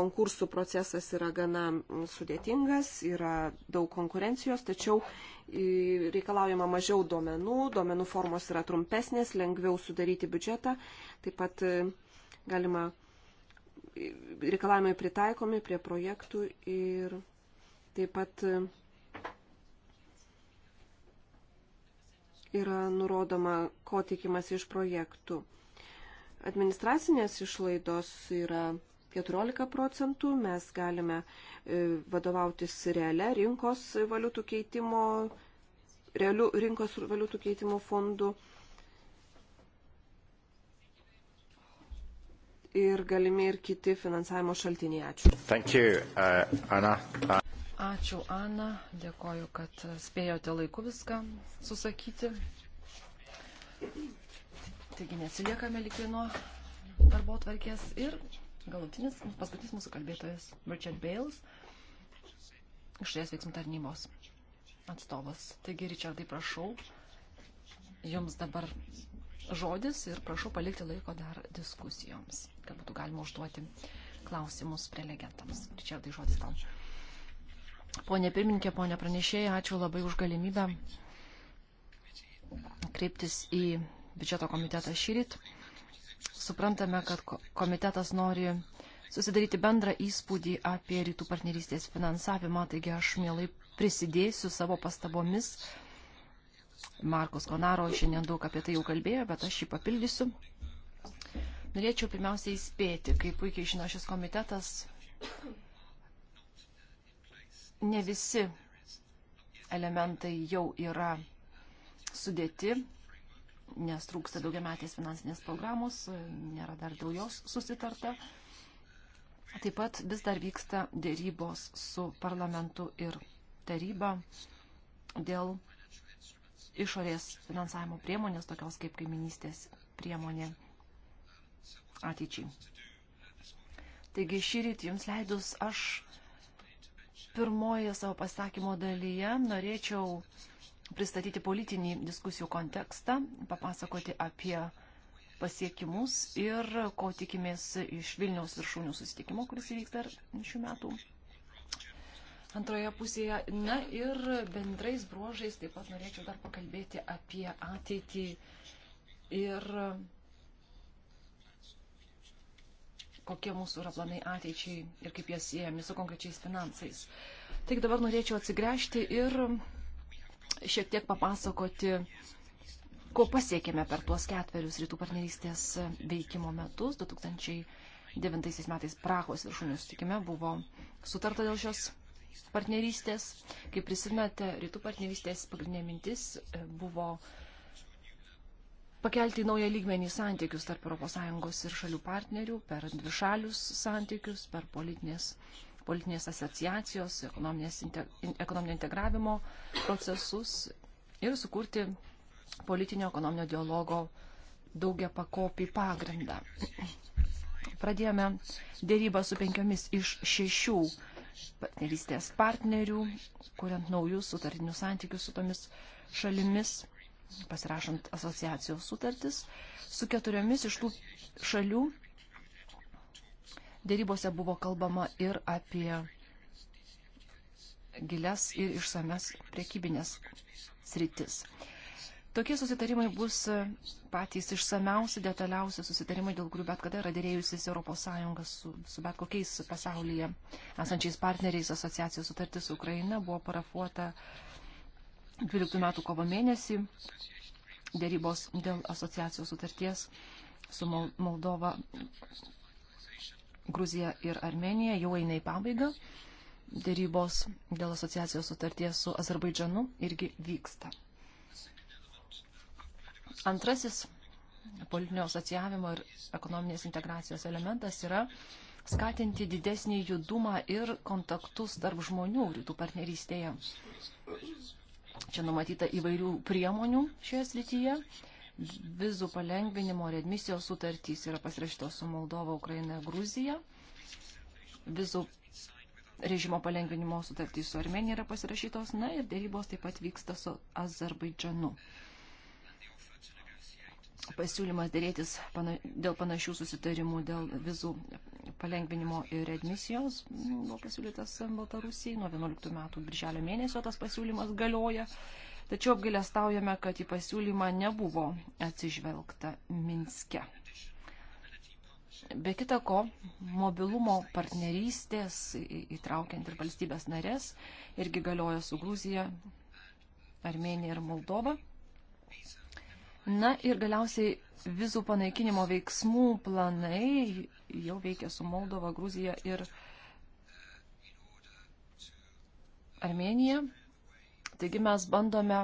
S3: konkursų procesas yra gana sudėtingas, yra daug konkurencijos, tačiau e, reikalaujama mažiau duomenų, duomenų formos yra trumpesnės, lengviau sudaryti biudžetą, taip pat e, galima reikalavimai pritaikomi prie projektų ir taip pat yra nurodoma, ko tikimas iš projektų. Administracinės išlaidos yra 14 procentų, mes galime e, vadovautis realia rinkos valiutų keitimo, realių rinkos valiutų keitimo fondų ir galimi ir kiti finansavimo šaltiniai. Ačiū.
S1: Thank you, uh, Anna. Uh...
S3: Ačiū, Ana. Dėkoju,
S1: kad spėjote laiku viską susakyti. Taigi nesiliekame likti nuo darbo tvarkės ir galutinis, paskutinis mūsų kalbėtojas Richard Bales iš Šalies veiksmų tarnybos atstovas. Taigi, Richardai, prašau, jums dabar žodis ir prašau palikti laiko dar diskusijoms, kad būtų galima užduoti klausimus prelegentams. Ričardai, žodis tau. Pone pirmininkė, pone pranešėjai, ačiū labai už galimybę kreiptis į biudžeto komitetą šyrit. Suprantame, kad komitetas nori susidaryti bendrą įspūdį apie rytų partnerystės finansavimą, taigi aš mielai prisidėsiu savo pastabomis Markus Konaro šiandien daug apie tai jau kalbėjo, bet aš jį papildysiu. Norėčiau pirmiausiai įspėti, kaip puikiai žino šis komitetas, ne visi elementai jau yra sudėti, nes trūksta daugiametės finansinės programos, nėra dar dėl jos susitarta. Taip pat vis dar vyksta dėrybos su parlamentu ir taryba dėl išorės finansavimo priemonės, tokios kaip kaiminystės priemonė ateičiai. Taigi šį rytį jums leidus aš pirmoje savo pasakymo dalyje norėčiau pristatyti politinį diskusijų kontekstą, papasakoti apie pasiekimus ir ko tikimės iš Vilniaus viršūnių susitikimo, kuris įvyks dar šių metų antroje pusėje. Na ir bendrais bruožais taip pat norėčiau dar pakalbėti apie ateitį ir kokie mūsų yra planai ateičiai ir kaip jie siejami su konkrečiais finansais. Taigi dabar norėčiau atsigręžti ir šiek tiek papasakoti, ko pasiekėme per tuos ketverius rytų partnerystės veikimo metus. 2009 metais Prahos viršūnių sutikime buvo sutarta dėl šios partnerystės. Kaip prisimėte, rytų partnerystės pagrindinė mintis e, buvo pakelti į naują lygmenį santykius tarp ES ir šalių partnerių per dvišalius santykius, per politinės, politinės asociacijos, inte, ekonominio integravimo procesus ir sukurti politinio ekonominio dialogo daugia pakopį pagrindą. Pradėjome dėrybą su penkiomis iš šešių partnerystės partnerių, kuriant naujus sutartinius santykius su tomis šalimis, pasirašant asociacijos sutartis. Su keturiomis iš tų šalių dėrybose buvo kalbama ir apie gilias ir išsames priekybinės sritis. Tokie susitarimai bus e, patys išsameusi, detaliausi susitarimai, dėl kurių bet kada yra dėrėjusis ES su, su bet kokiais pasaulyje esančiais partneriais. Asociacijos sutartis su Ukraina buvo parafuota 12 metų kovo mėnesį. Dėrybos dėl asociacijos sutarties su Moldova, Gruzija ir Armenija jau eina į pabaigą. Dėrybos dėl asociacijos sutarties su Azerbaidžanu irgi vyksta. Antrasis politinio asociavimo ir ekonominės integracijos elementas yra skatinti didesnį judumą ir kontaktus tarp žmonių rytų partnerystėje. Čia numatyta įvairių priemonių šioje srityje. Vizų palengvinimo ir admisijos sutartys yra pasirašytos su Moldova, Ukraina, Gruzija. Vizų režimo palengvinimo sutartys su Armenija yra pasirašytos. Na ir dėrybos taip pat vyksta su Azerbaidžanu pasiūlymas dėrėtis pana, dėl panašių susitarimų, dėl vizų palengvinimo ir admisijos mm, buvo pasiūlytas Baltarusijai. Nuo 11 metų birželio mėnesio tas pasiūlymas galioja. Tačiau apgailestaujame, kad į pasiūlymą nebuvo atsižvelgta Minske. Be kita ko, mobilumo partnerystės, įtraukiant ir valstybės narės, irgi galioja su Gruzija, Armenija ir Moldova Na ir galiausiai vizų panaikinimo veiksmų planai jau veikia su Moldova, Gruzija ir Armenija. Taigi mes bandome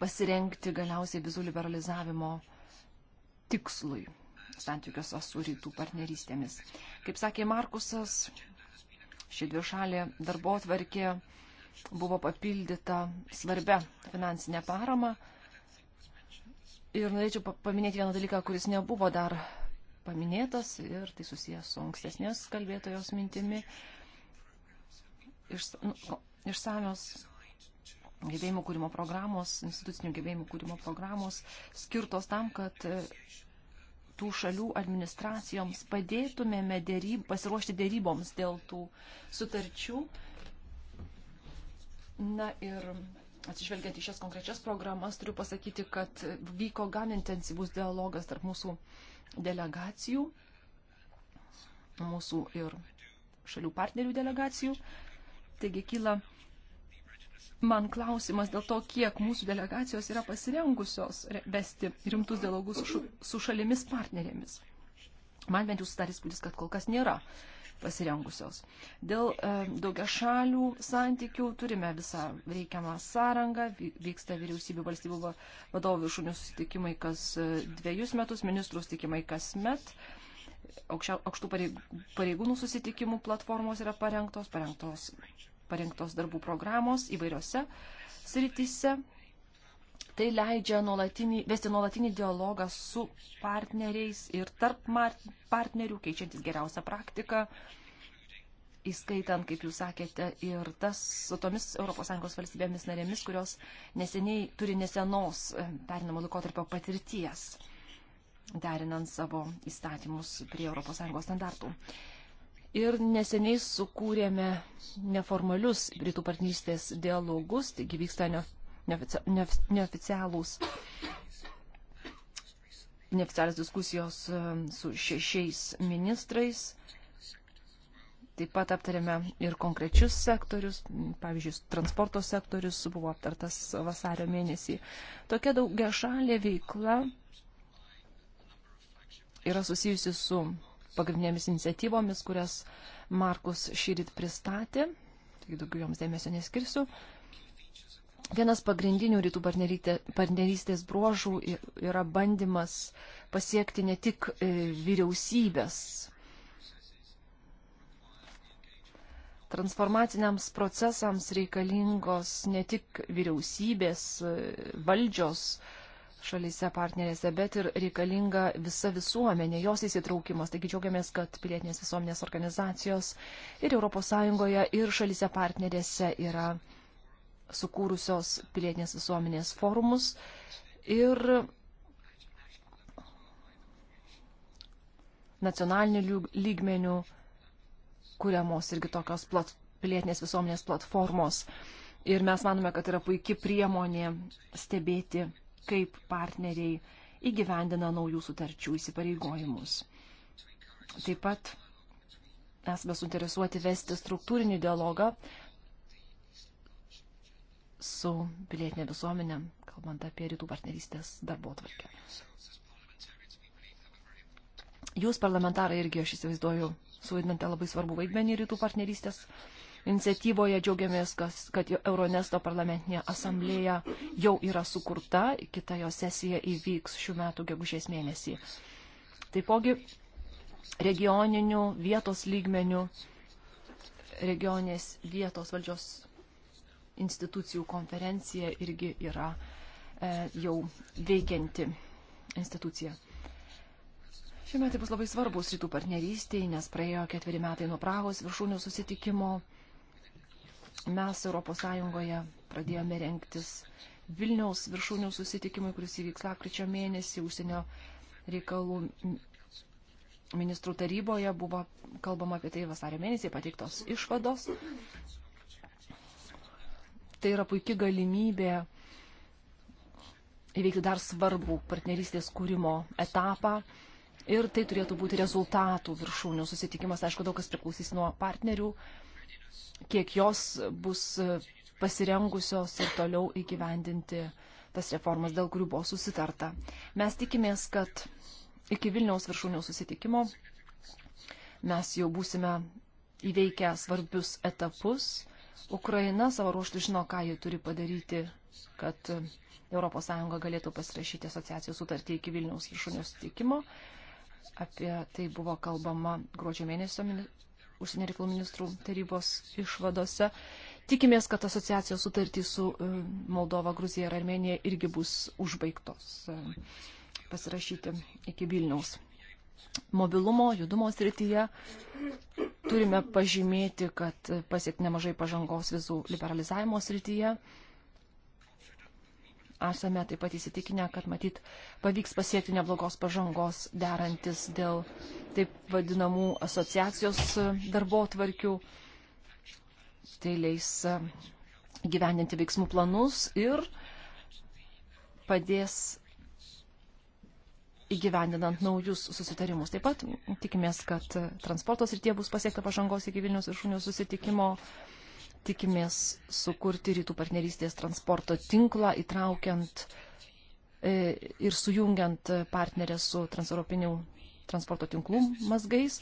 S1: pasirengti galiausiai vizų liberalizavimo tikslui santykiuose su rytų partnerystėmis. Kaip sakė Markusas, ši dvišalė darbo tvarkė buvo papildyta svarbia finansinė parama Ir norėčiau paminėti vieną dalyką, kuris nebuvo dar paminėtas ir tai susijęs su ankstesnės kalbėtojos mintimi. Iš, nu, išsamios gebėjimų kūrimo programos, institucinių gebėjimų kūrimo programos skirtos tam, kad e, tų šalių administracijoms padėtumėme dėryb, pasiruošti dėryboms dėl tų sutarčių. Na ir Atsižvelgiant į šias konkrečias programas, turiu pasakyti, kad vyko gan intensyvus dialogas tarp mūsų delegacijų, mūsų ir šalių partnerių delegacijų. Taigi kyla man klausimas dėl to, kiek mūsų delegacijos yra pasirengusios vesti rimtus dialogus su šalimis partnerėmis. Man bent jau sudarys spūdis, kad kol kas nėra. Uh, pasirengusios. Dėl e, daugia šalių santykių turime visą reikiamą sąrangą, vyksta vyriausybių valstybių vadovų viršūnių susitikimai kas e, dviejus metus, ministrų susitikimai kas met. Aukštų pareigūnų susitikimų platformos yra parengtos, parengtos, parengtos darbų programos įvairiose srityse Tai leidžia nuolatinį, vesti nuolatinį dialogą su partneriais ir tarp partnerių, keičiantis geriausią praktiką, įskaitant, kaip jūs sakėte, ir tas su tomis ES valstybėmis narėmis, kurios neseniai turi nesenos e, perinamo laikotarpio patirties, derinant savo įstatymus prie ES standartų ir neseniai sukūrėme neformalius rytų partnerystės dialogus, taigi vyksta neofici neoficialūs, neoficialios diskusijos um, su šešiais ministrais. Taip pat aptarėme ir konkrečius sektorius, pavyzdžiui, transporto sektorius buvo aptartas vasario mėnesį. Tokia daugia šalė veikla yra susijusi su pagrindinėmis iniciatyvomis, kurias Markus šyrit pristatė, tik daugiau joms dėmesio neskirsiu. Uh, Vienas pagrindinių rytų partnerystės bruožų yra bandymas pasiekti ne tik e, vyriausybės. Transformaciniams procesams reikalingos ne tik vyriausybės, e, valdžios šalyse partnerėse, bet ir reikalinga visa visuomenė, jos įsitraukimas. Taigi džiaugiamės, kad pilietinės visuomenės organizacijos ir ES ir šalyse partnerėse yra sukūrusios pilietinės visuomenės forumus ir nacionalinių lygmenių kuriamos irgi tokios plat, pilietinės visuomenės platformos. Ir mes manome, kad yra puikia priemonė stebėti, kaip partneriai įgyvendina naujų sutarčių įsipareigojimus. Taip pat esame suinteresuoti vesti struktūrinį dialogą su pilietinė visuomenė, kalbant apie rytų partnerystės darbo tvarkę. Jūs, parlamentarai, irgi, aš įsivaizduoju, suvaidinate labai svarbu vaidmenį rytų partnerystės iniciatyvoje. Džiaugiamės, kad Euronesto parlamentinė asamblėja jau yra sukurta, kita jo sesija įvyks šių metų gegužės mėnesį. Taipogi regioninių vietos lygmenių regionės vietos valdžios institucijų konferencija irgi yra e, jau veikianti institucija. Šie metai bus labai svarbus rytų partnerystiai, nes praėjo ketveri metai nuo Prahos viršūnių susitikimo. Mes ES pradėjome renktis Vilniaus viršūnių susitikimui, kuris įvyks lakryčio mėnesį užsienio reikalų ministrų taryboje buvo kalbama apie tai vasario mėnesį pateiktos išvados tai yra puikia galimybė įveikti dar svarbų partnerystės kūrimo etapą. Ir tai turėtų būti rezultatų viršūnių susitikimas. Aišku, daug kas priklausys nuo partnerių, kiek jos bus pasirengusios ir toliau įgyvendinti tas reformas, dėl kurių buvo susitarta. Mes tikimės, kad iki Vilniaus viršūnių susitikimo mes jau būsime įveikę svarbius etapus Ukraina savo ruoštų žino, ką ji turi padaryti, kad ES galėtų pasirašyti asociacijos sutartį iki Vilniaus viršūnių sutikimo. Apie tai buvo kalbama gruodžio mėnesio užsienio reikalų ministrų tarybos išvadose. Tikimės, kad asociacijos sutartys su e, Moldova, Gruzija ir Armenija irgi bus užbaigtos e, pasirašyti iki Vilniaus. Mobilumo, judumo srityje turime pažymėti, kad pasiekti nemažai pažangos vizų liberalizavimo srityje. Esame taip pat įsitikinę, kad matyt pavyks pasiekti neblogos pažangos derantis dėl taip vadinamų asociacijos darbo tvarkių. Tai leis gyveninti veiksmų planus ir padės įgyvendinant naujus susitarimus. Taip pat tikimės, kad transportos ir tie bus pasiekta pažangos iki Vilnius viršūnių susitikimo. Tikimės sukurti rytų partnerystės transporto tinklą, įtraukiant e, ir sujungiant partnerę su transeuropinių transporto tinklų mazgais.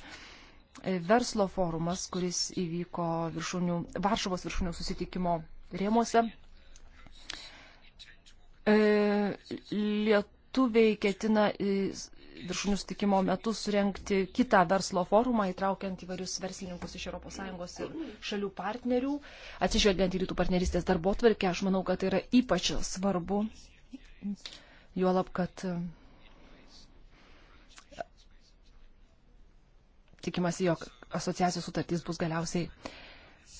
S1: E, verslo forumas, kuris įvyko viršūnių, Varšuvos viršūnių susitikimo rėmuose. E, liet lietuviai ketina viršūnių sutikimo metu surenkti kitą verslo forumą, įtraukiant įvairius verslininkus iš ES ir šalių partnerių. Atsižvelgiant į rytų partnerystės darbo tvarkę, aš manau, kad tai yra ypač svarbu, juolab, kad tikimasi, jog asociacijos sutartys bus galiausiai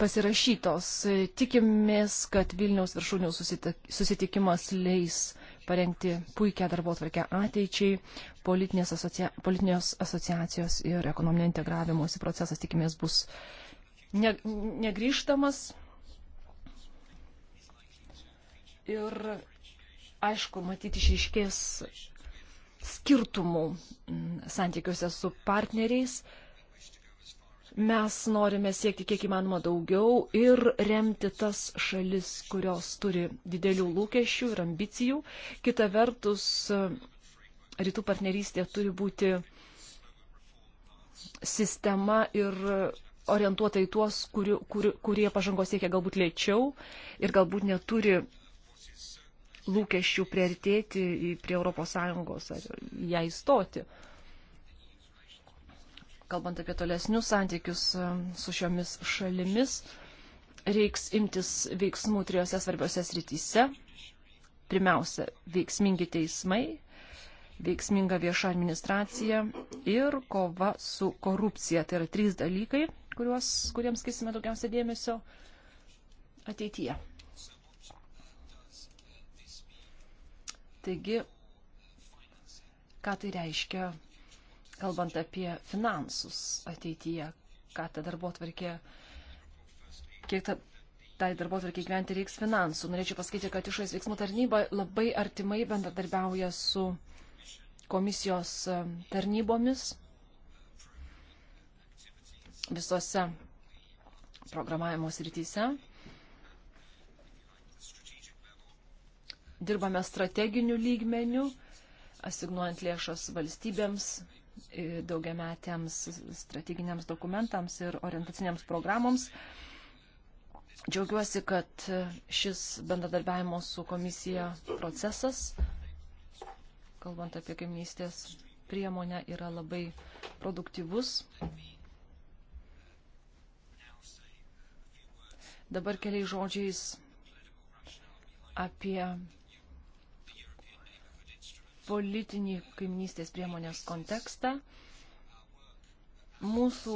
S1: pasirašytos. Tikimės, kad Vilniaus viršūnių susitikimas leis parengti puikią darbo atvarkę ateičiai. Politinės, asocia... Politinės asociacijos ir ekonominio integravimosi procesas tikimės bus ne... negryžtamas. Ir aišku, matyti išiškės skirtumų santykiuose su partneriais. Mes norime siekti kiek įmanoma daugiau ir remti tas šalis, kurios turi didelių lūkesčių ir ambicijų. Kita vertus, rytų partnerystė turi būti sistema ir orientuota į tuos, kuriu, kuriu, kurie pažangos siekia galbūt lėčiau ir galbūt neturi lūkesčių priartėti prie ES ar ją įstoti kalbant apie tolesnius santykius um, su šiomis šalimis, reiks imtis veiksmų trijose svarbiose srityse. Pirmiausia, veiksmingi teismai, veiksminga vieša administracija ir kova su korupcija. Tai yra trys dalykai, kuriuos, kuriems skaisime daugiausia dėmesio ateityje. Taigi, ką tai reiškia kalbant apie finansus ateityje, ką ta darbo tvarkė, kiek ta, tai darbo tvarkė gyventi reiks finansų. Norėčiau pasakyti, kad išorės veiksmų tarnyba labai artimai bendradarbiauja su komisijos tarnybomis visose programavimo srityse. Dirbame strateginių lygmenių, asignuojant lėšas valstybėms, E, daugiametėms strateginiams dokumentams ir orientaciniams programoms. Džiaugiuosi, kad šis bendradarbiavimo su komisija procesas, kalbant apie kaimynystės priemonę, yra labai produktyvus. Dabar keliais žodžiais apie politinį kaiminystės priemonės kontekstą. Mūsų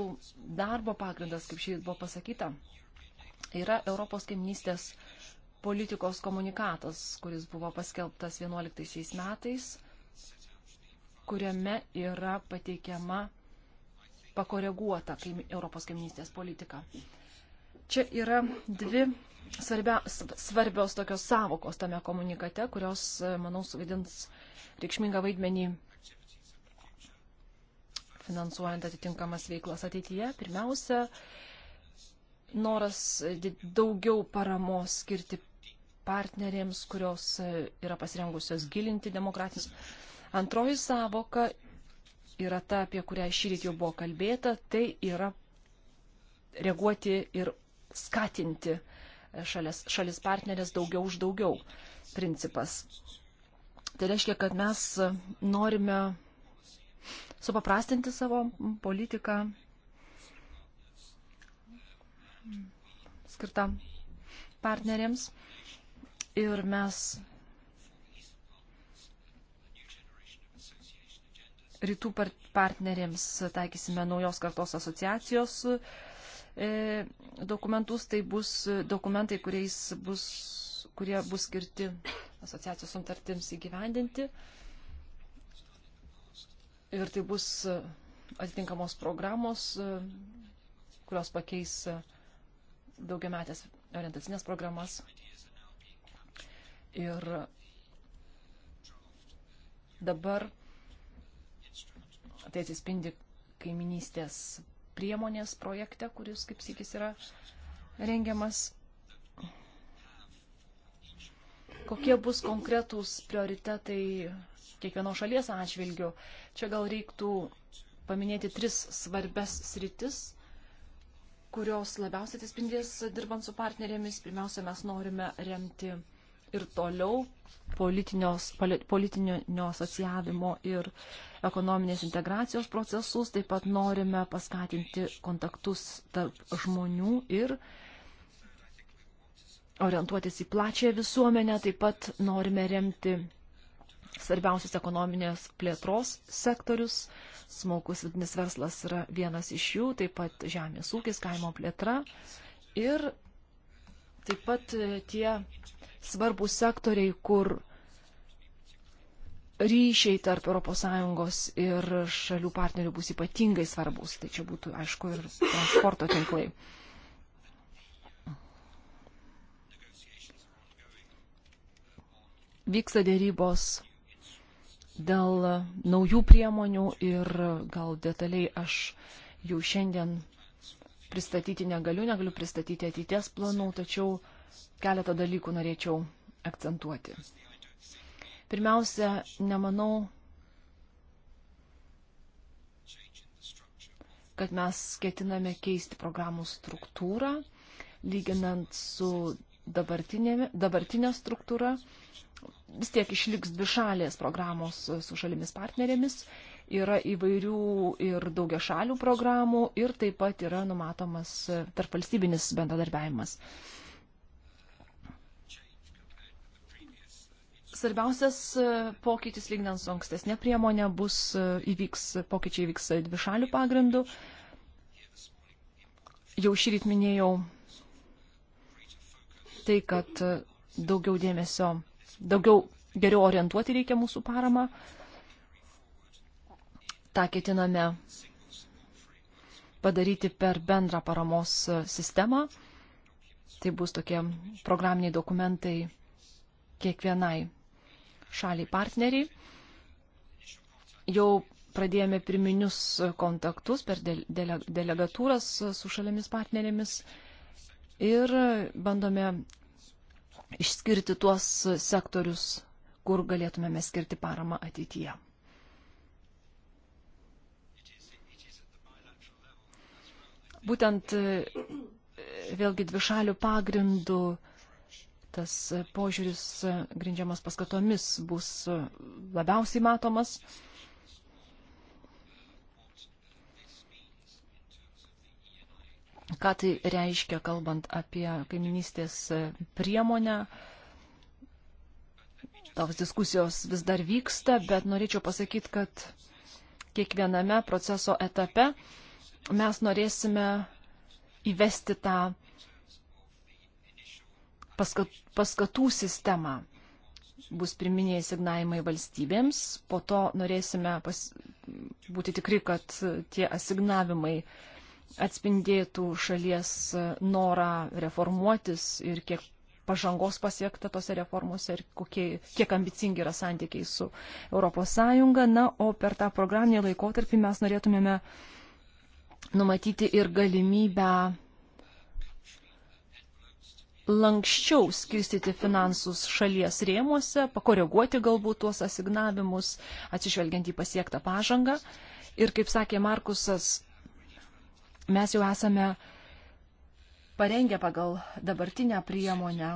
S1: darbo pagrindas, kaip šiai buvo pasakyta, yra Europos kaiminystės politikos komunikatas, kuris buvo paskelbtas 11 metais, kuriame yra pateikiama pakoreguota kaim, Europos kaiminystės politika. Čia yra dvi svarbia, svarbios tokios savokos tame komunikate, kurios, manau, suvaidins uh, reikšmingą vaidmenį finansuojant atitinkamas veiklas ateityje. Pirmiausia, noras daugiau paramos skirti partnerėms, kurios e, yra pasirengusios gilinti demokratinius. Antroji savoka yra ta, apie kurią šįryt jau buvo kalbėta, tai yra reaguoti ir skatinti šalis, šalis partnerės daugiau už daugiau principas. Tai reiškia, kad mes norime supaprastinti savo politiką skirtą partneriams. Ir mes rytų partneriams taikysime naujos kartos asociacijos e, dokumentus. Tai bus dokumentai, bus, kurie bus skirti asociacijos sutartims įgyvendinti. Ir tai bus e, atitinkamos programos, e, kurios pakeis e, daugiametės orientacinės programas. Ir dabar tai atsispindi kaiminystės priemonės projekte, kuris kaip sėkis yra rengiamas. kokie bus konkretūs prioritetai kiekvienos šalies atžvilgiu. Čia gal reiktų paminėti tris svarbes sritis, kurios labiausiai atsispindės dirbant su partnerėmis. Pirmiausia, mes norime remti ir toliau politinio asociavimo ir ekonominės integracijos procesus, taip pat norime paskatinti kontaktus tarp žmonių ir orientuotis į plačią visuomenę, taip pat norime remti svarbiausius ekonominės plėtros sektorius. Smaukus vidinis verslas yra vienas iš jų, taip pat žemės ūkis, kaimo plėtra. Ir taip pat e, tie svarbus sektoriai, kur ryšiai tarp ES ir šalių partnerių bus ypatingai svarbus. Tai čia būtų, aišku, ir transporto tinklai. vyksta dėrybos dėl naujų priemonių ir gal detaliai aš jų šiandien pristatyti negaliu, negaliu pristatyti ateities planų, tačiau keletą dalykų norėčiau akcentuoti. Pirmiausia, nemanau, kad mes ketiname keisti programų struktūrą, lyginant su dabartinė struktūra. Vis tiek išliks dvi šalės programos su šalimis partnerėmis, yra įvairių ir daugia šalių programų ir taip pat yra numatomas tarp valstybinis bendradarbiavimas. Svarbiausias pokytis lygnant su ankstesnė priemonė bus įvyks, pokyčiai vyks dvi šalių pagrindų. Jau šį ryt minėjau tai, kad daugiau dėmesio, daugiau geriau orientuoti reikia mūsų paramą. Ta ketiname padaryti per bendrą paramos sistemą. Tai bus tokie programiniai dokumentai kiekvienai šaliai partneriai. Jau pradėjome pirminius kontaktus per dele, delegatūras su šalimis partnerėmis ir bandome išskirti tuos sektorius, kur galėtumėme skirti paramą ateityje. Būtent e, vėlgi dvišalių pagrindų tas požiūris grindžiamas paskatomis bus labiausiai matomas. ką tai reiškia, kalbant apie kaiminystės priemonę. Tos diskusijos vis dar vyksta, bet norėčiau pasakyti, kad kiekviename proceso etape mes norėsime įvesti tą paskatų sistemą. Bus pirminiai asignavimai valstybėms, po to norėsime pas, būti tikri, kad tie asignavimai uh, atspindėtų šalies norą reformuotis ir kiek pažangos pasiekta tose reformose ir kokie, kiek ambicingi yra santykiai su ES. Na, o per tą programinį laikotarpį mes norėtumėme numatyti ir galimybę lankščiau skirstyti finansus šalies rėmuose, pakoreguoti galbūt tuos asignavimus, atsižvelgiant į pasiektą pažangą. Ir kaip sakė Markusas, Mes jau esame parengę pagal dabartinę priemonę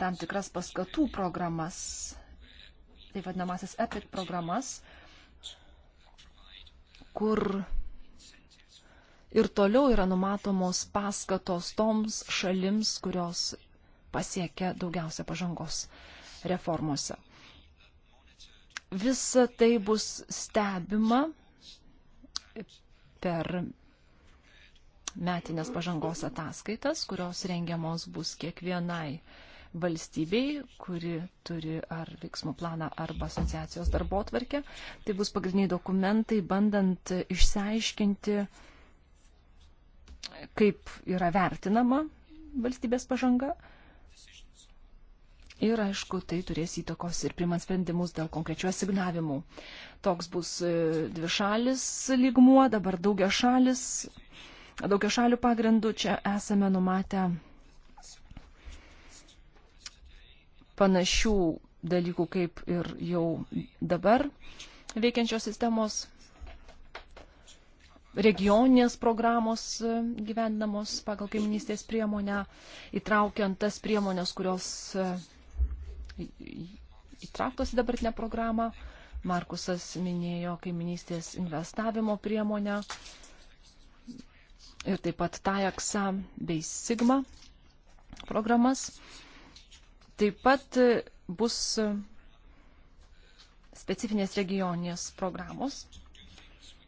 S1: tam tikras paskatų programas, taip vadinamasis EPIC programas, kur ir toliau yra numatomos paskatos toms šalims, kurios pasiekia daugiausia pažangos reformose. Visa tai bus stebima per metinės pažangos ataskaitas, kurios rengiamos bus kiekvienai valstybei, kuri turi ar veiksmų planą arba asociacijos darbo tvarkę. Tai bus pagrindiniai dokumentai, bandant išsiaiškinti, kaip yra vertinama valstybės pažanga. Ir aišku, tai turės įtakos ir primant sprendimus dėl konkrečių asignavimų. Toks bus e, dvišalis lygmuo, dabar daugia šalis daugia šalių pagrindų čia esame numatę panašių dalykų kaip ir jau dabar veikiančios sistemos regioninės programos gyvendamos pagal kaiminystės priemonę, įtraukiant tas priemonės, kurios e, įtrauktos į dabartinę programą. Markusas minėjo kaiminystės investavimo priemonę, ir taip pat TAEXA bei SIGMA programas. Taip pat bus specifinės regioninės programos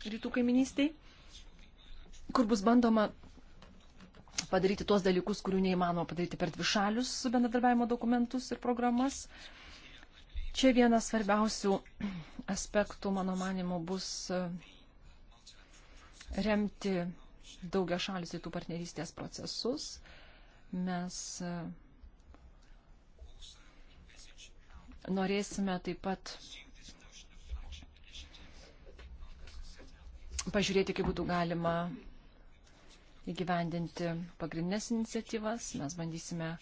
S1: rytų kaiminystiai, kur bus bandoma padaryti tuos dalykus, kurių neįmanoma padaryti per dvišalius bendradarbiavimo dokumentus ir programas. Čia vienas svarbiausių aspektų, mano manimo, bus remti daugia šalis rytų partnerystės procesus. Mes e, norėsime taip pat pažiūrėti, kaip būtų galima įgyvendinti pagrindinės iniciatyvas. Mes bandysime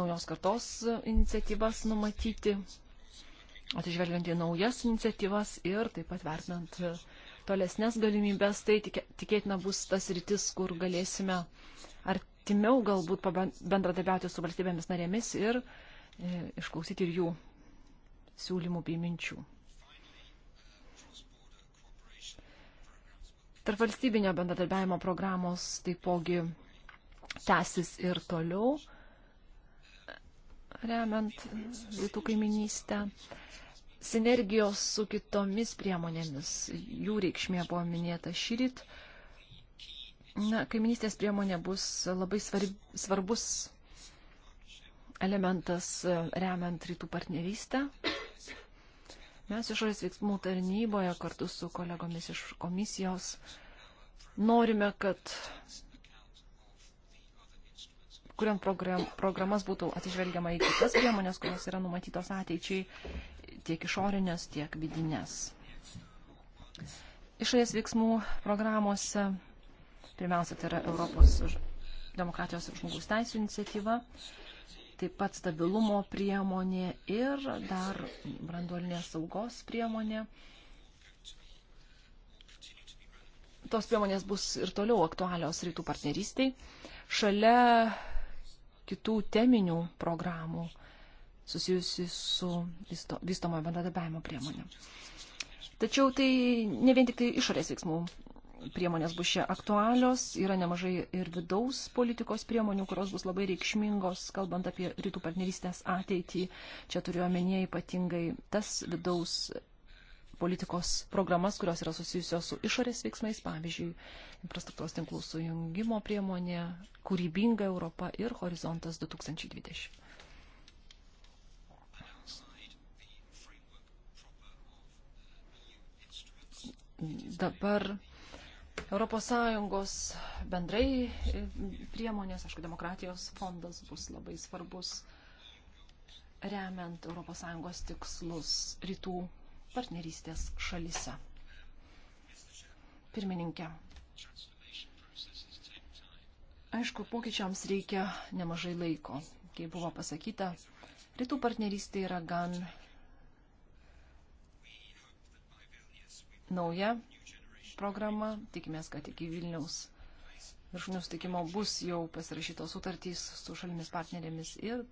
S1: naujos kartos iniciatyvas numatyti, atižvelgiant į naujas iniciatyvas ir taip pat vertinant uh, tolesnės galimybės, tai tikėtina bus tas rytis, kur galėsime artimiau galbūt bendradarbiauti su valstybėmis narėmis ir e, išklausyti ir jų siūlymų bei minčių. Tarp valstybinio bendradarbiavimo programos taipogi tęsis ir toliau, remiant rytų kaiminystę sinergijos su kitomis priemonėmis. Jų reikšmė buvo minėta šyrit. Na, kaiminystės priemonė bus labai svarb, svarbus elementas e, remiant rytų partnerystę. Mes išorės veiksmų tarnyboje kartu su kolegomis iš komisijos norime, kad kuriant program, programas būtų atsižvelgiama į kitas priemonės, kurios yra numatytos ateičiai tiek išorinės, tiek vidinės. Išorės veiksmų programuose, pirmiausia, tai yra Europos demokratijos ir žmogaus teisų iniciatyva, taip pat stabilumo priemonė ir dar branduolinės saugos priemonė. Tos priemonės bus ir toliau aktualios rytų partnerystiai. Šalia kitų teminių programų susijusi su vystomojo bendradarbiavimo priemonė. Tačiau tai ne vien tik tai išorės veiksmų priemonės bus čia aktualios, yra nemažai ir vidaus politikos priemonių, kurios bus labai reikšmingos, kalbant apie rytų partnerystės ateitį. Čia turiu omenyje ypatingai tas vidaus politikos programas, kurios yra susijusios su išorės veiksmais, pavyzdžiui, infrastruktūros tinklų sujungimo priemonė, kūrybinga Europa ir horizontas 2020. dabar ES bendrai priemonės, aišku, demokratijos fondas bus labai svarbus remiant ES tikslus rytų partnerystės šalise. Pirmininkė. Aišku, pokyčiams reikia nemažai laiko. Kaip buvo pasakyta, rytų partnerystė yra gan nauja programa. Tikimės, kad iki Vilniaus viršūnių sutikimo bus jau pasirašytos sutartys su šalimis partnerėmis ir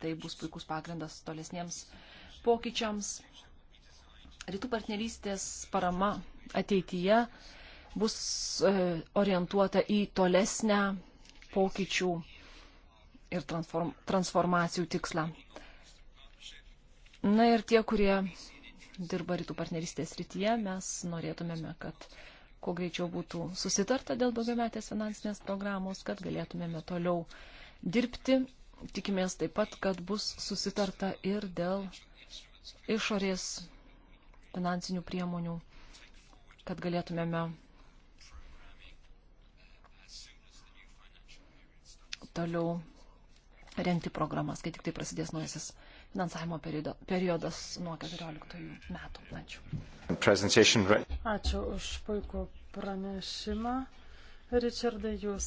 S1: tai bus puikus pagrindas tolesniems pokyčiams. Rytų partnerystės parama ateityje bus e, orientuota į tolesnę pokyčių ir transform, transformacijų tikslą. Na ir tie, kurie dirba rytų partnerystės rytyje. Mes norėtumėme, kad kuo greičiau būtų susitarta dėl daugiametės finansinės programos, kad galėtumėme toliau dirbti. Tikimės taip pat, kad bus susitarta ir dėl išorės finansinių priemonių, kad galėtumėme toliau rengti programas, kai tik tai prasidės naujasis finansavimo periodo, periodas nuo 14 metų.
S2: Ačiū. Ačiū už puikų pranešimą. Ričardai, jūs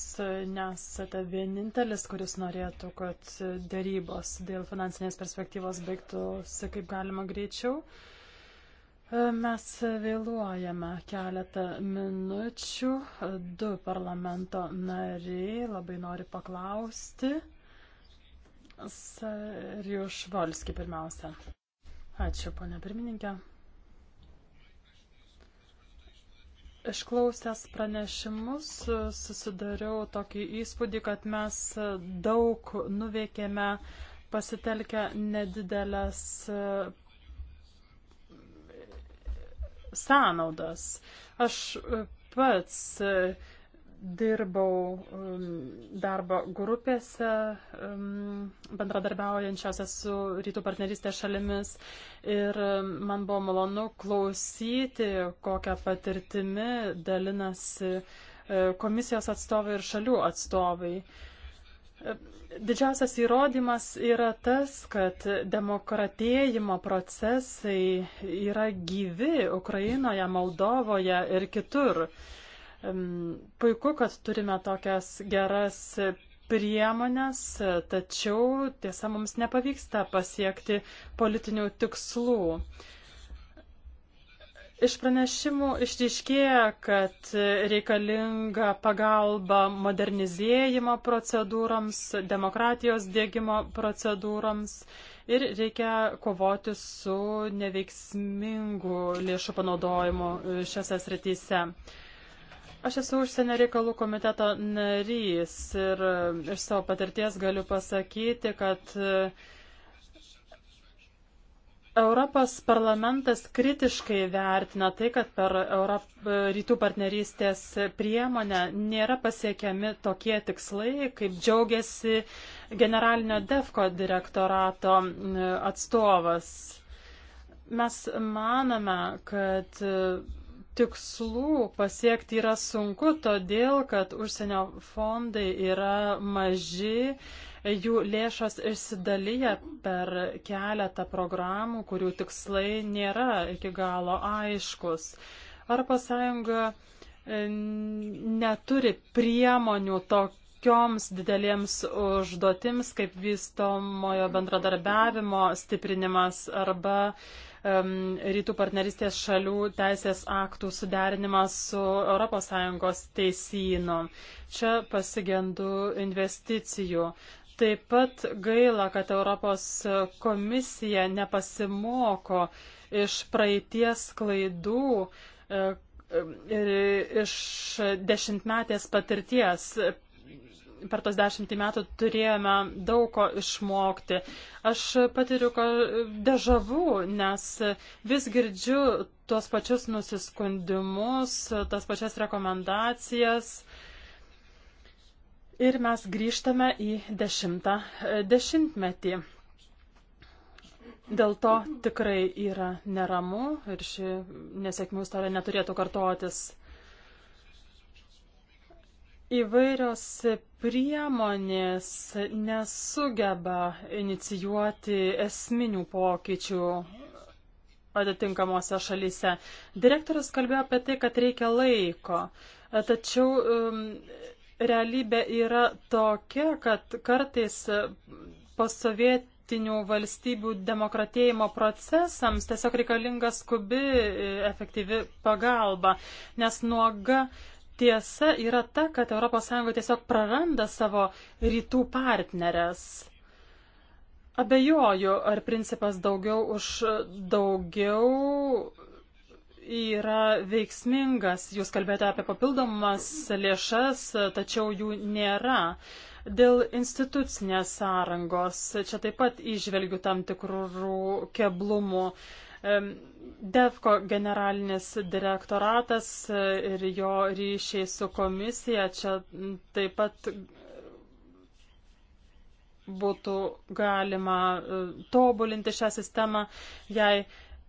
S2: nesate vienintelis, kuris norėtų, kad dėrybos dėl finansinės perspektyvos baigtųsi kaip galima greičiau. Mes vėluojame keletą minučių. Du parlamento nariai labai nori paklausti. Sarijus Volski pirmiausia. Ačiū, ponia pirmininkė. Išklausęs pranešimus susidariau tokį įspūdį, kad mes daug nuveikėme pasitelkę nedidelės e, sąnaudas. Aš pats dirbau um, darbo grupėse, um, bendradarbiaujančiose su rytų partnerystės šalimis ir um, man buvo malonu klausyti, kokią patirtimi dalinasi e, komisijos atstovai ir šalių atstovai. E, didžiausias įrodymas yra tas, kad demokratėjimo procesai yra gyvi Ukrainoje, Moldovoje ir kitur. Puiku, kad turime tokias geras priemonės, tačiau tiesa mums nepavyksta pasiekti politinių tikslų. Iš pranešimų išryškėja, kad reikalinga pagalba modernizėjimo procedūrams, demokratijos dėgymo procedūrams ir reikia kovoti su neveiksmingu lėšų panaudojimu šiose srityse. Aš esu užsienio reikalų komiteto narys ir iš savo patirties galiu pasakyti, kad e, Europos parlamentas kritiškai vertina tai, kad per Europ... rytų partnerystės priemonę nėra pasiekiami tokie tikslai, kaip džiaugiasi generalinio DEFCO direktorato e, atstovas. Mes manome, kad tikslų pasiekti yra sunku, todėl kad užsienio fondai yra maži, jų lėšos išsidalyja per keletą programų, kurių tikslai nėra iki galo aiškus. Arba sąjunga e, neturi priemonių tokioms didelėms užduotims kaip vystomojo bendradarbiavimo stiprinimas arba uh, rytų partneristės šalių teisės aktų suderinimą su ES teisynu. Čia pasigendu investicijų. Taip pat gaila, kad Europos komisija nepasimoko iš praeities klaidų ir iš dešimtmetės patirties per tos dešimtį metų turėjome daug ko išmokti. Aš patiriu dežavų, nes vis girdžiu tuos pačius nusiskundimus, tas pačias rekomendacijas. Ir mes grįžtame į dešimtą e, dešimtmetį. Dėl to tikrai yra neramu ir ši nesėkmių istorija neturėtų kartotis. Įvairios priemonės nesugeba inicijuoti esminių pokyčių atitinkamuose šalyse. Direktorius kalbėjo apie tai, kad reikia laiko, tačiau um, realybė yra tokia, kad kartais posovietinių demokratinių valstybių demokratėjimo procesams tiesiog reikalinga skubi efektyvi pagalba, nes nuoga tiesa yra ta, kad ES tiesiog praranda savo rytų partnerės. Abejoju, ar principas daugiau už daugiau yra veiksmingas. Jūs kalbėjote apie papildomas lėšas, tačiau jų nėra. Dėl institucinės sąrangos čia taip pat išvelgiu tam tikrų keblumų. Uh, DEFCO generalinis direktoratas e, ir jo ryšiai su komisija čia taip pat būtų galima e, tobulinti šią sistemą, jei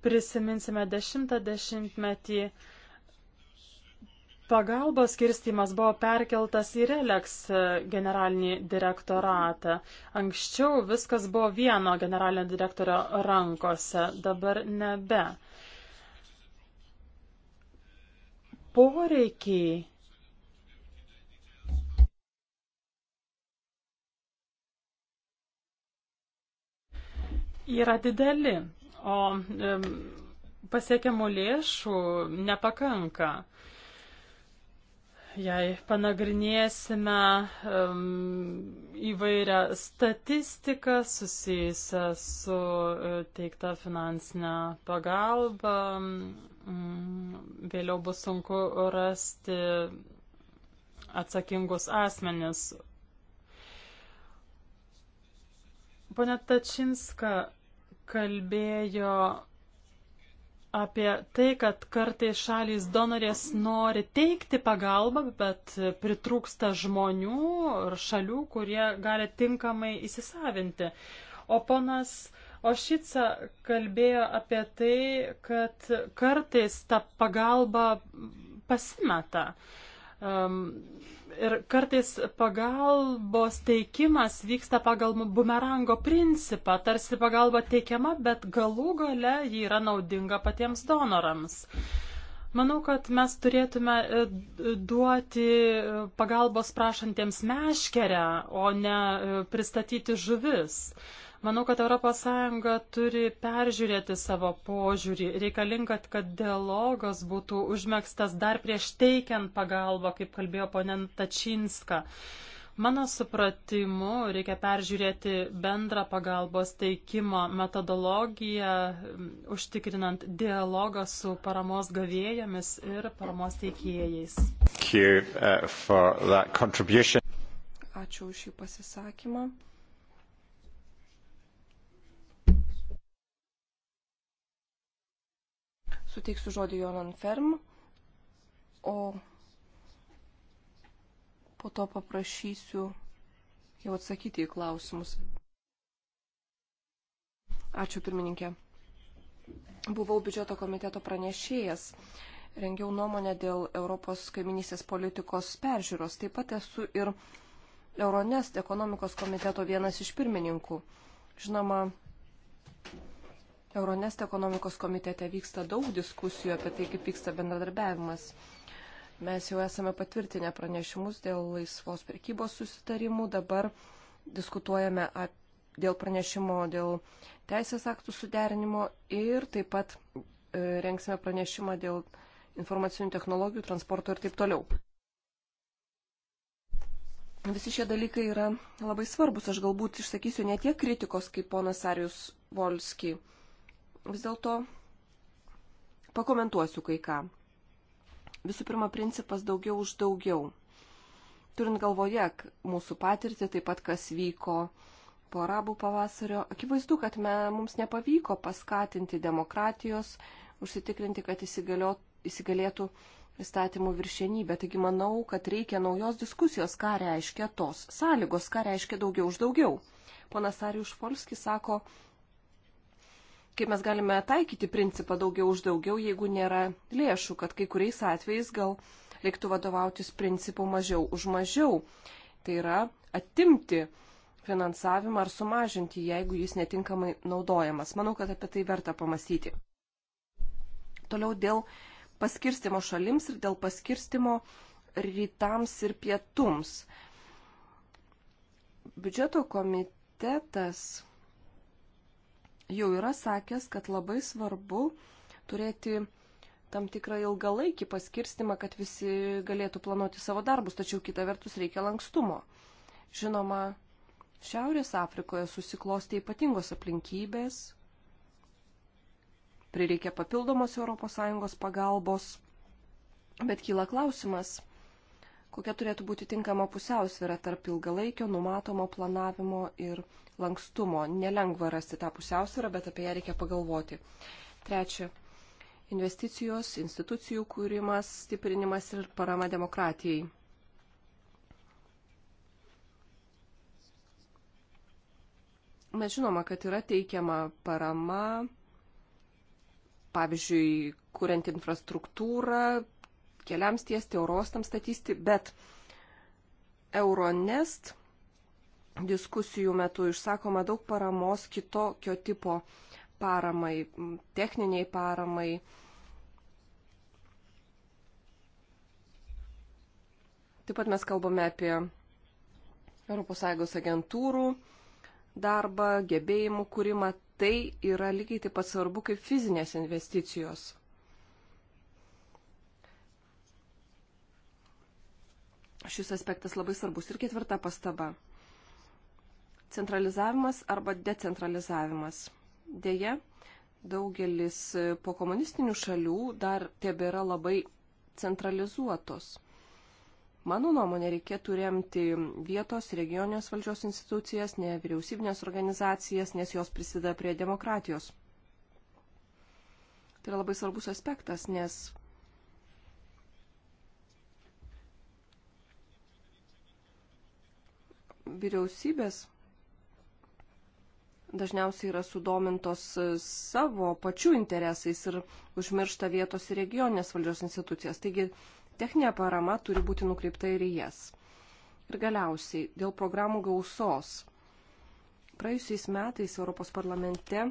S2: prisiminsime dešimtą dešimtmetį. 10 Pagalbos skirstimas buvo perkeltas į Releks e, generalinį direktoratą. Anksčiau viskas buvo vieno generalinio direktorio rankose, dabar nebe. Poreikiai yra dideli, o pasiekiamų lėšų nepakanka jei panagrinėsime um, įvairią statistiką susijusią su e, teikta finansinė pagalba, um, vėliau bus sunku rasti atsakingus asmenis. Pone Tačinska kalbėjo apie tai, kad kartais šalys donorės nori teikti pagalbą, bet pritrūksta žmonių ir šalių, kurie gali tinkamai įsisavinti. O ponas Ošica kalbėjo apie tai, kad kartais ta pagalba pasimeta. Um, Ir kartais pagalbos teikimas vyksta pagal bumerango principą, tarsi pagalba teikiama, bet galų gale ji yra naudinga patiems donorams. Manau, kad mes turėtume e, duoti e, pagalbos prašantiems meškerę, o ne e, pristatyti žuvis. Manau, kad ES turi peržiūrėti savo požiūrį. Reikalinga, kad dialogas būtų užmėgstas dar prieš teikiant pagalbą, kaip kalbėjo ponen Tačinska. Mano supratimu, reikia peržiūrėti bendrą pagalbos teikimo metodologiją, užtikrinant dialogą su paramos gavėjomis ir paramos teikėjais. Uh, Ačiū už šį pasisakymą.
S3: suteiksiu žodį Jonan Ferm, o po to paprašysiu jau atsakyti į klausimus. Ačiū pirmininkė. Buvau biudžeto komiteto pranešėjas rengiau nuomonę dėl Europos kaiminysės politikos peržiūros. Taip pat esu ir Euronest ekonomikos komiteto vienas iš pirmininkų. Žinoma, Euronest ekonomikos komitete vyksta daug diskusijų apie tai, kaip vyksta bendradarbiavimas. Mes jau esame patvirtinę pranešimus dėl laisvos prekybos susitarimų, dabar diskutuojame dėl pranešimo dėl teisės aktų suderinimo ir taip pat e, rengsime pranešimą dėl informacinių technologijų, transporto ir taip toliau. Visi šie dalykai yra labai svarbus. Aš galbūt išsakysiu ne tiek kritikos kaip ponas Arius Volski vis dėlto pakomentuosiu kai ką. Visų pirma, principas daugiau už daugiau. Turint galvoje mūsų patirtį, taip pat kas vyko po arabų pavasario, akivaizdu, kad me, mums nepavyko paskatinti demokratijos, užsitikrinti, kad įsigalio, įsigalėtų įstatymų viršienybė. Taigi manau, kad reikia naujos diskusijos, ką reiškia tos sąlygos, ką reiškia daugiau už daugiau. Ponas Arijus Folskis sako, kaip mes galime taikyti principą daugiau už daugiau, jeigu nėra lėšų, kad kai kuriais atvejais gal reiktų vadovautis principu mažiau už mažiau. Tai yra atimti finansavimą ar sumažinti, jeigu jis netinkamai naudojamas. Manau, kad apie tai verta pamastyti. Toliau dėl paskirstimo šalims ir dėl paskirstimo rytams ir pietums. Biudžeto komitetas jau yra sakęs, kad labai svarbu turėti tam tikrą ilgalaikį paskirstimą, kad visi galėtų planuoti savo darbus, tačiau kita vertus reikia lankstumo. Žinoma, Šiaurės Afrikoje susiklostė ypatingos aplinkybės, prireikė papildomos ES pagalbos, bet kyla klausimas, kokia turėtų būti tinkama pusiausvėra tarp ilgalaikio numatomo planavimo ir lankstumo. Nelengva rasti tą pusiausvyrą, bet apie ją reikia pagalvoti. Trečia. Investicijos, institucijų kūrimas, stiprinimas ir parama demokratijai. Mes žinoma, kad yra teikiama parama, pavyzdžiui, kuriant infrastruktūrą, keliams tiesti, orostams statysti, bet Euronest diskusijų metu išsakoma daug paramos kitokio tipo paramai, techniniai paramai. Taip pat mes kalbame apie ES agentūrų darbą, gebėjimų kūrimą. Tai yra lygiai taip pat svarbu kaip fizinės investicijos. Šis aspektas labai svarbus. Ir ketvirta pastaba centralizavimas arba decentralizavimas. Deja, daugelis pokomunistinių šalių dar tebėra labai centralizuotos. Mano nuomonė, reikėtų remti vietos regioninės valdžios institucijas, nevyriausybinės organizacijas, nes jos prisideda prie demokratijos. Tai yra labai svarbus aspektas, nes vyriausybės dažniausiai yra sudomintos savo pačių interesais ir užmiršta vietos ir regioninės valdžios institucijas. Taigi techninė parama turi būti nukreipta ir į jas. Ir galiausiai dėl programų gausos. Praėjusiais metais Europos parlamente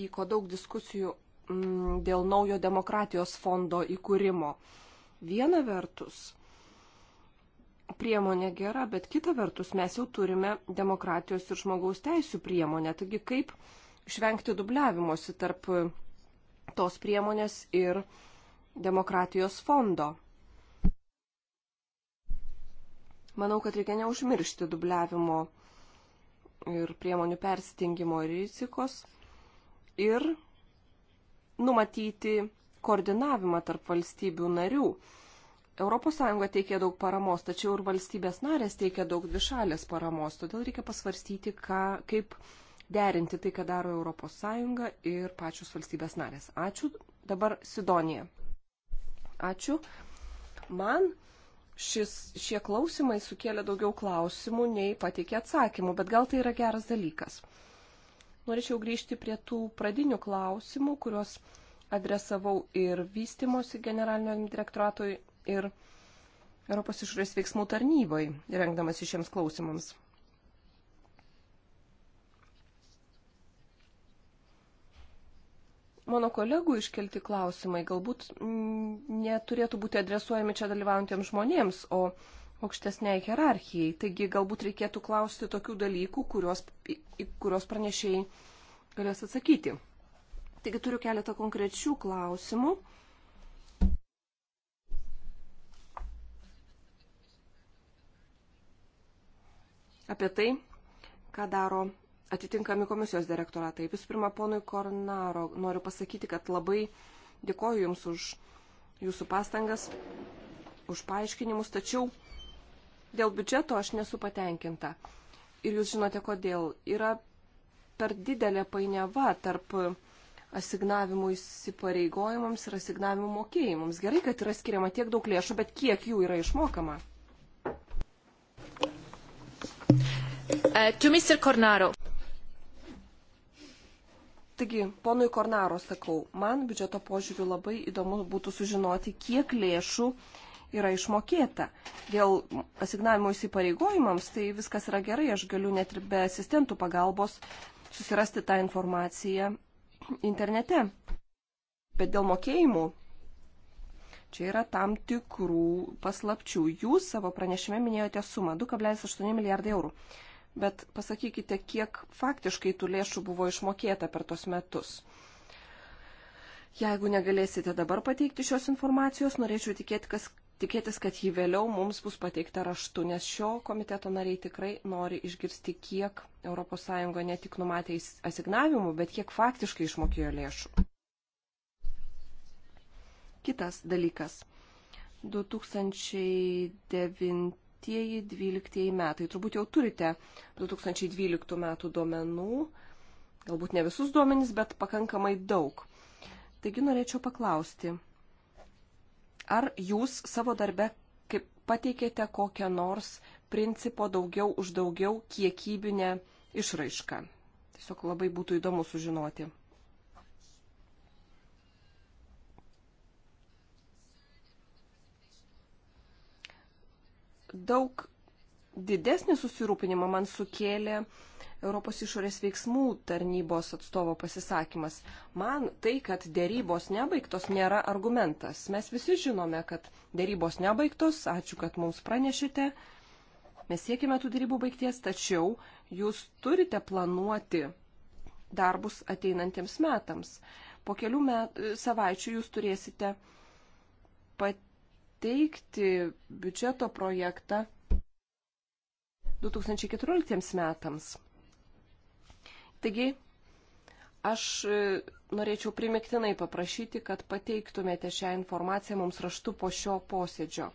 S3: vyko daug diskusijų mm, dėl naujo demokratijos fondo įkūrimo. Viena vertus, priemonė gera, bet kita vertus mes jau turime demokratijos ir žmogaus teisų priemonę. Taigi kaip išvengti dubliavimuose tarp tos priemonės ir demokratijos fondo? Manau, kad reikia neužmiršti dubliavimo ir priemonių perstingimo rizikos ir numatyti koordinavimą tarp valstybių narių ES teikia daug paramos, tačiau ir valstybės narės teikia daug dvišalės paramos, todėl reikia pasvarstyti, ką, kaip derinti tai, ką daro ES ir pačios valstybės narės. Ačiū. Dabar Sidonija. Ačiū. Man šis, šie klausimai sukėlė daugiau klausimų nei pateikė atsakymų, bet gal tai yra geras dalykas. Norėčiau grįžti prie tų pradinių klausimų, kuriuos adresavau ir vystimosi generalinio direktoratui ir Europos išorės veiksmų tarnybai, rengdamas šiems klausimams. Mano kolegų iškelti klausimai galbūt mm, neturėtų būti adresuojami čia dalyvaujantiems žmonėms, o aukštesniai hierarchijai. Taigi galbūt reikėtų klausti tokių dalykų, kuriuos, kuriuos pranešėjai galės atsakyti. Taigi turiu keletą konkrečių klausimų apie tai, ką daro atitinkami komisijos direktoratai. Visų pirma, ponui Kornaro noriu pasakyti, kad labai dėkoju Jums už Jūsų pastangas, už paaiškinimus, tačiau dėl biudžeto aš nesu patenkinta. Ir Jūs žinote kodėl. Yra per didelė painiava tarp asignavimų įsipareigojimams ir asignavimų mokėjimams. Gerai, kad yra skiriama tiek daug lėšų, bet kiek jų yra išmokama. Uh, to Mr. Cornaro. Taigi, ponui Kornaro sakau, man biudžeto požiūriu labai įdomu būtų sužinoti, kiek lėšų yra išmokėta. Dėl asignavimo įsipareigojimams, tai viskas yra gerai, aš galiu net ir be asistentų pagalbos susirasti tą informaciją internete. Bet dėl mokėjimų, čia yra tam tikrų paslapčių. Jūs savo pranešime minėjote sumą 2,8 milijardai eurų bet pasakykite, kiek faktiškai tų lėšų buvo išmokėta per tos metus. Jeigu negalėsite dabar pateikti šios informacijos, norėčiau tikėti, kas, tikėtis, kad jį vėliau mums bus pateikta raštu, nes šio komiteto nariai tikrai nori išgirsti, kiek ES ne tik numatė asignavimų, bet kiek faktiškai išmokėjo lėšų. Kitas dalykas. 2009 2012 metai. Turbūt jau turite 2012 metų duomenų, galbūt ne visus duomenys, bet pakankamai daug. Taigi norėčiau paklausti, ar jūs savo darbe kaip pateikėte kokią nors principo daugiau už daugiau kiekybinę išraišką? Tiesiog labai būtų įdomu sužinoti. Daug didesnį susirūpinimą man sukėlė Europos išorės veiksmų tarnybos atstovo pasisakymas. Man tai, kad dėrybos nebaigtos, nėra argumentas. Mes visi žinome, kad dėrybos nebaigtos, ačiū, kad mums pranešite. Mes siekime tų dėrybų baigties, tačiau jūs turite planuoti darbus ateinantiems metams. Po kelių met, savaičių jūs turėsite pat pateikti biudžeto projektą 2014 metams. Taigi, aš e, norėčiau primiktinai paprašyti, kad pateiktumėte šią informaciją mums raštu po šio posėdžio.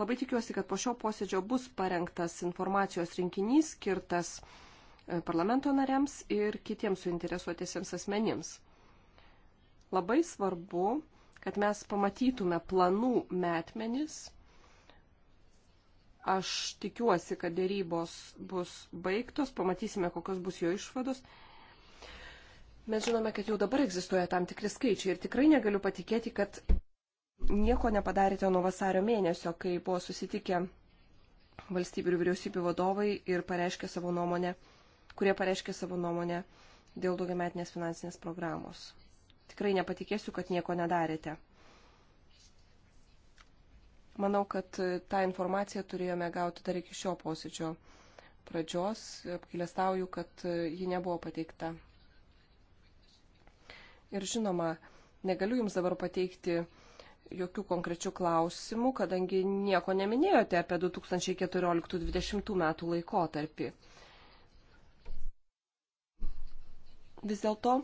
S3: Labai tikiuosi, kad po šio posėdžio bus parengtas informacijos rinkinys skirtas e, parlamento nariams ir kitiems suinteresuotiesiems asmenims. Labai svarbu, kad mes pamatytume planų metmenis. Aš tikiuosi, kad dėrybos bus baigtos, pamatysime, kokios bus jo išvados. Mes žinome, kad jau dabar egzistuoja tam tikri skaičiai ir tikrai negaliu patikėti, kad nieko nepadarėte nuo vasario mėnesio, kai buvo susitikę valstybių ir vyriausybių vadovai ir pareiškė savo nuomonę, kurie pareiškė savo nuomonę dėl daugiametinės finansinės programos tikrai nepatikėsiu, kad nieko nedarėte. Manau, kad e, tą informaciją turėjome gauti dar iki šio posėdžio pradžios. Apkilestauju, kad e, ji nebuvo pateikta. Ir žinoma, negaliu Jums dabar pateikti jokių konkrečių klausimų, kadangi nieko neminėjote apie 2014-2020 metų laikotarpį. Vis dėlto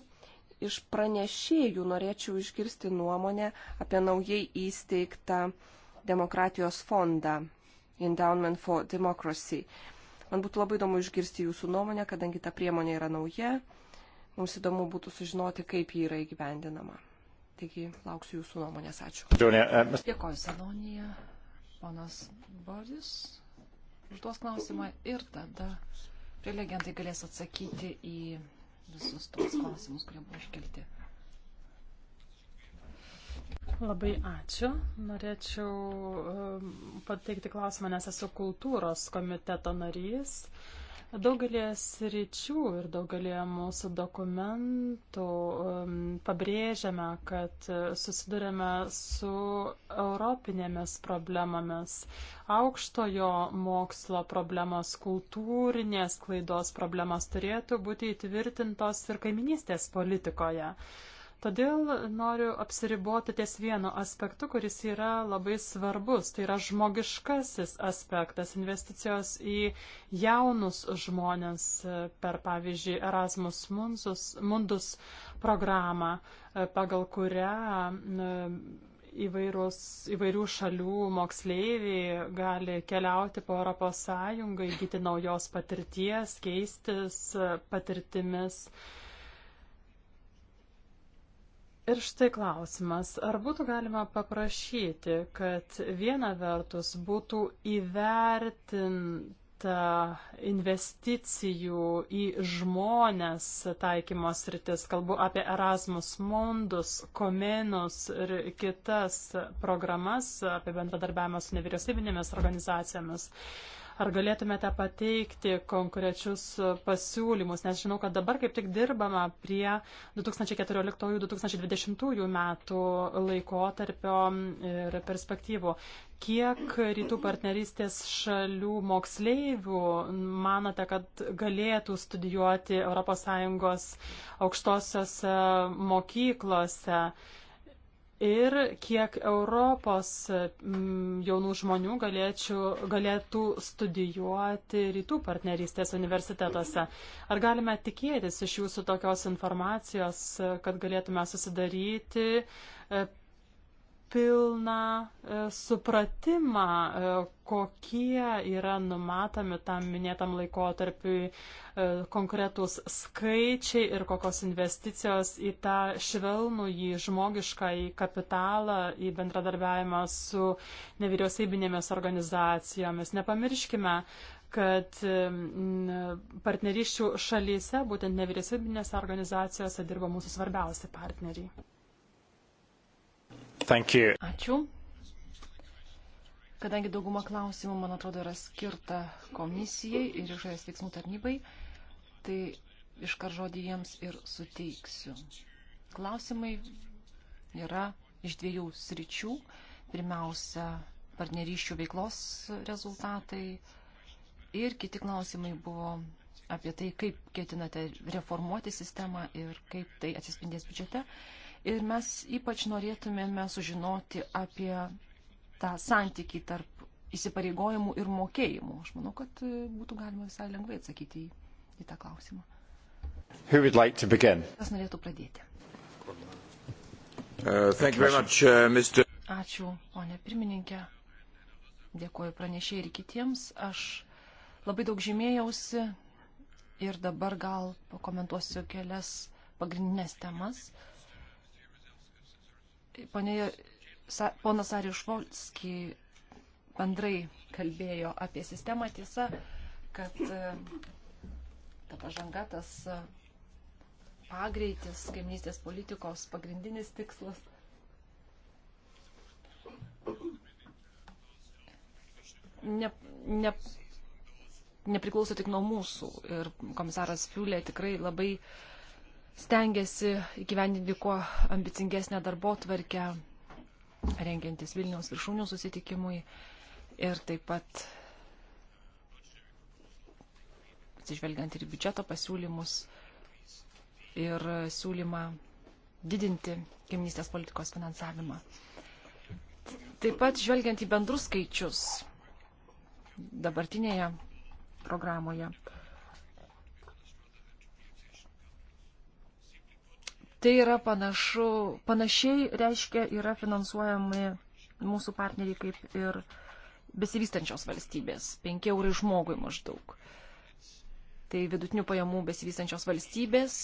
S3: iš pranešėjų norėčiau išgirsti nuomonę apie naujai įsteigtą demokratijos fondą Endowment for Democracy. Man būtų labai įdomu išgirsti jūsų nuomonę, kadangi ta priemonė yra nauja. Mums įdomu būtų sužinoti, kaip ji yra įgyvendinama. Taigi lauksiu jūsų nuomonės. Ačiū. E, Dėkoju, Salonija. Ponas Boris
S1: užduos klausimą ir tada prelegentai galės atsakyti į visus tos klausimus, kurie buvo iškelti.
S2: Labai ačiū. Norėčiau um, pateikti klausimą, nes esu kultūros komiteto narys. Uh, Daugelį sričių ir daugelį mūsų dokumentų um, pabrėžiame, kad uh, susidurėme su europinėmis problemomis, aukštojo mokslo problemas, kultūrinės klaidos problemas turėtų būti įtvirtintos ir kaiminystės politikoje. Todėl noriu apsiriboti ties vienu aspektu, kuris yra labai svarbus. Tai yra žmogiškasis aspektas investicijos į jaunus žmonės per, pavyzdžiui, Erasmus Mundus, Mundus programą, pagal kurią įvairūs, įvairių šalių moksleiviai gali keliauti po Europos Sąjungą, įgyti naujos patirties, keistis patirtimis. Uh, Ir štai klausimas, ar būtų galima paprašyti, kad viena vertus būtų įvertinta investicijų į žmonės taikymos rytis, kalbu apie Erasmus Mundus, Komenus ir kitas programas apie bendradarbiavimą su nevyriausybinėmis organizacijomis. Ar galėtumėte pateikti konkrečius pasiūlymus, nes žinau, kad dabar kaip tik dirbama prie 2014-2020 metų laikotarpio ir perspektyvų. Kiek rytų partnerystės šalių moksleivių manote, kad galėtų studijuoti ES aukštosiose mokyklose? ir kiek Europos mm, jaunų žmonių galėčių, galėtų studijuoti rytų partnerystės universitetuose. Ar galime tikėtis iš jūsų tokios informacijos, kad galėtume susidaryti e, pilną e, supratimą, e, kokie yra numatomi tam minėtam laikotarpiui e, konkretūs skaičiai ir kokios investicijos į tą švelnų, į žmogišką, į kapitalą, į bendradarbiavimą su nevyriausybinėmis organizacijomis. Nepamirškime, kad partneriščių šalyse, būtent nevyriausybinėse organizacijose dirba mūsų svarbiausi partneriai.
S1: Ačiū.
S2: Kadangi dauguma klausimų, man atrodo,
S1: yra skirta komisijai ir išorės veiksmų tarnybai, tai iškart žodį jiems ir suteiksiu. Klausimai yra iš dviejų sričių. Pirmiausia, partnerysčių veiklos rezultatai ir kiti klausimai buvo apie tai, kaip ketinate reformuoti sistemą ir kaip tai atsispindės biudžete. Uh, Ir mes ypač norėtumėme sužinoti apie tą santykį tarp įsipareigojimų ir mokėjimų. Aš manau, kad e, būtų galima visai lengvai atsakyti į, į tą klausimą. Like Kas norėtų pradėti? Uh, much,
S2: uh, Mr...
S1: Ačiū, ponė pirmininkė. Dėkuoju pranešėjai ir kitiems. Aš labai daug žymėjausi ir dabar gal pakomentuosiu kelias pagrindinės temas. Uh, ponas Arišvolski bendrai kalbėjo apie sistemą. Tiesa, kad e, ta pažanga, tas e, pagreitis, kaimynystės politikos pagrindinis tikslas. Ne, ne, nepriklauso tik nuo mūsų. Ir komisaras Fiulė tikrai labai uh, stengiasi gyvendinti kuo ambicingesnę darbo tvarkę, rengiantis Vilniaus viršūnių susitikimui ir taip pat atsižvelgiant ir biudžeto pasiūlymus ir siūlymą didinti kaiminystės politikos finansavimą. Taip pat žvelgiant į bendrus skaičius dabartinėje programoje Tai yra panašu, panašiai reiškia yra finansuojami mūsų partneriai kaip ir besivystančios valstybės, 5 eurai žmogui maždaug. Tai vidutinių pajamų besivystančios valstybės,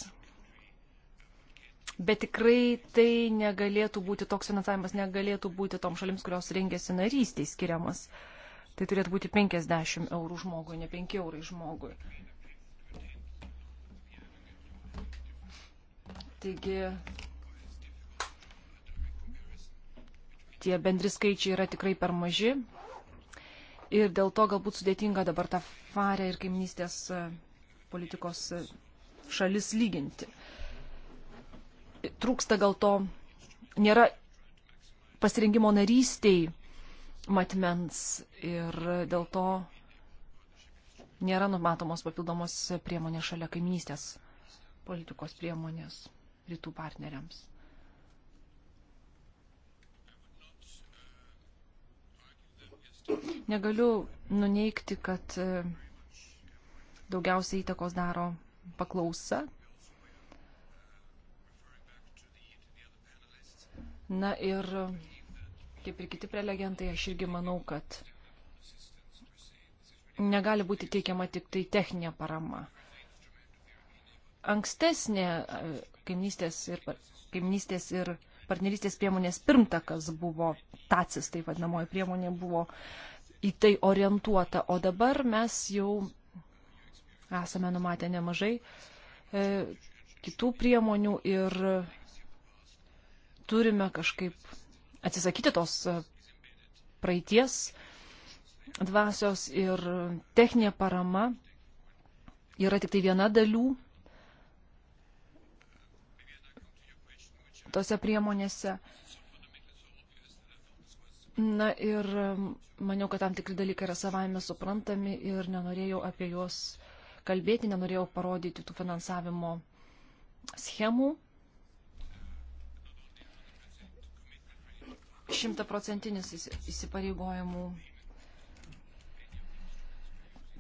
S1: bet tikrai tai negalėtų būti, toks finansavimas negalėtų būti tom šalims, kurios rengėsi narystiai skiriamas. Tai turėtų būti 50 eurų žmogui, ne 5 eurai žmogui. Taigi tie bendri skaičiai yra tikrai per maži ir dėl to galbūt sudėtinga dabar tą farę ir kaiminystės e, politikos e, šalis lyginti. Trūksta gal to, nėra pasirinkimo narystiai matmens ir dėl to nėra numatomos papildomos priemonės šalia kaiminystės politikos priemonės rytų partneriams. Negaliu nuneikti, kad e, daugiausiai įtakos daro paklausa. Na ir kaip ir kiti prelegentai, aš irgi manau, kad negali būti teikiama tik tai techninė parama. Ankstesnė kaimynystės ir, kaimynystės ir partnerystės priemonės pirmtakas buvo tacis, tai vadinamoji priemonė buvo į tai orientuota. O dabar mes jau esame numatę nemažai e, kitų priemonių ir turime kažkaip atsisakyti tos e, praeities dvasios ir techninė parama yra tik tai viena dalių tose priemonėse. Na ir um, maniau, kad tam tikri dalykai yra savaime suprantami ir nenorėjau apie juos kalbėti, nenorėjau parodyti tų finansavimo schemų. Šimtaprocentinis įsipareigojimų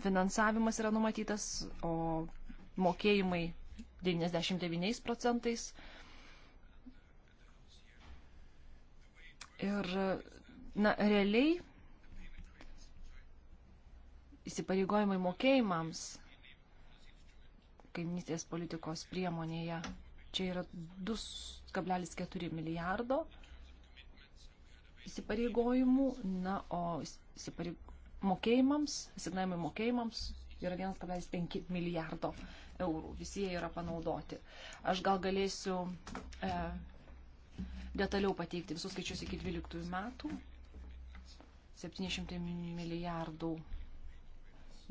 S1: finansavimas yra numatytas, o mokėjimai 99 procentais. Ir, na, realiai įsipareigojimai mokėjimams kaimynystės politikos priemonėje čia yra 2,4 milijardo įsipareigojimų, na, o įsipareig... mokėjimams, signavimai mokėjimams yra 1,5 milijardo eurų. Visi jie yra panaudoti. Aš gal galėsiu e, detaliau pateikti visus skaičius iki 12 metų. 700 milijardų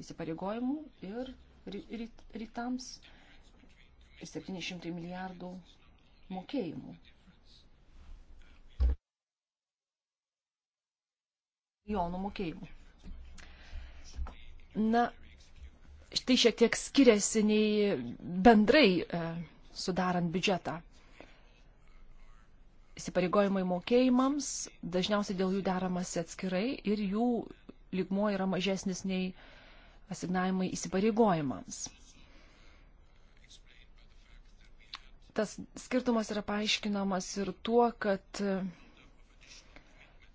S1: įsipareigojimų ir rytams 700 milijardų mokėjimų. Milijonų mokėjimų. Na, štai šiek tiek skiriasi nei bendrai e, sudarant biudžetą įsipareigojimai mokėjimams, dažniausiai dėl jų deramasi atskirai ir jų lygmuo yra mažesnis nei asignavimai įsipareigojimams. Tas skirtumas yra paaiškinamas ir tuo, kad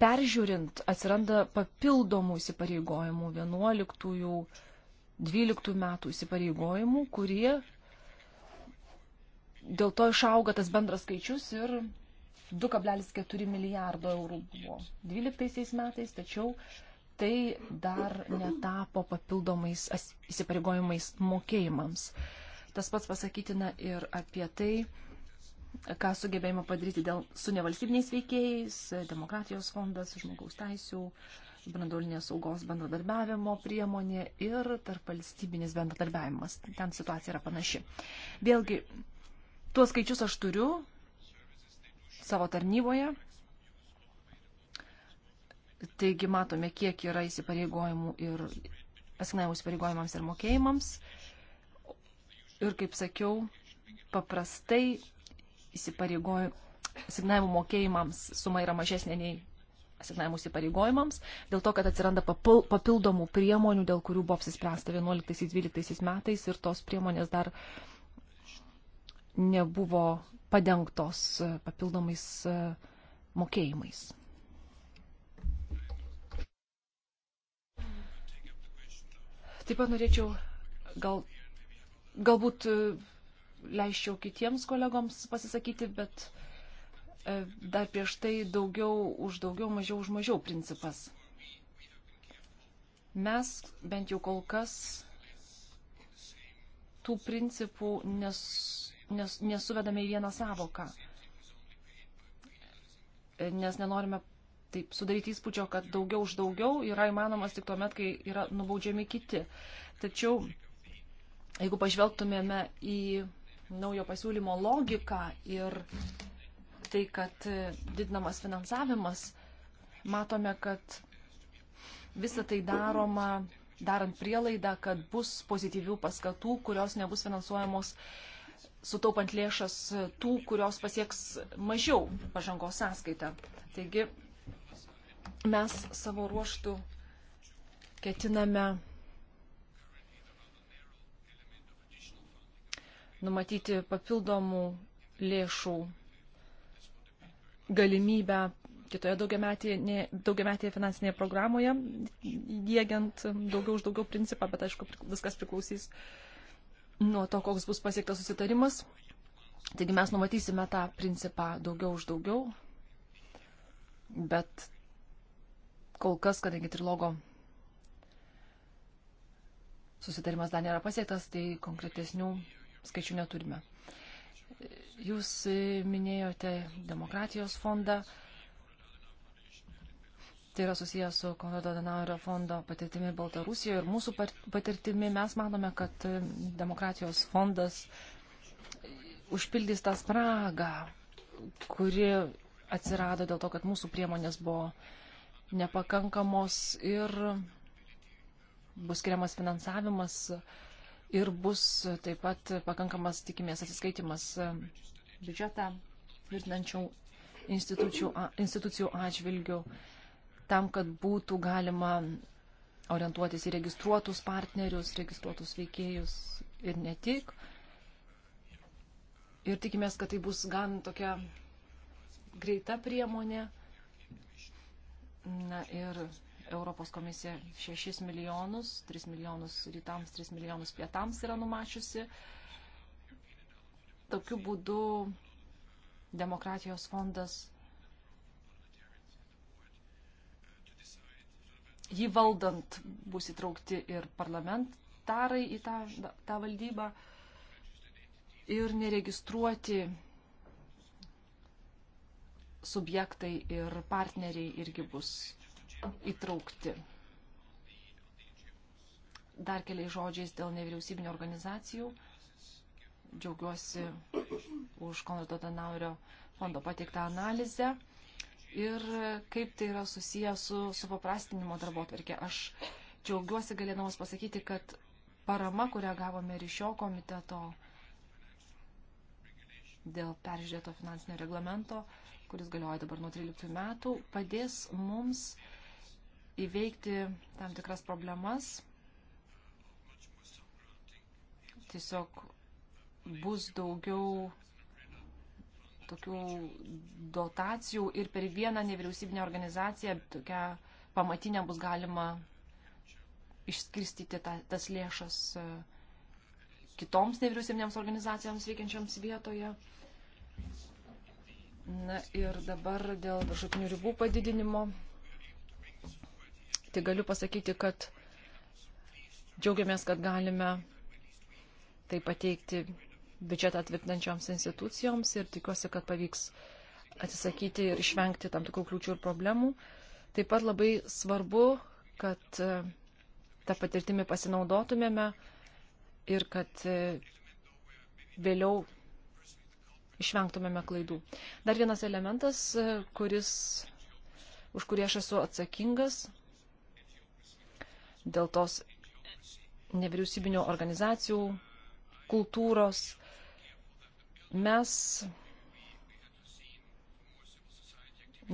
S1: peržiūrint atsiranda papildomų įsipareigojimų 11-12 metų įsipareigojimų, kurie dėl to išauga tas bendras skaičius ir 2,4 milijardo eurų buvo 12 metais, tačiau tai dar netapo papildomais įsipareigojimais mokėjimams. Tas pats pasakytina ir apie tai, ką sugebėjome padaryti dėl, su nevalstybiniais veikėjais, demokratijos fondas, žmogaus teisų, brandolinės saugos bendradarbiavimo priemonė ir tarp valstybinis bendradarbiavimas. Ten situacija yra panaši. Vėlgi, tuos skaičius aš turiu, savo tarnyboje. Taigi matome, kiek yra įsipareigojimų ir asignavimų įsipareigojimams ir mokėjimams. Ir kaip sakiau, paprastai asignavimų mokėjimams suma yra mažesnė nei asignavimų įsipareigojimams, dėl to, kad atsiranda papildomų priemonių, dėl kurių buvo apsispręsta 11-12 metais ir tos priemonės dar nebuvo padengtos e, papildomais e, mokėjimais. Taip pat norėčiau, gal, galbūt e, leiščiau kitiems kolegoms pasisakyti, bet dar prieš tai daugiau už daugiau, mažiau už mažiau principas. Mes bent jau kol kas tų principų nes, nes, nesuvedame į vieną savoką. Nes nenorime taip sudaryti įspūdžio, kad daugiau už daugiau yra įmanomas tik tuomet, kai yra nubaudžiami kiti. Tačiau, jeigu pažvelgtumėme į naujo pasiūlymo logiką ir tai, kad didinamas finansavimas, matome, kad visą tai daroma, darant prielaidą, kad bus pozityvių paskatų, kurios nebus finansuojamos sutaupant lėšas tų, kurios pasieks mažiau pažangos sąskaitą. Taigi mes savo ruoštų ketiname numatyti papildomų lėšų galimybę kitoje daugiametėje, daugiametėje finansinėje programoje, dėgiant daugiau už daugiau principą, bet aišku, viskas priklausys nuo to, koks bus pasiektas susitarimas. Taigi mes numatysime tą principą daugiau už daugiau, bet kol kas, kadangi trilogo susitarimas dar nėra pasiektas, tai konkretesnių skaičių neturime. Jūs minėjote demokratijos fondą. Tai yra susijęs su Konrado Denauerio fondo patirtimi Baltarusijoje ir mūsų patirtimi. Mes manome, kad e, demokratijos fondas užpildys tą spragą, kuri atsirado dėl to, kad mūsų priemonės buvo nepakankamos ir bus skiriamas finansavimas ir bus taip pat pakankamas, tikimės, atsiskaitimas e, biudžetą tvirtinančių institucijų, institucijų atžvilgių tam, kad būtų galima orientuotis į registruotus partnerius, registruotus veikėjus ir ne tik. Ir tikimės, kad tai bus gan tokia greita priemonė. Na ir Europos komisija 6 milijonus, 3 milijonus rytams, 3 milijonus pietams yra numačiusi. Tokiu būdu demokratijos fondas jį valdant bus įtraukti ir parlamentarai į tą, tą valdybą ir neregistruoti subjektai ir partneriai irgi bus įtraukti. Dar keliais žodžiais dėl nevyriausybinio organizacijų. Džiaugiuosi už Konrado Danaurio fondo pateiktą analizę ir kaip tai yra susiję su supaprastinimo darbo atverkė. Aš džiaugiuosi galėdamas pasakyti, kad parama, kurią gavome ir iš šio komiteto dėl peržiūrėto finansinio reglamento, kuris galioja dabar nuo 13 metų, padės mums įveikti tam tikras problemas. Tiesiog bus daugiau tokių dotacijų ir per vieną nevyriausybinę organizaciją tokią pamatinę bus galima išskirstyti ta, tas lėšas e, kitoms nevyriausybinėms organizacijoms veikiančioms vietoje. Na ir dabar dėl viršutinių ribų padidinimo. Tai galiu pasakyti, kad džiaugiamės, kad galime tai pateikti biudžetą atvirtinančioms institucijoms ir tikiuosi, kad pavyks atsisakyti ir išvengti tam tikrų kliūčių ir problemų. Taip pat labai svarbu, kad e, tą patirtimį pasinaudotumėme ir kad e, vėliau išvengtumėme klaidų. Dar vienas elementas, e, kuris, už kurį aš esu atsakingas dėl tos nevyriausybinio organizacijų kultūros, Mes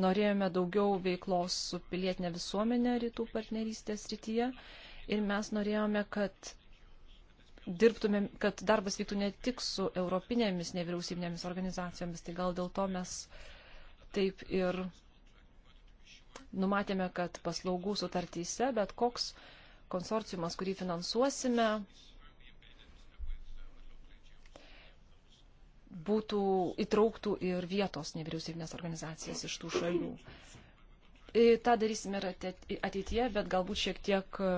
S1: norėjome daugiau veiklos su pilietinė visuomenė rytų partnerystės rytyje ir mes norėjome, kad dirbtumėm, kad darbas vyktų ne tik su europinėmis nevyriausybinėmis organizacijomis, tai gal dėl to mes taip ir numatėme, kad paslaugų sutartyse, bet koks konsorciumas, kurį finansuosime, būtų įtrauktų ir vietos nevyriausybinės organizacijas iš tų šalių. Ir e, tą darysime ir ateityje, bet galbūt šiek tiek e,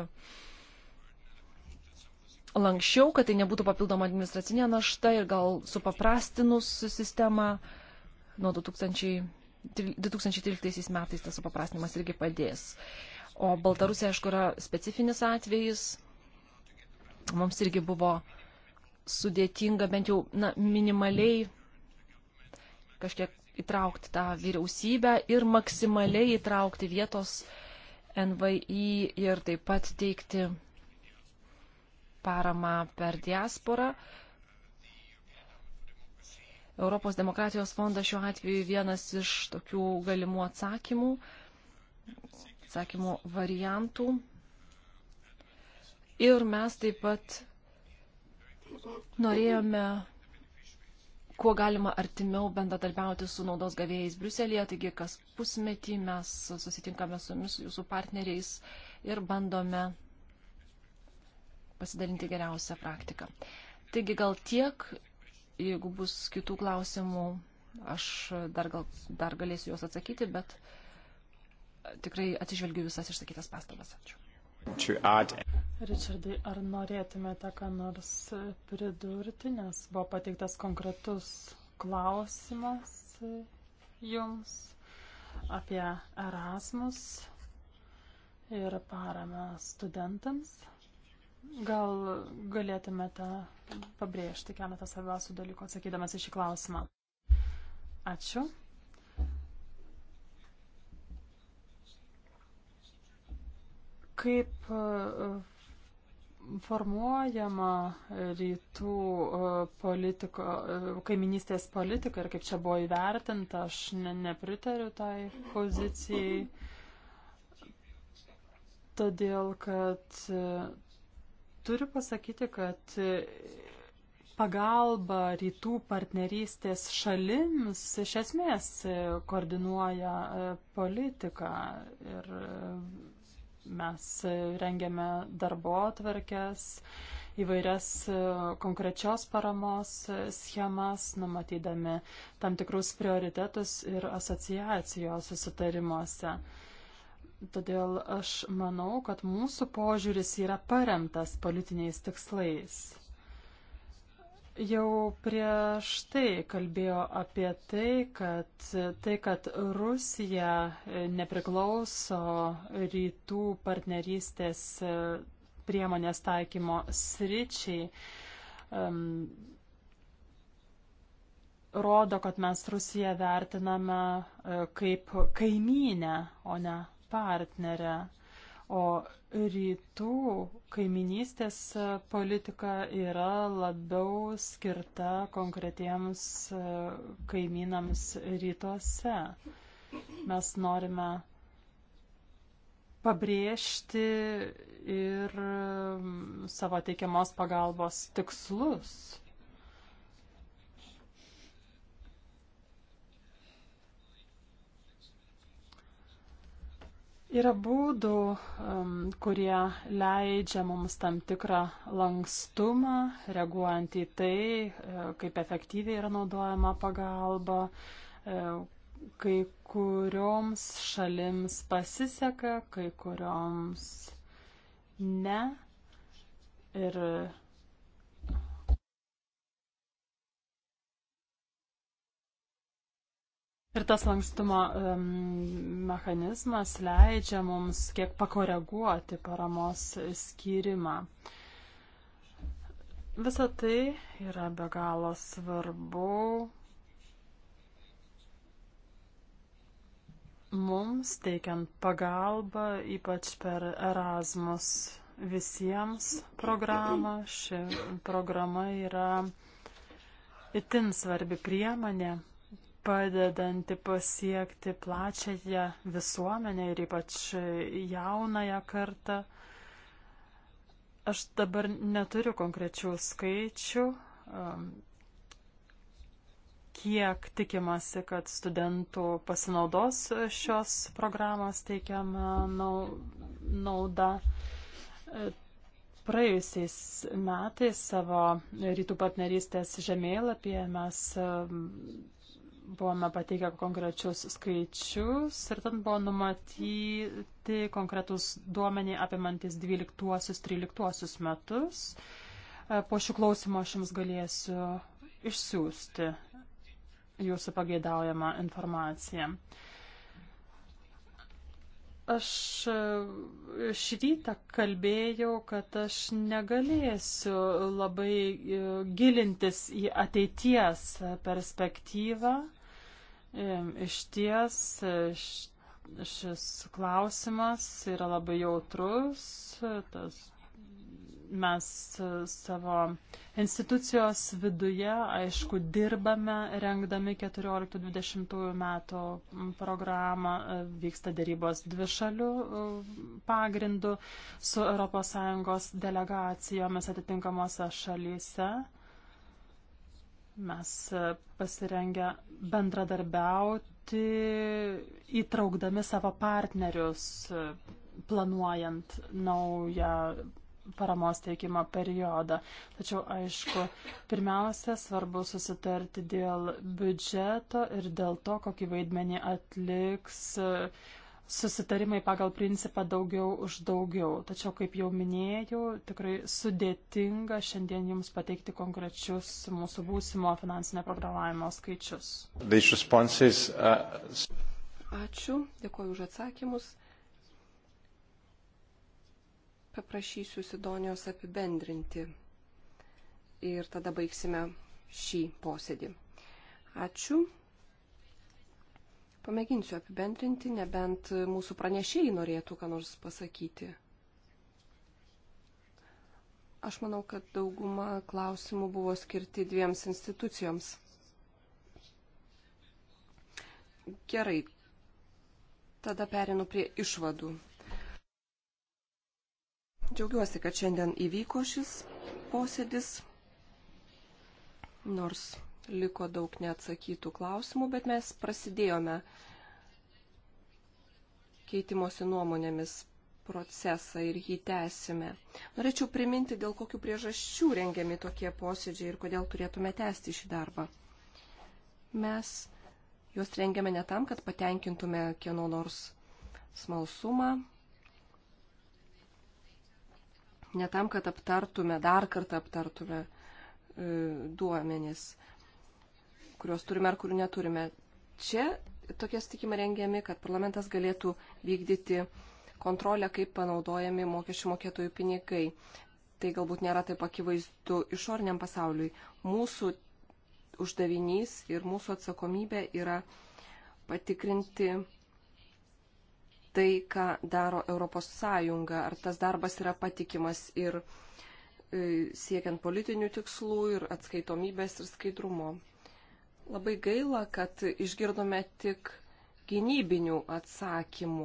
S1: lankščiau, kad tai nebūtų papildoma administracinė našta ir gal supaprastinus sistemą nuo 2000, 2013 metais tas supaprastinimas irgi padės. O Baltarusija, aišku, yra specifinis atvejis. Mums irgi buvo uh, sudėtinga bent jau na, minimaliai kažkiek įtraukti tą vyriausybę ir maksimaliai įtraukti vietos NVI ir taip pat teikti paramą per diasporą. Europos demokratijos fondas šiuo atveju vienas iš tokių galimų atsakymų, atsakymų variantų. Ir mes taip pat norėjome kuo galima artimiau bendradarbiauti su naudos gavėjais Briuselėje, taigi kas pusmetį mes susitinkame su jumis, jūsų partneriais ir bandome pasidalinti geriausią praktiką. Taigi gal tiek, jeigu bus kitų klausimų, aš dar, gal, dar galėsiu juos atsakyti, bet tikrai atsižvelgiu
S2: visas išsakytas pastabas. Ačiū. Richardai, ar norėtumėte ką nors pridurti, nes buvo pateiktas konkretus klausimas jums apie Erasmus ir paramą studentams. Gal galėtumėte pabrėžti keletą svarbiausių dalykų atsakydamas į šį klausimą. Ačiū. kaip e, e, formuojama rytų e, politiko, kaiminystės politika ir kaip čia buvo įvertinta, aš ne, nepritariu tai pozicijai, todėl kad turiu pasakyti, kad pagalba rytų partnerystės šalims iš esmės koordinuoja politiką ir Mes rengiame darbo atvarkės, įvairias e, konkrečios paramos schemas, numatydami tam tikrus prioritetus ir asociacijos susitarimuose. Todėl aš manau, kad mūsų požiūris yra paremtas politiniais tikslais jau prieš tai kalbėjo apie tai, kad tai, kad Rusija nepriklauso rytų partnerystės e, priemonės taikymo sričiai, um, rodo, kad mes Rusiją vertiname e, kaip kaimynę, o ne partnerę. O rytų kaiminystės politika yra labiau skirta konkretiems e, kaimynams rytuose. Mes norime pabrėžti ir savo teikiamos pagalbos tikslus. Yra būdų, um, kurie leidžia mums tam tikrą lankstumą, reaguojant į tai, uh, kaip efektyviai yra naudojama pagalba. Uh, kai kurioms šalims pasiseka, kai kurioms ne. Ir Ir tas lankstumo um, mechanizmas leidžia mums kiek pakoreguoti paramos skyrimą. Visa tai yra be galo svarbu mums teikiant pagalbą, ypač per Erasmus visiems programą. Ši programa yra itin svarbi priemonė padedanti pasiekti plačiąją visuomenę ir ypač jaunąją kartą. Aš dabar neturiu konkrečių skaičių, um, kiek tikimasi, kad studentų pasinaudos šios programos teikiama nauda. Praėjusiais metais savo rytų partnerystės žemėlapyje mes um, buvome pateikę konkrečius skaičius ir ten buvo numatyti konkretus duomeniai apimantis 12-13 metus. E, po šių klausimų aš jums galėsiu išsiųsti jūsų pageidaujamą informaciją. Aš e, šį rytą kalbėjau, kad aš negalėsiu labai e, gilintis į ateities perspektyvą. Iš ties šis klausimas yra labai jautrus. Tas mes savo institucijos viduje, aišku, dirbame, rengdami 14-20 metų programą, vyksta dėrybos dvišalių pagrindų su ES delegacijomis atitinkamuose šalyse. Mes e, pasirengę bendradarbiauti, įtraukdami savo partnerius, e, planuojant naują paramos teikimo periodą. Tačiau, aišku, pirmiausia, svarbu susitarti dėl biudžeto ir dėl to, kokį vaidmenį atliks uh, susitarimai pagal principą daugiau už daugiau. Tačiau, kaip jau minėjau, tikrai sudėtinga šiandien Jums pateikti konkrečius mūsų būsimo finansinio programavimo skaičius. Responses, uh... Ačiū, dėkuoju
S3: už atsakymus. Paprašysiu Sidonijos apibendrinti ir tada baigsime šį posėdį. Ačiū. Pamėginsiu apibendrinti, nebent mūsų pranešėjai norėtų ką nors pasakyti. Aš manau, kad dauguma klausimų buvo skirti dviems institucijoms. Gerai, tada perinu prie išvadų. Džiaugiuosi, kad šiandien įvyko šis posėdis, nors liko daug neatsakytų klausimų, bet mes prasidėjome keitimosi nuomonėmis procesą ir jį tęsime. Norėčiau priminti, dėl kokių priežasčių rengiami tokie posėdžiai ir kodėl turėtume tęsti šį darbą. Mes juos rengiame ne tam, kad patenkintume kieno nors smalsumą, ne tam, kad aptartume, dar kartą aptartume e, duomenis kuriuos turime ar kurių neturime. Čia tokie sutikimai rengiami, kad parlamentas galėtų vykdyti kontrolę, kaip panaudojami mokesčių mokėtojų pinigai. Tai galbūt nėra taip akivaizdu išorniam pasauliui. Mūsų uždavinys ir mūsų atsakomybė yra patikrinti tai, ką daro ES, ar tas darbas yra patikimas ir e, siekiant politinių tikslų ir atskaitomybės ir skaidrumo. Labai gaila, kad išgirdome tik gynybinių atsakymų.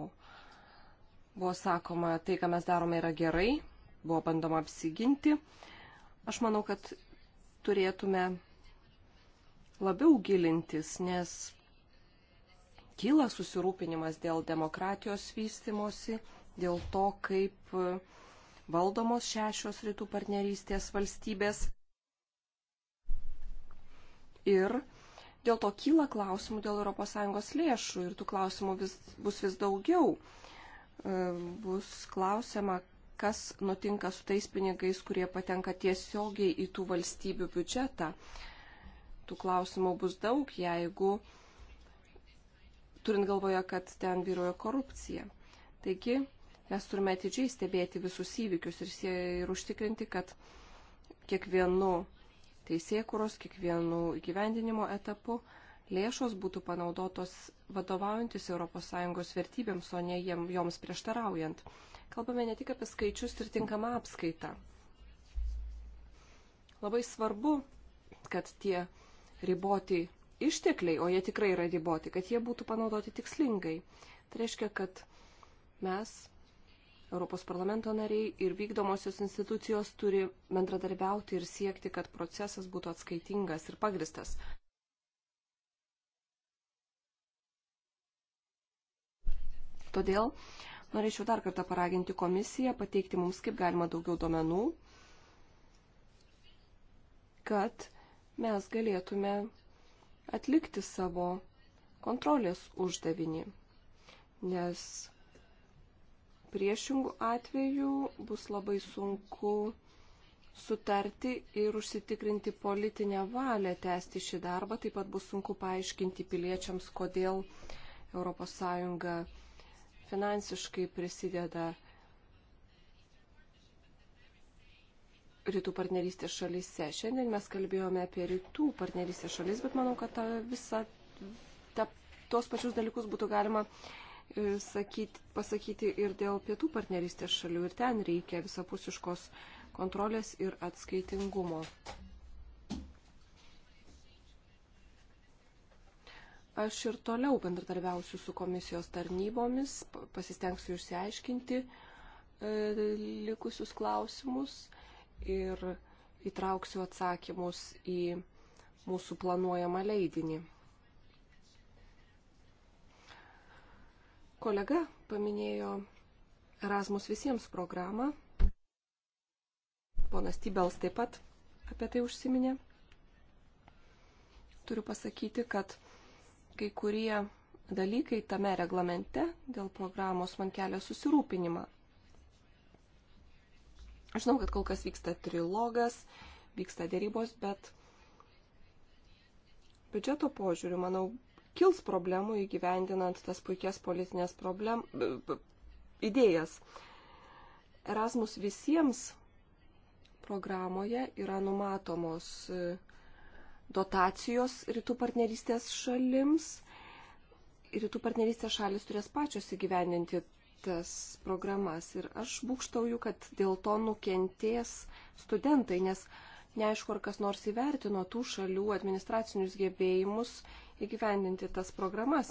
S3: Buvo sakoma, tai, ką mes darome, yra gerai, buvo bandoma apsiginti. Aš manau, kad turėtume labiau gilintis, nes kyla susirūpinimas dėl demokratijos vystimosi, dėl to, kaip valdomos šešios rytų partnerystės valstybės. Ir Dėl to kyla klausimų dėl ES lėšų ir tų klausimų vis, bus vis daugiau. E, bus klausima, kas nutinka su tais pinigais, kurie patenka tiesiogiai į tų valstybių biudžetą. Tų klausimų bus daug, jeigu turint galvoje, kad ten vyroja korupcija. Taigi, mes turime atidžiai stebėti visus įvykius ir, sie, ir užtikrinti, kad kiekvienu teisėkuros kiekvienų įgyvendinimo etapų lėšos būtų panaudotos vadovaujantis ES vertybėms, o ne joms prieštaraujant. Kalbame ne tik apie skaičius ir tinkamą apskaitą. Labai svarbu, kad tie riboti ištekliai, o jie tikrai yra riboti, kad jie būtų panaudoti tikslingai. Tai reiškia, kad mes Europos parlamento nariai ir vykdomosios institucijos turi bendradarbiauti ir siekti, kad procesas būtų atskaitingas ir pagristas. Todėl norėčiau dar kartą paraginti komisiją pateikti mums kaip galima daugiau duomenų, kad mes galėtume atlikti savo kontrolės uždavinį, nes Priešingų atvejų bus labai sunku sutarti ir užsitikrinti politinę valią tęsti šį darbą. Taip pat bus sunku paaiškinti piliečiams, kodėl ES finansiškai prisideda rytų partnerystės šalyse. Šiandien mes kalbėjome apie rytų partnerystės šalis, bet manau, kad ta visa, ta, tuos pačius dalykus būtų galima uh, E, sakyti, pasakyti ir dėl pietų partnerystės šalių. Ir ten reikia visapusiškos kontrolės ir atskaitingumo. Aš ir toliau bendradarbiausiu su komisijos tarnybomis, pasistengsiu išsiaiškinti e, likusius klausimus ir įtrauksiu atsakymus į mūsų planuojamą leidinį. Kolega paminėjo Erasmus visiems programą. Ponas Tybels taip pat apie tai užsiminė. Turiu pasakyti, kad kai kurie dalykai tame reglamente dėl programos man kelia susirūpinimą. Aš žinau, kad kol kas vyksta trilogas, vyksta dėrybos, bet biudžeto požiūriu, manau, kils problemų įgyvendinant tas puikias politinės problem... idėjas. Erasmus visiems programoje yra numatomos e, dotacijos rytų partnerystės šalims. Rytų partnerystės šalis turės pačios įgyvendinti tas programas. Ir aš būkštauju, kad dėl to nukentės studentai, nes neaišku, ar kas nors įvertino tų šalių administracinius gebėjimus įgyvendinti tas programas.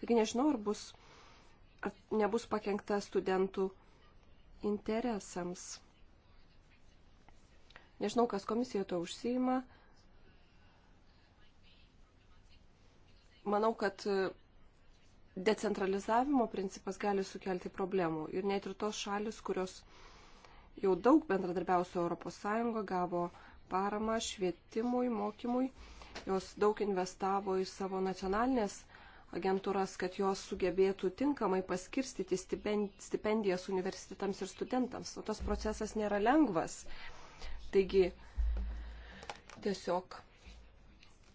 S3: Taigi nežinau, ar bus, ar nebus pakengta studentų interesams. Nežinau, kas komisija to užsijima. Manau, kad decentralizavimo principas gali sukelti problemų. Ir net ir tos šalis, kurios jau daug bendradarbiausio Europos Sąjungo gavo paramą švietimui, mokymui, Jos daug investavo į savo nacionalinės agentūras, kad jos sugebėtų tinkamai paskirstyti stipendijas universitetams ir studentams. O tas procesas nėra lengvas. Taigi tiesiog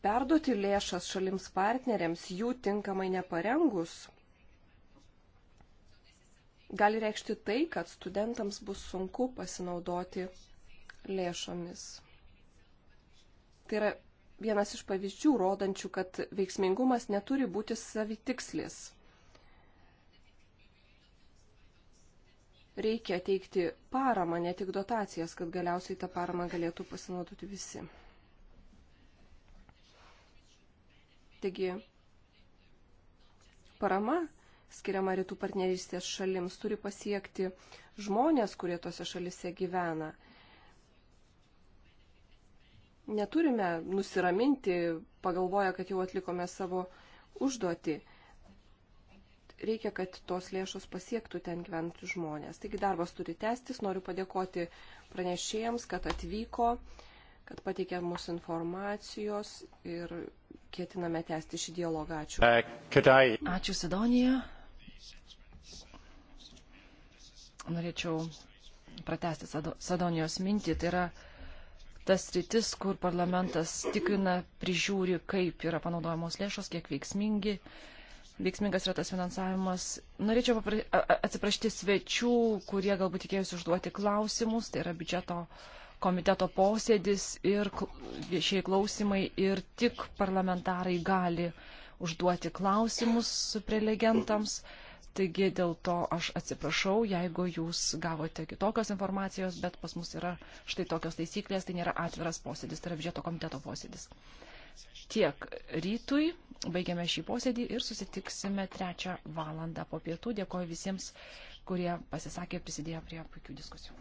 S3: perduoti lėšas šalims partneriams, jų tinkamai neparengus, gali reikšti tai, kad studentams bus sunku pasinaudoti lėšomis. Tai yra vienas iš pavyzdžių, rodančių, kad veiksmingumas neturi būti savitikslis. Reikia teikti paramą, ne tik dotacijas, kad galiausiai tą paramą galėtų pasinaudoti visi. Taigi, parama skiriama rytų partnerystės šalims turi pasiekti žmonės, kurie tose šalise gyvena – neturime nusiraminti, pagalvoję, kad jau atlikome savo užduotį. Reikia, kad tos lėšos pasiektų ten gyventų žmonės. Taigi darbas turi tęstis. Noriu padėkoti pranešėjams, kad atvyko, kad pateikė mūsų informacijos ir ketiname tęsti šį dialogą. Ačiū.
S1: Uh, Ačiū Sidonija. Norėčiau pratesti Sadonijos mintį. Tai yra tas rytis, kur parlamentas tikrina, prižiūri, kaip yra panaudojamos lėšos, kiek veiksmingi, veiksmingas yra tas finansavimas. Norėčiau atsiprašyti svečių, kurie galbūt tikėjusi užduoti klausimus, tai yra biudžeto komiteto posėdis ir viešiai klausimai ir tik parlamentarai gali užduoti klausimus prelegentams. Mm Taigi dėl to aš atsiprašau, jeigu jūs gavote kitokios informacijos, bet pas mus yra štai tokios taisyklės, tai nėra atviras posėdis, tai yra biudžeto komiteto posėdis. Tiek rytui, baigiame šį posėdį ir susitiksime trečią valandą po pietų. Dėkoju visiems, kurie pasisakė ir prisidėjo prie puikių diskusijų.